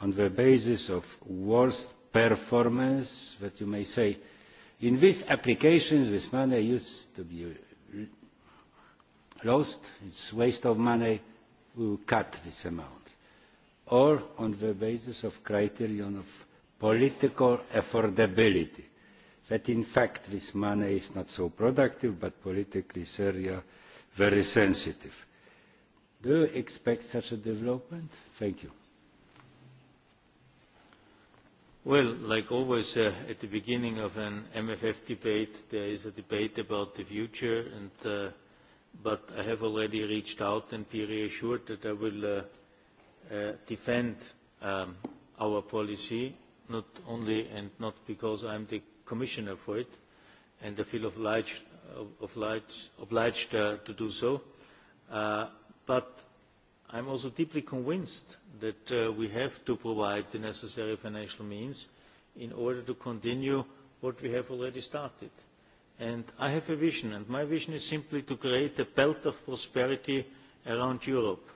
on the basis of worst performance that you may say in these applications this money used to be lost it's a waste of money we will cut this amount or on the basis of criterion of political affordability that in fact this money is not so productive but politically Syria very sensitive Do you expect such a development? Thank you. Well, like always, uh, at the beginning of an MFF debate, there is a debate about the future, and, uh, but I have already reached out and be reassured that I will uh, uh, defend um, our policy, not only and not because I'm the commissioner for it, and I feel obliged, obliged, obliged uh, to do so, uh, but i am also deeply convinced that uh, we have to provide the necessary financial means in order to continue what we have already started. And i have a vision and my vision is simply to create a belt of prosperity around europe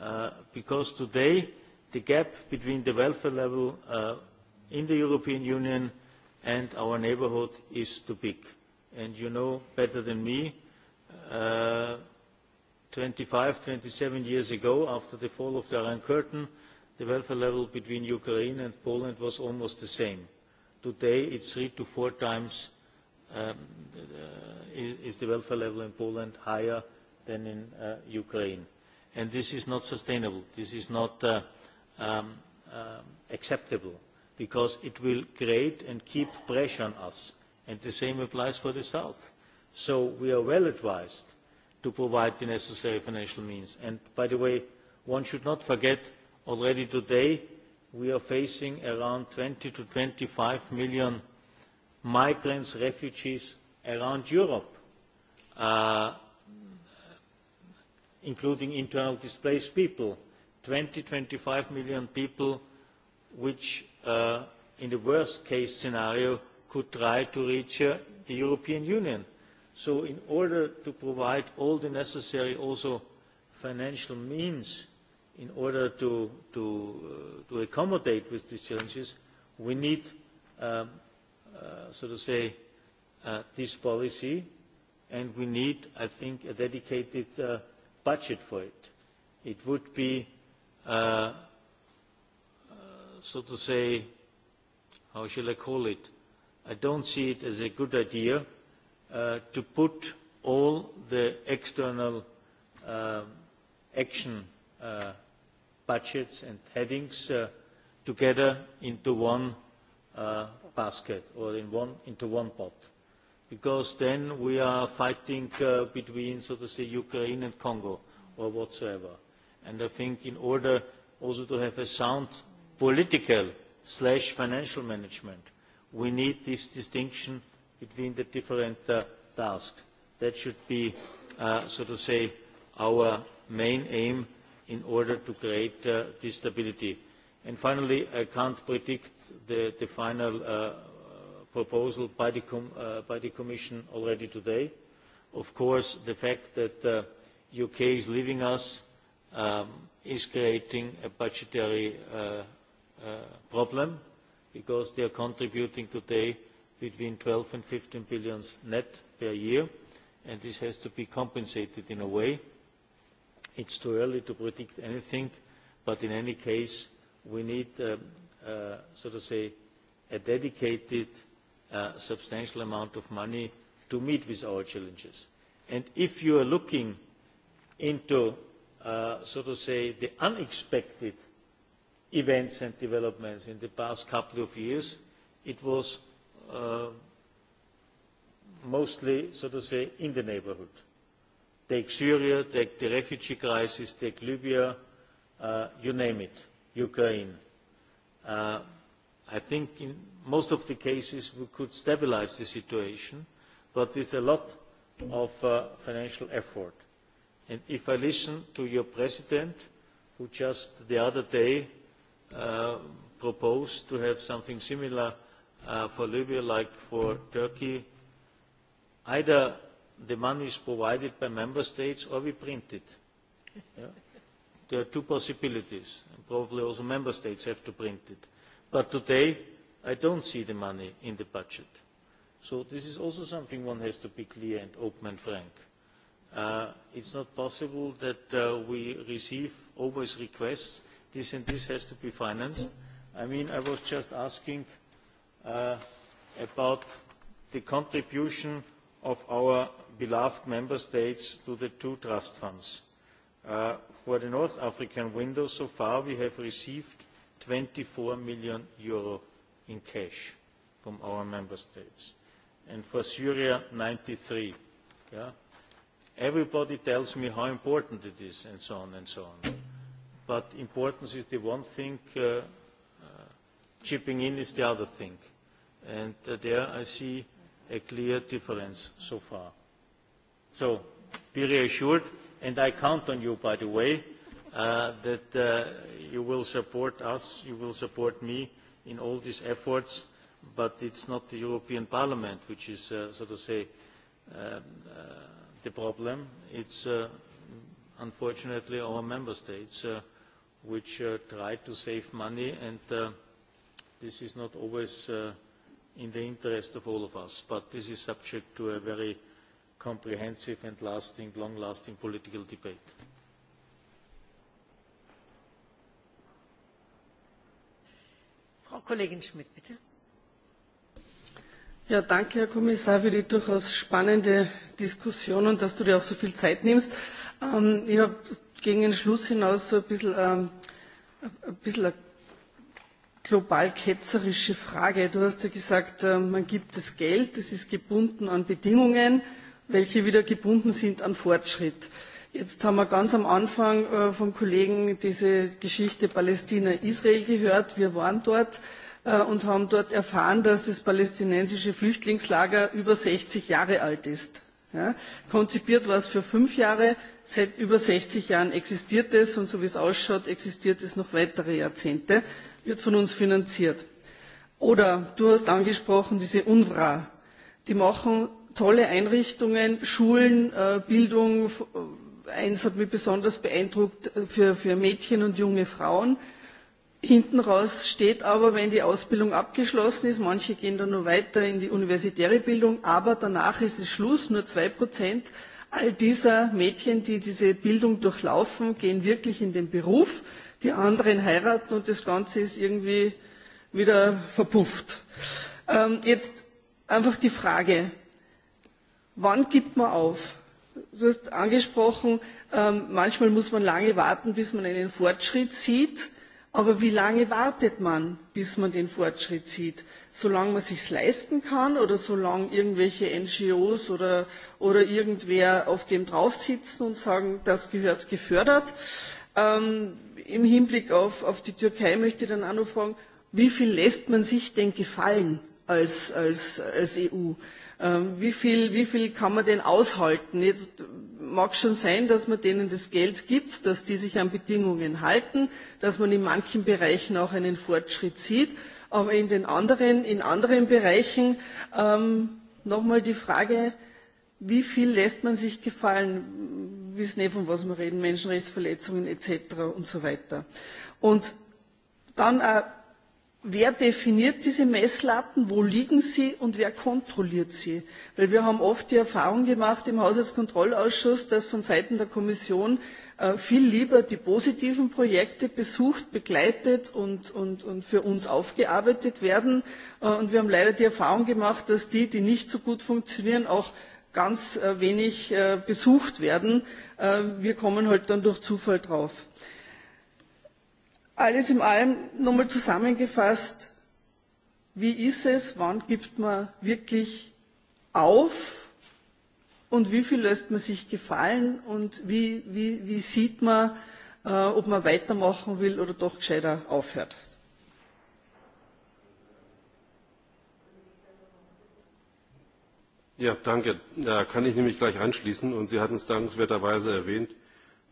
uh, because today the gap between the welfare level uh, in the european union and our neighbourhood is too big and you know better than me uh, twenty five twenty seven years ago after the fall of the iron curtain the welfare level between ukraine and poland was almost the same. today it is three to four times um, uh, is the welfare level in poland higher than in uh, ukraine and this is not sustainable this is not uh, um, um, acceptable because it will create and keep pressure on us and the same applies for the south so we are well advised to provide the necessary financial means. And by the way, one should not forget already today we are facing around 20 to 25 million migrants, refugees around Europe, uh, including internal displaced people. 20, 25 million people which uh, in the worst case scenario could try to reach uh, the European Union So in order to provide all the necessary also financial means in order to, to, uh, to accommodate with these challenges, we need, um, uh, so to say, uh, this policy and we need, I think, a dedicated uh, budget for it. It would be, uh, uh, so to say, how shall I call it? I don't see it as a good idea uh, to put all the external uh, action uh, budgets and headings uh, together into one uh, basket or in one, into one pot. Because then we are fighting uh, between, so to say, Ukraine and Congo or whatsoever. And I think in order also to have a sound political slash financial management, we need this distinction between the different uh, tasks. That should be, uh, so to say, our main aim in order to create uh, this stability. And finally, I can't predict the, the final uh, proposal by the, com uh, by the Commission already today. Of course, the fact that the uh, UK is leaving us um, is creating a budgetary uh, uh, problem because they are contributing today uh, between eur twelve and eur fifteen billion net per year and this has to be compensated in a way. it is too early to predict anything but in any case we need um, uh, so to say a dedicated uh, substantial amount of money to meet with our challenges. And if you are looking into uh, so to say the unexpected events and developments in the past couple of years it was uh, mostly, so to say, in the neighborhood. Take Syria, take the refugee crisis, take Libya, uh, you name it, Ukraine. Uh, I think in most of the cases we could stabilize the situation, but with a lot of uh, financial effort. And if I listen to your president, who just the other day uh, proposed to have something similar uh, uh, for Libya like for Turkey, either the money is provided by member states or we print it. Yeah? there are two possibilities. And probably also member states have to print it. But today, I don't see the money in the budget. So this is also something one has to be clear and open and frank. Uh, it's not possible that uh, we receive always requests, this and this has to be financed. I mean, I was just asking uh, uh, about the contribution of our beloved member states to the two trust funds. Uh, for the North African window, so far we have received 24 million euro in cash from our member states. And for Syria, 93. Yeah? Everybody tells me how important it is and so on and so on. But importance is the one thing, uh, uh, chipping in is the other thing. Uh, And uh, there I see a clear difference so far. So be reassured, and I count on you, by the way, uh, that uh, you will support us, you will support me in all these efforts, but it's not the European Parliament which is, uh, so to say, um, uh, the problem. It's, uh, unfortunately, our member states uh, which uh, try to save money, and uh, this is not always uh, – in the interest of all of us. But this is subject to a very comprehensive and lasting, long-lasting political debate. Frau Kollegin Schmidt, bitte. Ja, danke, Herr Kommissar, für die durchaus spannende Diskussion und dass du dir auch so viel Zeit nimmst. Ähm, ich habe gegen den Schluss hinaus so ein bisschen, ähm, ein bisschen eine global ketzerische Frage. Du hast ja gesagt, äh, man gibt das Geld, das ist gebunden an Bedingungen, welche wieder gebunden sind an Fortschritt. Jetzt haben wir ganz am Anfang äh, vom Kollegen diese Geschichte Palästina-Israel gehört. Wir waren dort äh, und haben dort erfahren, dass das palästinensische Flüchtlingslager über 60 Jahre alt ist. Ja, konzipiert war es für fünf Jahre, seit über 60 Jahren existiert es und so wie es ausschaut, existiert es noch weitere Jahrzehnte wird von uns finanziert. Oder du hast angesprochen, diese UNRWA. Die machen tolle Einrichtungen, Schulen, äh, Bildung. Äh, eins hat mich besonders beeindruckt äh, für, für Mädchen und junge Frauen. Hinten raus steht aber, wenn die Ausbildung abgeschlossen ist, manche gehen dann nur weiter in die universitäre Bildung, aber danach ist es Schluss, nur zwei Prozent all dieser Mädchen, die diese Bildung durchlaufen, gehen wirklich in den Beruf die anderen heiraten und das Ganze ist irgendwie wieder verpufft. Ähm, jetzt einfach die Frage, wann gibt man auf? Du hast angesprochen, ähm, manchmal muss man lange warten, bis man einen Fortschritt sieht. Aber wie lange wartet man, bis man den Fortschritt sieht? Solange man sich's leisten kann oder solange irgendwelche NGOs oder, oder irgendwer auf dem drauf sitzen und sagen, das gehört gefördert? Ähm, im Hinblick auf, auf die Türkei möchte ich dann auch noch fragen, wie viel lässt man sich denn gefallen als, als, als EU? Ähm, wie, viel, wie viel kann man denn aushalten? Jetzt mag schon sein, dass man denen das Geld gibt, dass die sich an Bedingungen halten, dass man in manchen Bereichen auch einen Fortschritt sieht, aber in den anderen, in anderen Bereichen ähm, nochmal die Frage, äh, wie viel lässt man sich gefallen, wissen eh, von was wir reden, Menschenrechtsverletzungen etc. und so weiter. Und dann, äh, wer definiert diese Messlatten, wo liegen sie und wer kontrolliert sie? Weil wir haben oft die Erfahrung gemacht im Haushaltskontrollausschuss, dass von Seiten der Kommission äh, viel lieber die positiven Projekte besucht, begleitet und, und, und für uns aufgearbeitet werden. Äh, und wir haben leider die Erfahrung gemacht, dass die, die nicht so gut funktionieren, auch ganz äh, wenig äh, besucht werden. Äh, wir kommen halt dann durch Zufall drauf. Alles in allem nochmal zusammengefasst, wie ist es, wann gibt man wirklich auf und wie viel lässt man sich gefallen und wie, wie, wie sieht man, äh, ob man weitermachen will oder doch gescheiter aufhört. Ja, danke. Da kann ich nämlich gleich anschließen. Und Sie hatten es dankenswerterweise erwähnt.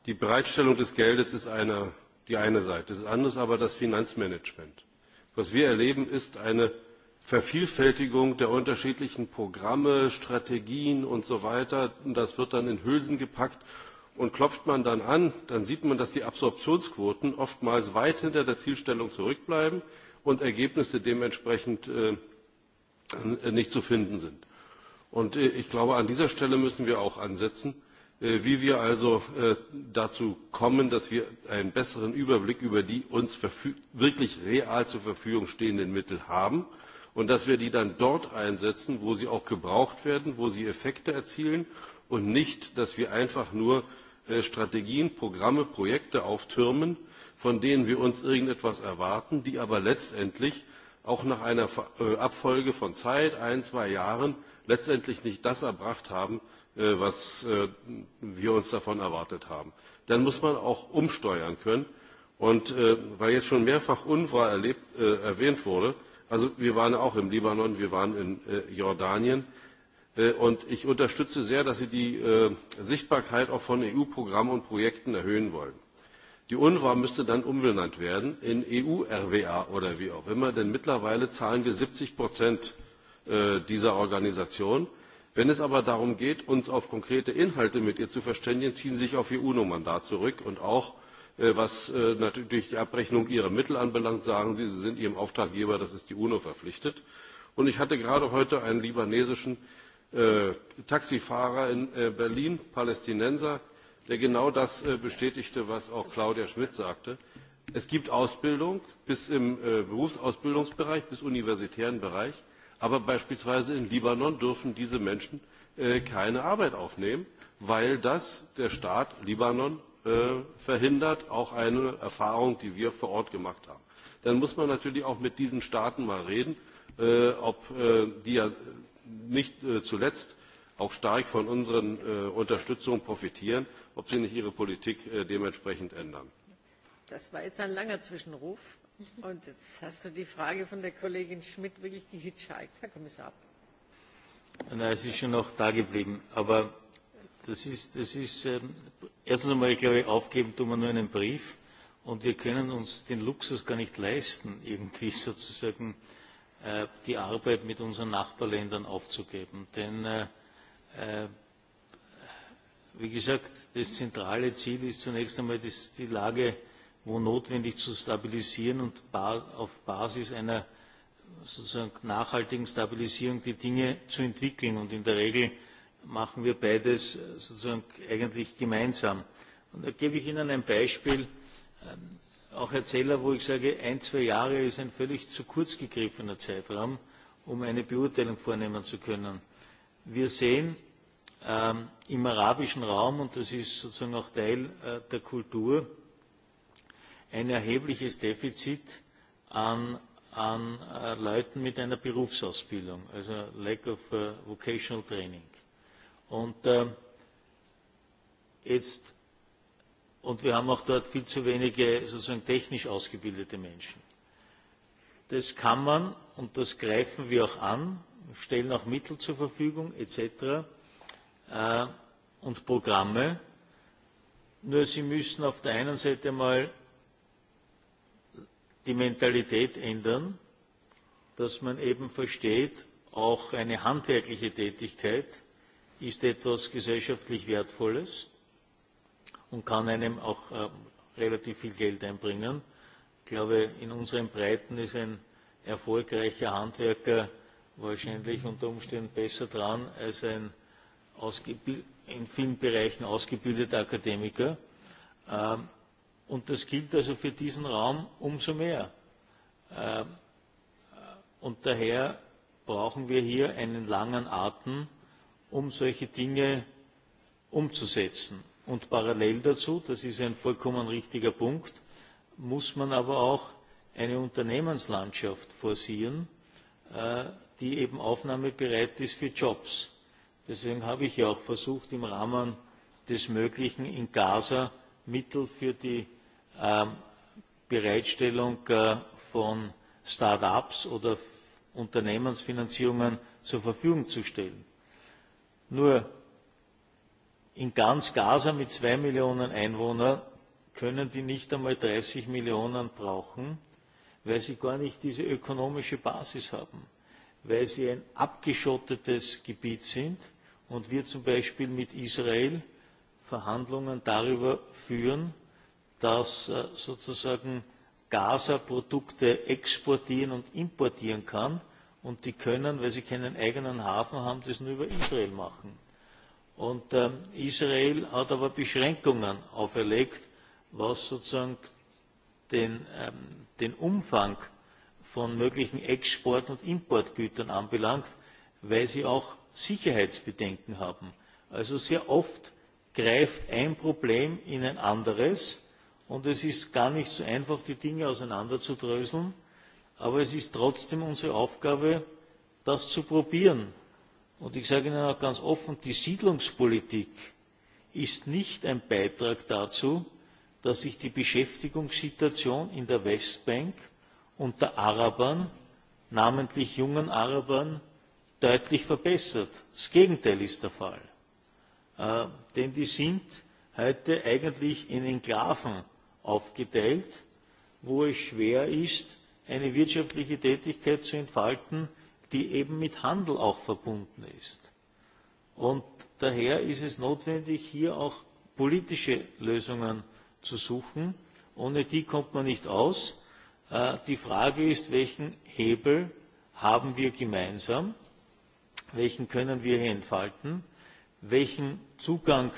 Die Bereitstellung des Geldes ist eine, die eine Seite. Das andere ist aber das Finanzmanagement. Was wir erleben, ist eine Vervielfältigung der unterschiedlichen Programme, Strategien und so weiter. Und das wird dann in Hülsen gepackt. Und klopft man dann an, dann sieht man, dass die Absorptionsquoten oftmals weit hinter der Zielstellung zurückbleiben und Ergebnisse dementsprechend äh, nicht zu finden sind. Und äh, ich glaube, an dieser Stelle müssen wir auch ansetzen, äh, wie wir also äh, dazu kommen, dass wir einen besseren Überblick über die uns wirklich real zur Verfügung stehenden Mittel haben und dass wir die dann dort einsetzen, wo sie auch gebraucht werden, wo sie Effekte erzielen und nicht, dass wir einfach nur Strategien, Programme, Projekte auftürmen, von denen wir uns irgendetwas erwarten, die aber letztendlich auch nach einer Abfolge von Zeit, ein, zwei Jahren, letztendlich nicht das erbracht haben, äh, was äh, wir uns davon erwartet haben. Dann muss man auch umsteuern können. Und äh, weil jetzt schon mehrfach UNRWA erlebt, erwähnt wurde, also wir waren auch im Libanon, wir waren in Jordanien, und ich unterstütze sehr, dass Sie die Sichtbarkeit auch von EU-Programmen und Projekten erhöhen wollen. Die UNRWA müsste dann umbenannt werden in EU-RWA oder wie auch immer, denn mittlerweile zahlen wir 70 Prozent Äh, dieser organisation. wenn es aber darum geht uns auf konkrete inhalte mit ihr zu verständigen ziehen sie sich auf ihr uno mandat zurück und auch äh, was äh, natürlich die abrechnung ihrer mittel anbelangt sagen sie sie sind ihrem auftraggeber das ist die uno verpflichtet. ich hatte gerade heute einen libanesischen taxifahrer in berlin palästinenser der genau das bestätigte was auch claudia schmidt sagte es gibt ausbildung bis im berufsausbildungsbereich bis zum universitären bereich aber beispielsweise im libanon dürfen diese menschen äh, keine arbeit aufnehmen weil das der staat libanon äh, verhindert auch eine erfahrung die wir vor ort gemacht haben. dann muss man natürlich auch mit diesen staaten mal reden äh, die ja nicht zuletzt auch stark von unserer unterstützung profitieren ob sie nicht ihre politik dementsprechend ändern. das war jetzt ein langer zwischenruf. Und jetzt hast du die Frage von der Kollegin Schmidt wirklich gehitchhiked, Herr Kommissar. Nein, es ist schon noch da geblieben. Aber das ist, das ist ähm, erstens einmal, ich glaube, aufgeben tun wir nur einen Brief. Und wir können uns den Luxus gar nicht leisten, irgendwie sozusagen äh, die Arbeit mit unseren Nachbarländern aufzugeben. Denn, äh, äh, wie gesagt, das zentrale Ziel ist zunächst einmal das, die Lage wo notwendig zu stabilisieren und auf Basis einer sozusagen nachhaltigen Stabilisierung die Dinge zu entwickeln. Und in der Regel machen wir beides sozusagen eigentlich gemeinsam. Und da gebe ich Ihnen ein Beispiel, ähm, auch Herr Zeller, wo ich sage, ein, zwei Jahre ist ein völlig zu kurz gegriffener Zeitraum, um eine Beurteilung vornehmen zu können. Wir sehen ähm, im arabischen Raum, und das ist sozusagen auch Teil äh, der Kultur, äh, ein erhebliches Defizit an, an äh, Leuten mit einer Berufsausbildung, also Lack of äh, Vocational Training. Und äh, jetzt und wir haben auch dort viel zu wenige sozusagen technisch ausgebildete Menschen. Das kann man und das greifen wir auch an, stellen auch Mittel zur Verfügung etc. Äh, und Programme. Nur sie müssen auf der einen Seite mal die Mentalität ändern, dass man eben versteht, auch eine handwerkliche Tätigkeit ist etwas gesellschaftlich Wertvolles und kann einem auch äh, relativ viel Geld einbringen. Ich glaube, in unseren Breiten ist ein erfolgreicher Handwerker wahrscheinlich unter Umständen besser dran als ein in vielen Bereichen ausgebildeter Akademiker. Ähm, Und das gilt also für diesen Raum umso mehr. Ähm, äh, und daher brauchen wir hier einen langen Atem, um solche Dinge umzusetzen. Und parallel dazu, das ist ein vollkommen richtiger Punkt, muss man aber auch eine Unternehmenslandschaft forcieren, äh, die eben aufnahmebereit ist für Jobs. Deswegen habe ich ja auch versucht, im Rahmen des Möglichen in Gaza Mittel für die Ähm, Bereitstellung äh, von Start-ups oder Unternehmensfinanzierungen zur Verfügung zu stellen. Nur in ganz Gaza mit zwei Millionen Einwohnern können die nicht einmal 30 Millionen brauchen, weil sie gar nicht diese ökonomische Basis haben, weil sie ein abgeschottetes Gebiet sind und wir zum Beispiel mit Israel Verhandlungen darüber führen, das äh, sozusagen Gaza-Produkte exportieren und importieren kann. Und die können, weil sie keinen eigenen Hafen haben, das nur über Israel machen. Und ähm, Israel hat aber Beschränkungen auferlegt, was sozusagen den, ähm, den Umfang von möglichen Export- und Importgütern anbelangt, weil sie auch Sicherheitsbedenken haben. Also sehr oft greift ein Problem in ein anderes und es ist gar nicht so einfach, die Dinge auseinanderzudröseln, aber es ist trotzdem unsere Aufgabe, das zu probieren. Und ich sage Ihnen auch ganz offen, die Siedlungspolitik ist nicht ein Beitrag dazu, dass sich die Beschäftigungssituation in der Westbank unter Arabern, namentlich jungen Arabern, deutlich verbessert. Das Gegenteil ist der Fall. Äh, denn die sind heute eigentlich in Enklaven aufgeteilt, wo es schwer ist, eine wirtschaftliche Tätigkeit zu entfalten, die eben mit Handel auch verbunden ist. Und daher ist es notwendig, hier auch politische Lösungen zu suchen. Ohne die kommt man nicht aus. Äh, die Frage ist, welchen Hebel haben wir gemeinsam? Welchen können wir hier entfalten? Welchen Zugang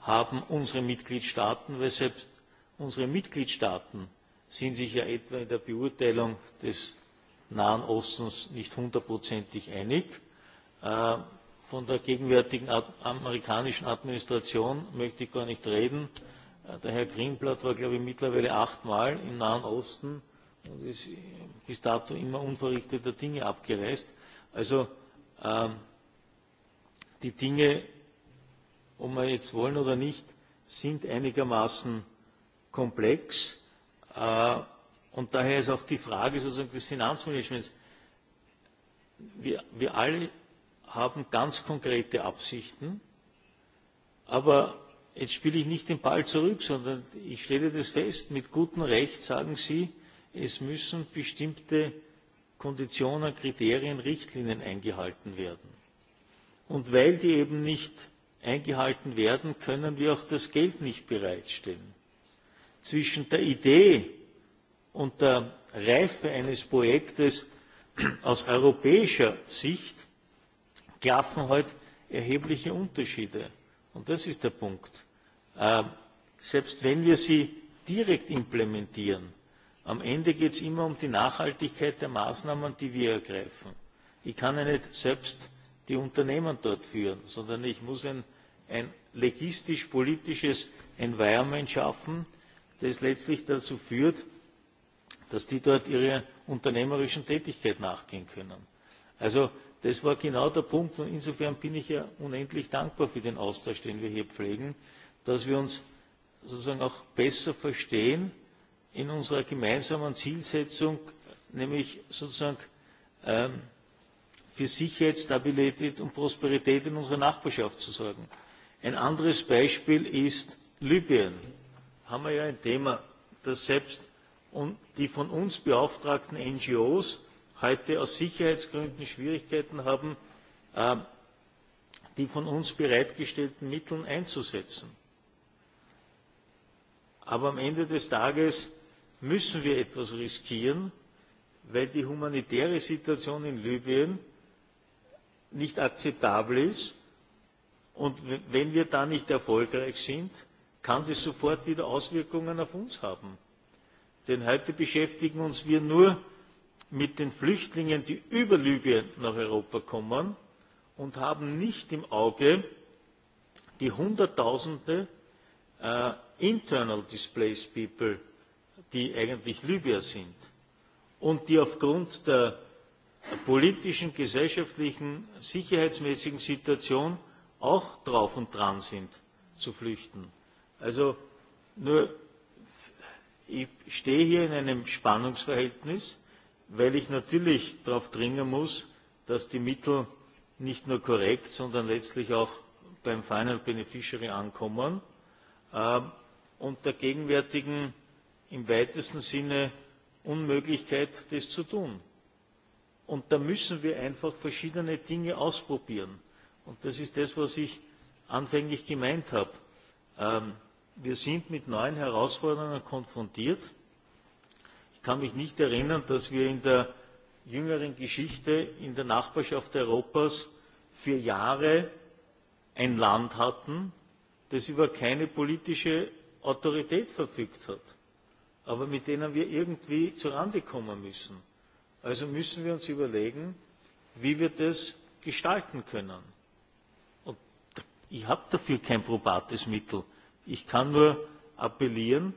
haben unsere Mitgliedstaaten? Weil selbst unsere mitgliedstaaten sind sich ja etwa in der beurteilung des nahen ostens nicht hundertprozentig einig. Äh, von der gegenwärtigen Ad amerikanischen administration möchte ich gar nicht reden. Äh, der herr greenblatt war glaube ich mittlerweile achtmal im nahen osten und ist bis dato immer unverrichteter dinge abgereist. also äh, die dinge ob wir jetzt wollen oder nicht sind einigermaßen komplex. Äh, und daher ist auch die Frage sozusagen des Finanzmanagements. Wir, wir alle haben ganz konkrete Absichten, aber jetzt spiele ich nicht den Ball zurück, sondern ich stelle das fest, mit gutem Recht sagen Sie, es müssen bestimmte Konditionen, Kriterien, Richtlinien eingehalten werden. Und weil die eben nicht eingehalten werden, können wir auch das Geld nicht bereitstellen zwischen der Idee und der Reife eines Projektes aus europäischer Sicht klaffen heute erhebliche Unterschiede. Und das ist der Punkt. Äh, selbst wenn wir sie direkt implementieren, am Ende geht es immer um die Nachhaltigkeit der Maßnahmen, die wir ergreifen. Ich kann ja nicht selbst die Unternehmen dort führen, sondern ich muss ein, ein legistisch-politisches Environment schaffen, das letztlich dazu führt dass die dort ihrer unternehmerischen tätigkeit nachgehen können. also das war genau der punkt und insofern bin ich ja unendlich dankbar für den austausch den wir hier pflegen dass wir uns sozusagen auch besser verstehen in unserer gemeinsamen zielsetzung nämlich sozusagen ähm, für sicherheit stabilität und prosperität in unserer nachbarschaft zu sorgen. ein anderes beispiel ist libyen haben wir ja ein Thema, das selbst die von uns beauftragten NGOs heute aus Sicherheitsgründen Schwierigkeiten haben, ähm, die von uns bereitgestellten Mittel einzusetzen. Aber am Ende des Tages müssen wir etwas riskieren, weil die humanitäre Situation in Libyen nicht akzeptabel ist. Und wenn wir da nicht erfolgreich sind, kann das sofort wieder Auswirkungen auf uns haben. Denn heute beschäftigen uns wir nur mit den Flüchtlingen, die über Libyen nach Europa kommen und haben nicht im Auge die Hunderttausende äh, internal displaced people, die eigentlich Libyer sind und die aufgrund der politischen, gesellschaftlichen, sicherheitsmäßigen Situation auch drauf und dran sind zu flüchten. Also nur, ich stehe hier in einem Spannungsverhältnis, weil ich natürlich darauf dringen muss, dass die Mittel nicht nur korrekt, sondern letztlich auch beim Final Beneficiary ankommen äh, und der gegenwärtigen im weitesten Sinne Unmöglichkeit, das zu tun. Und da müssen wir einfach verschiedene Dinge ausprobieren. Und das ist das, was ich anfänglich gemeint habe. Ähm, wir sind mit neuen Herausforderungen konfrontiert. Ich kann mich nicht erinnern, dass wir in der jüngeren Geschichte in der Nachbarschaft Europas für Jahre ein Land hatten, das über keine politische Autorität verfügt hat, aber mit denen wir irgendwie zurande kommen müssen. Also müssen wir uns überlegen, wie wir das gestalten können. Und ich habe dafür kein probates Mittel. Ich kann nur appellieren,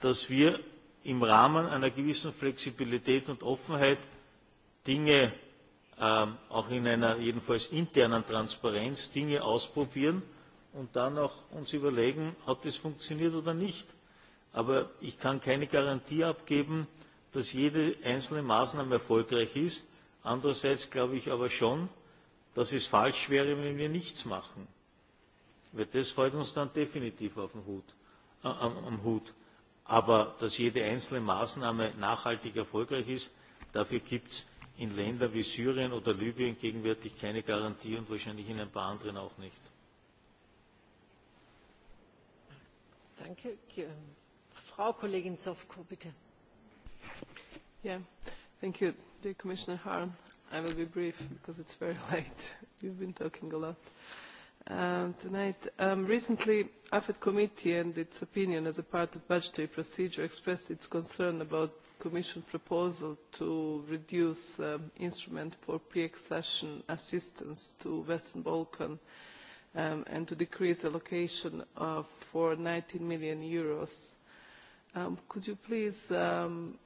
dass wir im Rahmen einer gewissen Flexibilität und Offenheit Dinge ähm, auch in einer jedenfalls internen Transparenz Dinge ausprobieren und dann auch uns überlegen, hat das funktioniert oder nicht. Aber ich kann keine Garantie abgeben, dass jede einzelne Maßnahme erfolgreich ist. Andererseits glaube ich aber schon, dass es falsch wäre, wenn wir nichts machen. Weil das fällt uns dann definitiv auf den Hut, äh, am, am Hut. Aber dass jede einzelne Maßnahme nachhaltig erfolgreich ist, dafür gibt es in Ländern wie Syrien oder Libyen gegenwärtig keine Garantie und wahrscheinlich in ein paar anderen auch nicht. Danke. Frau Kollegin Zofko, bitte. Yeah, thank you, dear Commissioner Harm. I will be brief because it's very late. You've been talking a lot. Uh, um, tonight. Um, recently, AFED committee and its opinion as a part of budgetary procedure expressed its concern about Commission proposal to reduce um, instrument for pre-accession assistance to Western Balkan um, and to decrease allocation of, for 19 million euros. Um, could you please um,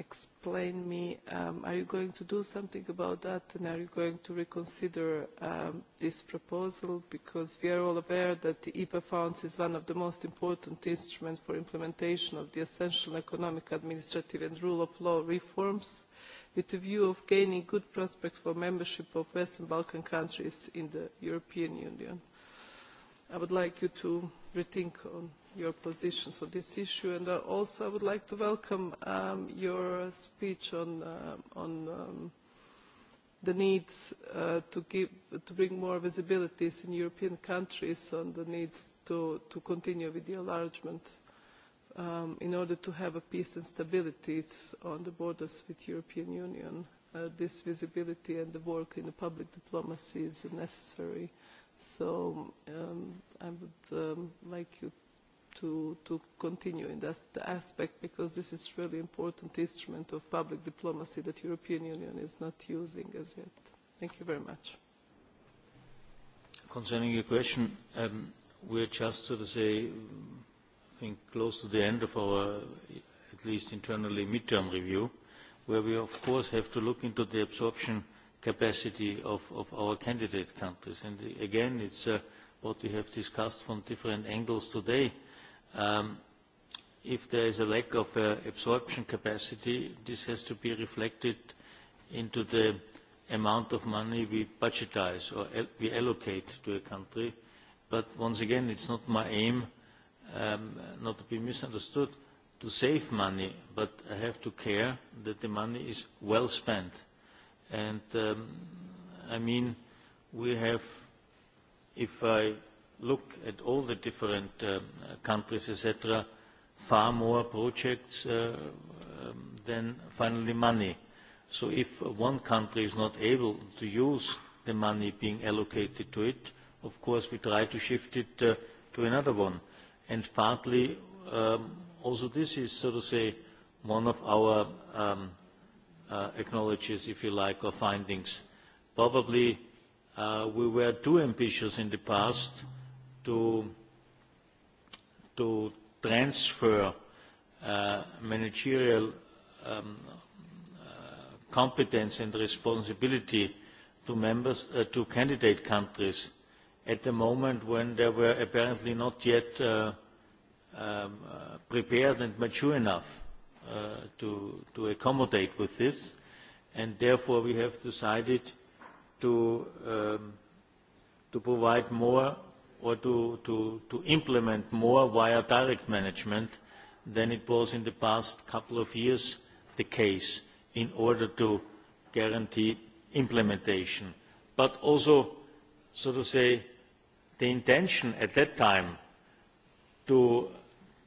explain me, um, are you going to do something about that and are you going to reconsider um, this proposal? Because we are all aware that the EPA funds is one of the most important instruments for implementation of the essential economic, administrative and rule of law reforms with a view of gaining good prospects for membership of Western Balkan countries in the European Union. I would like you to rethink on your positions on this issue. And uh, also I would like to welcome um, your speech on, uh, on um, the needs uh, to, give, to bring more visibilities in European countries on the needs to, to continue with the enlargement um, in order to have a peace and stability on the borders with European Union. Uh, this visibility and the work in the public diplomacy is necessary So um, I would um, like you to, to continue in that aspect because this is really important instrument of public diplomacy that European Union is not using as yet. Thank you very much. Concerning your question, um, we're just, so to say, I think close to the end of our, at least internally, midterm review, where we of course have to look into the absorption uh, capacity of, of our candidate countries. And again, it's uh, what we have discussed from different angles today. Um, if there is a lack of uh, absorption capacity, this has to be reflected into the amount of money we budgetize or al we allocate to a country. But once again, it's not my aim, um, not to be misunderstood, to save money, but I have to care that the money is well spent And um, I mean, we have, if I look at all the different um, countries, etc., far more projects uh, um, than finally money. So if one country is not able to use the money being allocated to it, of course we try to shift it uh, to another one. And partly um, also this is, so to say, one of our um, uh, acknowledges, if you like, our findings. Probably uh, we were too ambitious in the past to, to transfer uh, managerial um, uh, competence and responsibility to, members, uh, to candidate countries at the moment when they were apparently not yet uh, um, uh, prepared and mature enough uh, to, to accommodate with this. And therefore, we have decided to, um, to provide more or to, to, to implement more via direct management than it was in the past couple of years the case in order to guarantee implementation. But also, so to say, the intention at that time to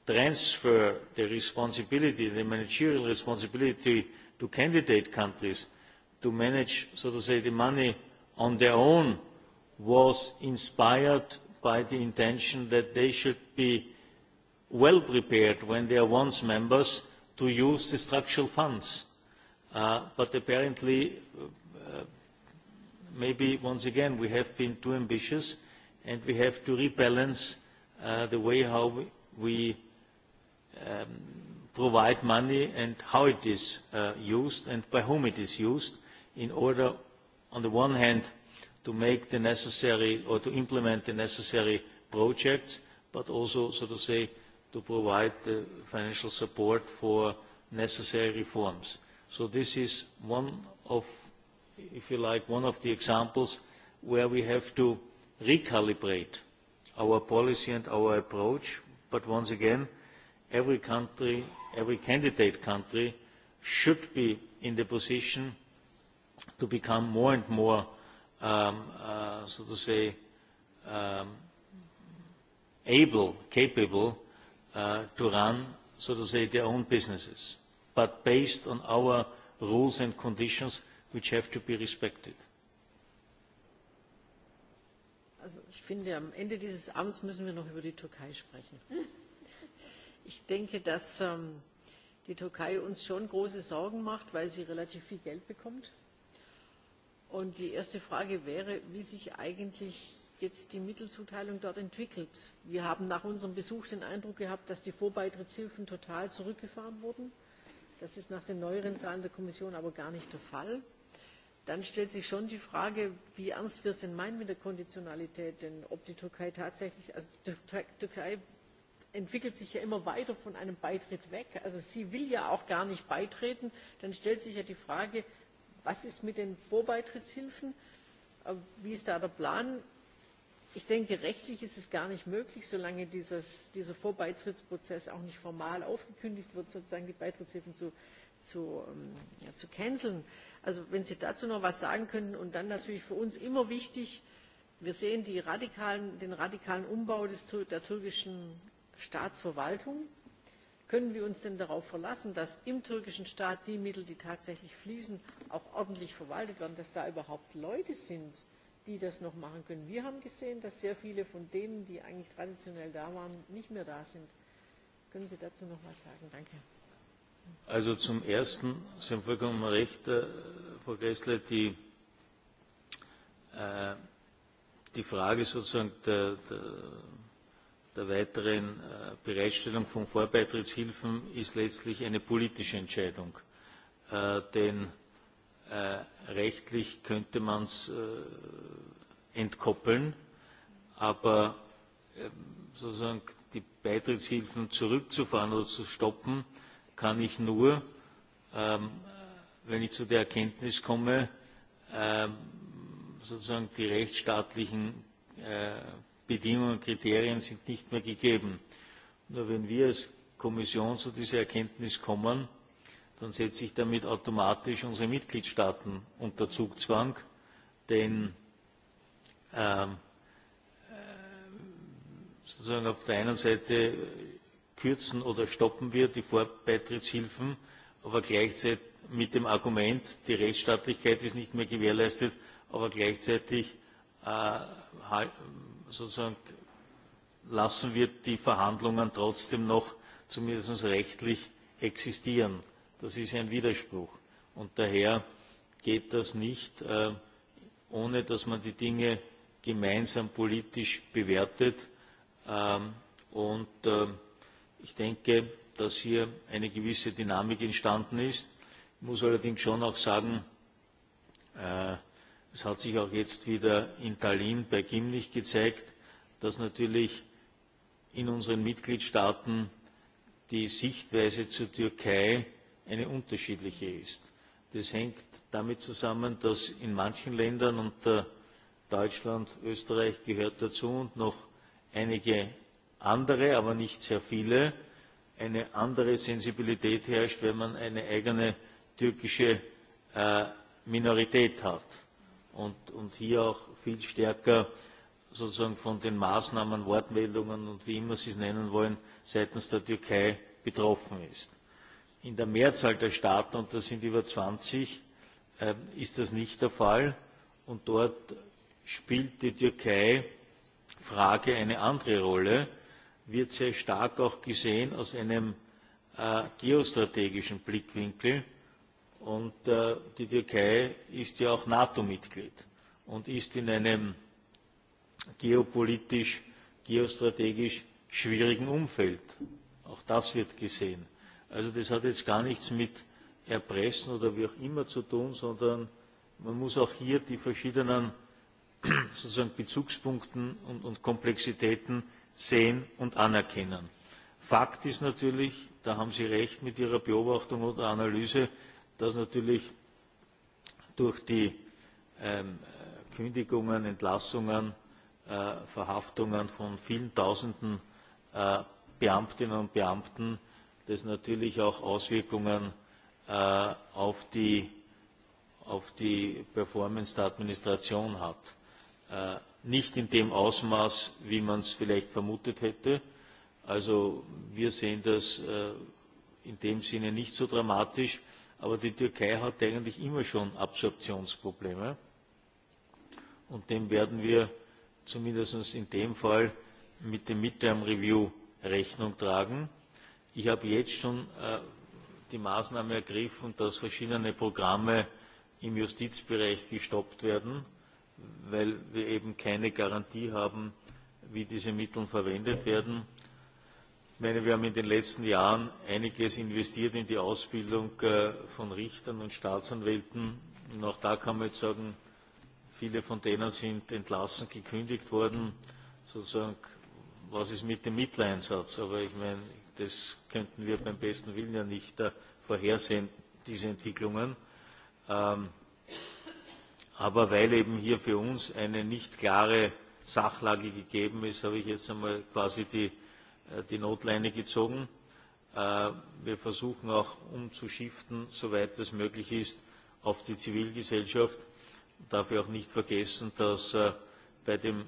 transfer the responsibility, the managerial responsibility to candidate countries to manage, so to say, the money on their own was inspired by the intention that they should be well prepared when they are once members to use the structural funds. Uh, but apparently, uh, maybe once again, we have been too ambitious and we have to rebalance uh, the way how we, we um, provide money and how it is uh, used and by whom it is used in order, on the one hand, to make the necessary or to implement the necessary projects, but also, so to say, to provide the financial support for necessary reforms. So this is one of, if you like, one of the examples where we have to recalibrate our policy and our approach. But once again, uh, every country, every candidate country should be in the position to become more and more, um, uh, so to say, um, able, capable uh, to run, so to say, their own businesses, but based on our rules and conditions which have to be respected. Also ich finde, am Ende dieses Abends müssen wir noch über die Türkei sprechen. Ich denke, dass ähm, die Türkei uns schon große Sorgen macht, weil sie relativ viel Geld bekommt. Und die erste Frage wäre, wie sich eigentlich jetzt die Mittelzuteilung dort entwickelt. Wir haben nach unserem Besuch den Eindruck gehabt, dass die Vorbeitrittshilfen total zurückgefahren wurden. Das ist nach den neueren Zahlen der Kommission aber gar nicht der Fall. Dann stellt sich schon die Frage, wie ernst wir es denn meinen mit der Konditionalität, denn ob die Türkei tatsächlich, also die Türkei entwickelt sich ja immer weiter von einem Beitritt weg. Also sie will ja auch gar nicht beitreten. Dann stellt sich ja die Frage, was ist mit den Vorbeitrittshilfen? Äh, wie ist da der Plan? Ich denke, rechtlich ist es gar nicht möglich, solange dieses, dieser Vorbeitrittsprozess auch nicht formal aufgekündigt wird, sozusagen die Beitrittshilfen zu, zu, ähm, ja, zu canceln. Also wenn Sie dazu noch was sagen können und dann natürlich für uns immer wichtig, wir sehen die radikalen, den radikalen Umbau des, der türkischen Staatsverwaltung. Können wir uns denn darauf verlassen, dass im türkischen Staat die Mittel, die tatsächlich fließen, auch ordentlich verwaltet werden, dass da überhaupt Leute sind, die das noch machen können? Wir haben gesehen, dass sehr viele von denen, die eigentlich traditionell da waren, nicht mehr da sind. Können Sie dazu noch was sagen? Danke. Also zum Ersten, Sie haben vollkommen recht, äh, Frau Gressler, die, äh, die Frage sozusagen der, der der weiteren äh, Bereitstellung von Vorbeitrittshilfen ist letztlich eine politische Entscheidung. Äh, denn äh, rechtlich könnte man es äh, entkoppeln, aber ähm, sozusagen die Beitrittshilfen zurückzufahren oder zu stoppen, kann ich nur, ähm, wenn ich zu der Erkenntnis komme, ähm, sozusagen die rechtsstaatlichen äh, bedingungen und kriterien sind nicht mehr gegeben. nur wenn wir als kommission zu dieser erkenntnis kommen dann setzt sich damit automatisch unsere mitgliedstaaten unter zugzwang denn ähm, äh, sozusagen auf der einen seite kürzen oder stoppen wir die vorbeitrittshilfen aber gleichzeitig mit dem argument die rechtsstaatlichkeit ist nicht mehr gewährleistet aber gleichzeitig äh, sozusagen lassen wir die Verhandlungen trotzdem noch zumindest rechtlich existieren. Das ist ein Widerspruch. Und daher geht das nicht, äh, ohne dass man die Dinge gemeinsam politisch bewertet. Ähm, und äh, ich denke, dass hier eine gewisse Dynamik entstanden ist. Ich muss allerdings schon auch sagen, äh, es hat sich auch jetzt wieder in Tallinn bei Gimlich gezeigt, dass natürlich in unseren Mitgliedstaaten die Sichtweise zur Türkei eine unterschiedliche ist. Das hängt damit zusammen, dass in manchen Ländern und Deutschland, Österreich gehört dazu und noch einige andere, aber nicht sehr viele, eine andere Sensibilität herrscht, wenn man eine eigene türkische äh, Minorität hat und, und hier auch viel stärker sozusagen von den Maßnahmen, Wortmeldungen und wie immer Sie es nennen wollen, seitens der Türkei betroffen ist. In der Mehrzahl der Staaten, und das sind über 20, äh, ist das nicht der Fall. Und dort spielt die Türkei-Frage eine andere Rolle, wird sehr stark auch gesehen aus einem äh, geostrategischen Blickwinkel Und äh, die Türkei ist ja auch NATO-Mitglied und ist in einem geopolitisch, geostrategisch schwierigen Umfeld. Auch das wird gesehen. Also das hat jetzt gar nichts mit Erpressen oder wie auch immer zu tun, sondern man muss auch hier die verschiedenen sozusagen Bezugspunkten und, und Komplexitäten sehen und anerkennen. Fakt ist natürlich, da haben Sie recht mit Ihrer Beobachtung oder Analyse, dass natürlich durch die ähm, Kündigungen, Entlassungen, äh, Verhaftungen von vielen Tausenden äh, Beamtinnen und Beamten das natürlich auch Auswirkungen äh, auf, die, auf die Performance der Administration hat. Äh, nicht in dem Ausmaß, wie man es vielleicht vermutet hätte. Also wir sehen das äh, in dem Sinne nicht so dramatisch. Äh, Aber die Türkei hat eigentlich immer schon Absorptionsprobleme. Und dem werden wir zumindest in dem Fall mit dem Midterm Review Rechnung tragen. Ich habe jetzt schon äh, die Maßnahme ergriffen, dass verschiedene Programme im Justizbereich gestoppt werden, weil wir eben keine Garantie haben, wie diese Mittel verwendet werden. Ich meine, wir haben in den letzten Jahren einiges investiert in die Ausbildung äh, von Richtern und Staatsanwälten. Und auch da kann man jetzt sagen, viele von denen sind entlassen, gekündigt worden. Sozusagen, was ist mit dem Mitteleinsatz? Aber ich meine, das könnten wir beim besten Willen ja nicht äh, vorhersehen, diese Entwicklungen. Ähm, aber weil eben hier für uns eine nicht klare Sachlage gegeben ist, habe ich jetzt einmal quasi die Äh, die Notleine gezogen. Äh, wir versuchen auch umzuschiften, soweit es möglich ist, auf die Zivilgesellschaft. Darf ich auch nicht vergessen, dass äh, bei dem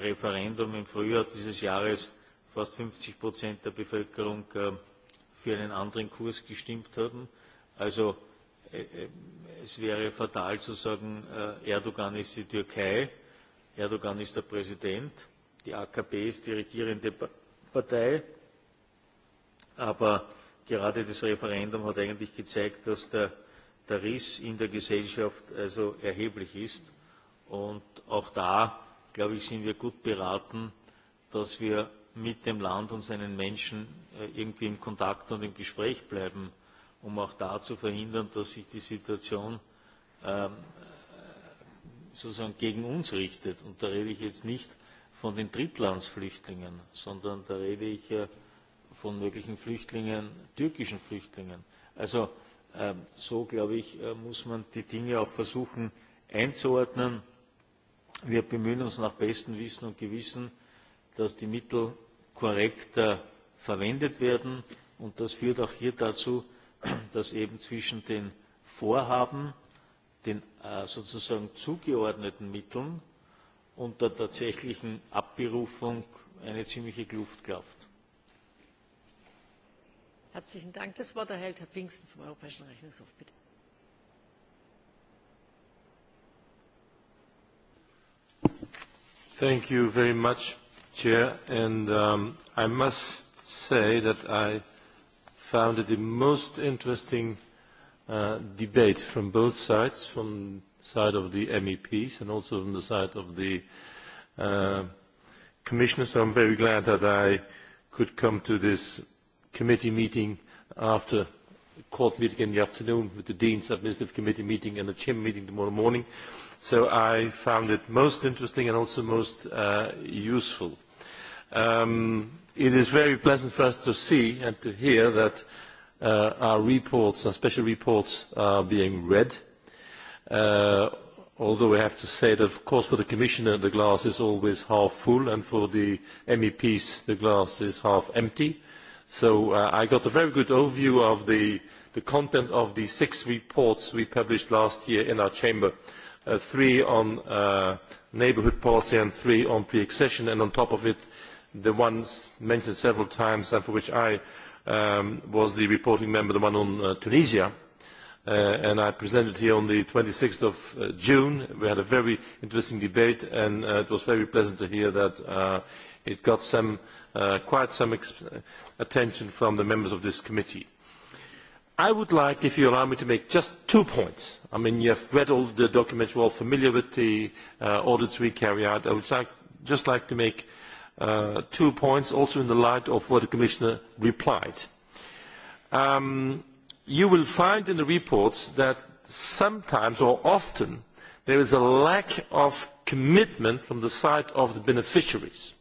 Referendum im Frühjahr dieses Jahres fast 50 Prozent der Bevölkerung für einen anderen Kurs gestimmt haben. Also es wäre fatal zu sagen, Erdogan ist die Türkei, Erdogan ist der Präsident, die AKP ist die regierende Partei. Aber gerade das Referendum hat eigentlich gezeigt, dass der, der Riss in der Gesellschaft also erheblich ist. Und auch da, glaube ich, sind wir gut beraten, dass wir mit dem Land und seinen Menschen äh, irgendwie im Kontakt und im Gespräch bleiben, um auch da zu verhindern, dass sich die Situation ähm, sozusagen gegen uns richtet. Und da rede ich jetzt nicht von den Drittlandsflüchtlingen, sondern da rede ich äh, von möglichen Flüchtlingen, türkischen Flüchtlingen. Also äh, so, glaube ich, äh, muss man die Dinge auch versuchen einzuordnen. Wir bemühen uns nach bestem Wissen und Gewissen, dass die Mittel korrekt äh, verwendet werden. Und das führt auch hier dazu, dass eben zwischen den Vorhaben, den äh, sozusagen zugeordneten Mitteln und der tatsächlichen Abberufung eine ziemliche Kluft gab. Herzlichen Dank. Das Wort erhält Herr Pinksten vom Europäischen Rechnungshof. Bitte. Thank you very much, Chair. And um, I must say that I found it the most interesting uh, debate from both sides, from side of the MEPs and also on the side of the uh, Commissioner. So I'm very glad that I could come to this committee meeting after court meeting in the afternoon with the Dean's Administrative Committee meeting and the CHIM meeting tomorrow morning. So I found it most interesting and also most uh, useful. Um, it is very pleasant for us to see and to hear that uh, our reports, our special reports, are being read. Uh, Uh, although I have to say that, of course, for the Commissioner, the glass is always half full, and for the MEPs, the glass is half empty. So uh, I got a very good overview of the, the content of the six reports we published last year in our chamber, uh, three on uh, neighbourhood policy and three on pre-accession, and on top of it, the ones mentioned several times and for which I um, was the reporting member, the one on uh, Tunisia. Uh, uh, and I presented here on the 26th of uh, June. We had a very interesting debate and uh, it was very pleasant to hear that uh, it got some, uh, quite some ex attention from the members of this committee. I would like, if you allow me, to make just two points. I mean, you have read all the documents, you're all familiar with the uh, audits we carry out. I would like, just like to make uh, two points also in the light of what the Commissioner replied. Um, you will find in the reports that sometimes or often there is a lack of commitment from the side of the beneficiaries.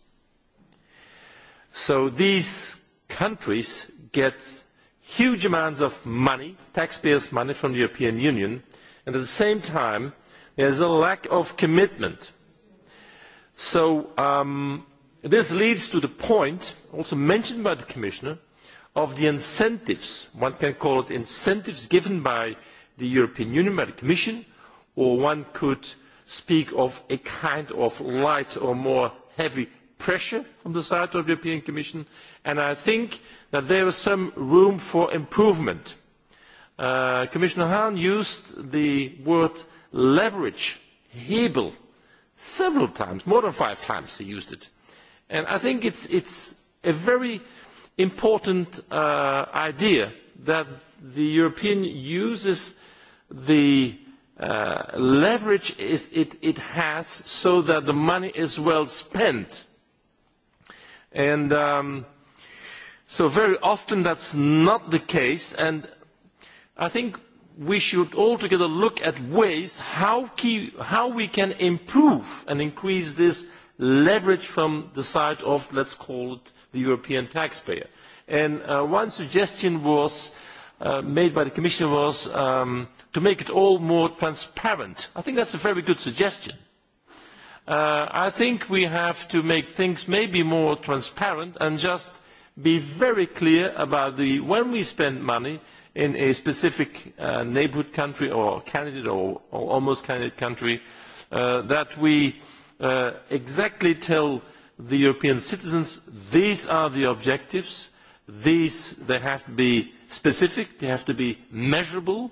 So these countries get huge amounts of money, taxpayers' money from the European Union, and at the same time there is a lack of commitment. So um, this leads to the point, also mentioned by the Commissioner, of the incentives one can call it incentives given by the european union by the commission or one could speak of a kind of light or more heavy pressure from the side of the european commission and i think that there is some room for improvement. Uh, commissioner hahn used the word leverage hebel several times more than five times he used it and i think it is a very important uh, idea that the European uses the uh, leverage is, it, it has so that the money is well spent. And um, so very often that's not the case. And I think we should altogether look at ways how, key, how we can improve and increase this leverage from the side of, let's call it, the European taxpayer. And uh, one suggestion was uh, made by the Commission was um, to make it all more transparent. I think that's a very good suggestion. Uh, I think we have to make things maybe more transparent and just be very clear about the, when we spend money in a specific uh, neighbourhood country or candidate or, or almost candidate country, uh, that we uh, exactly tell uh, the European citizens, these are the objectives. These, they have to be specific, they have to be measurable,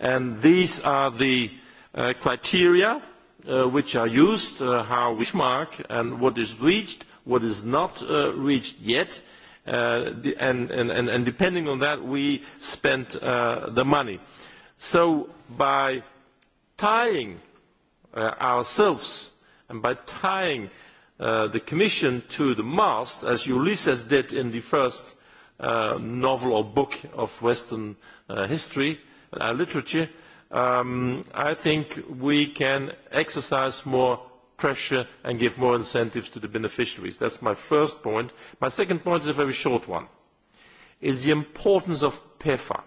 and these are the uh, criteria uh, which are used, uh, how benchmark and what is reached, what is not uh, reached yet, uh, and, and, and, and depending on that we spend uh, the money. So by tying uh, ourselves and by tying uh, uh, the Commission to the mast, as Ulysses did in the first uh, novel or book of Western uh, history, uh, literature, um, I think we can exercise more pressure and give more incentives to the beneficiaries. That's my first point. My second point is a very short one. It's the importance of PEFA.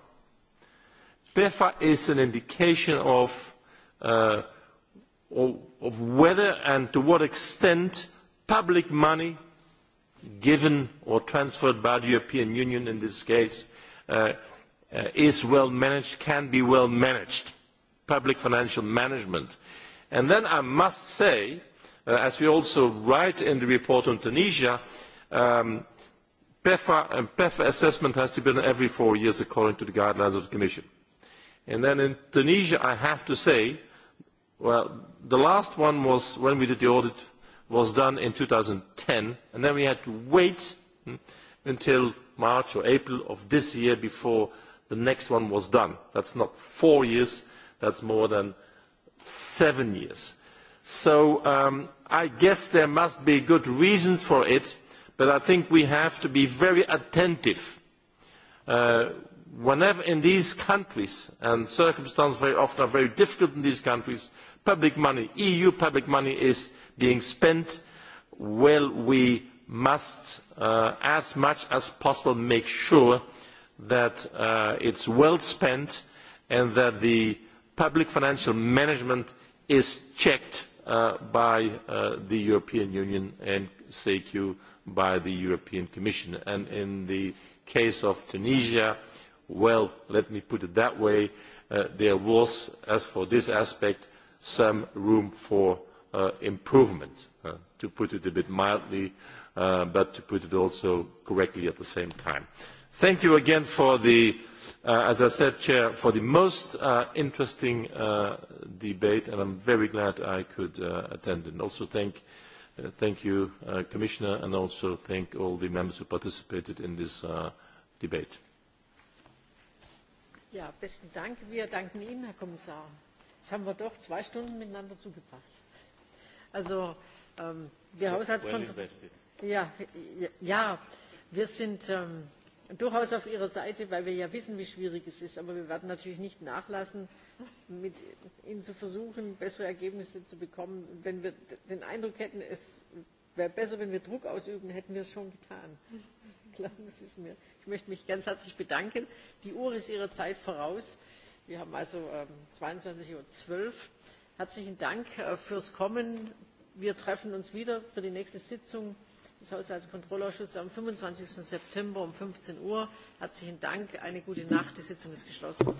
PEFA is an indication of, uh, of, of whether and to what extent public money given or transferred by the European Union in this case uh, uh, is well managed, can be well managed, public financial management. And then I must say, uh, as we also write in the report on Tunisia, um, PEFA, um, PEFA assessment has to be done every four years according to the guidelines of the Commission. And then in Tunisia, I have to say, well, the last one was when we did the audit was done in 2010, and then we had to wait hmm, until March or April of this year before the next one was done. That's not four years, that's more than seven years. So um, I guess there must be good reasons for it, but I think we have to be very attentive. Uh, whenever in these countries, and circumstances very often are very difficult in these countries, public money eu public money is being spent well we must uh, as much as possible make sure that uh, it is well spent and that the public financial management is checked uh, by uh, the european union and secu by the european commission and in the case of tunisia well let me put it that way uh, there was as for this aspect some room for uh, improvement, uh, to put it a bit mildly, uh, but to put it also correctly at the same time. Thank you again for the, uh, as I said, Chair, for the most uh, interesting uh, debate, and I'm very glad I could uh, attend. And also thank, uh, thank you, uh, Commissioner, and also thank all the members who participated in this uh, debate. Ja, besten Dank. Wir danken Ihnen, Herr Kommissar. Jetzt haben wir doch zwei Stunden miteinander zugebracht. Also ähm, wir Haushaltskontrolle. Well ja, ja, wir sind ähm, durchaus auf Ihrer Seite, weil wir ja wissen, wie schwierig es ist. Aber wir werden natürlich nicht nachlassen, mit Ihnen zu versuchen, bessere Ergebnisse zu bekommen. Wenn wir den Eindruck hätten, es wäre besser, wenn wir Druck ausüben, hätten wir es schon getan. Klar, das ist mir. Ich möchte mich ganz herzlich bedanken. Die Uhr ist Ihrer Zeit voraus. Wir haben also ähm, 22.12 Uhr. Herzlichen Dank äh, fürs Kommen. Wir treffen uns wieder für die nächste Sitzung des Haushaltskontrollausschusses am 25. September um 15 Uhr. Herzlichen Dank. Eine gute Nacht. Die Sitzung ist geschlossen.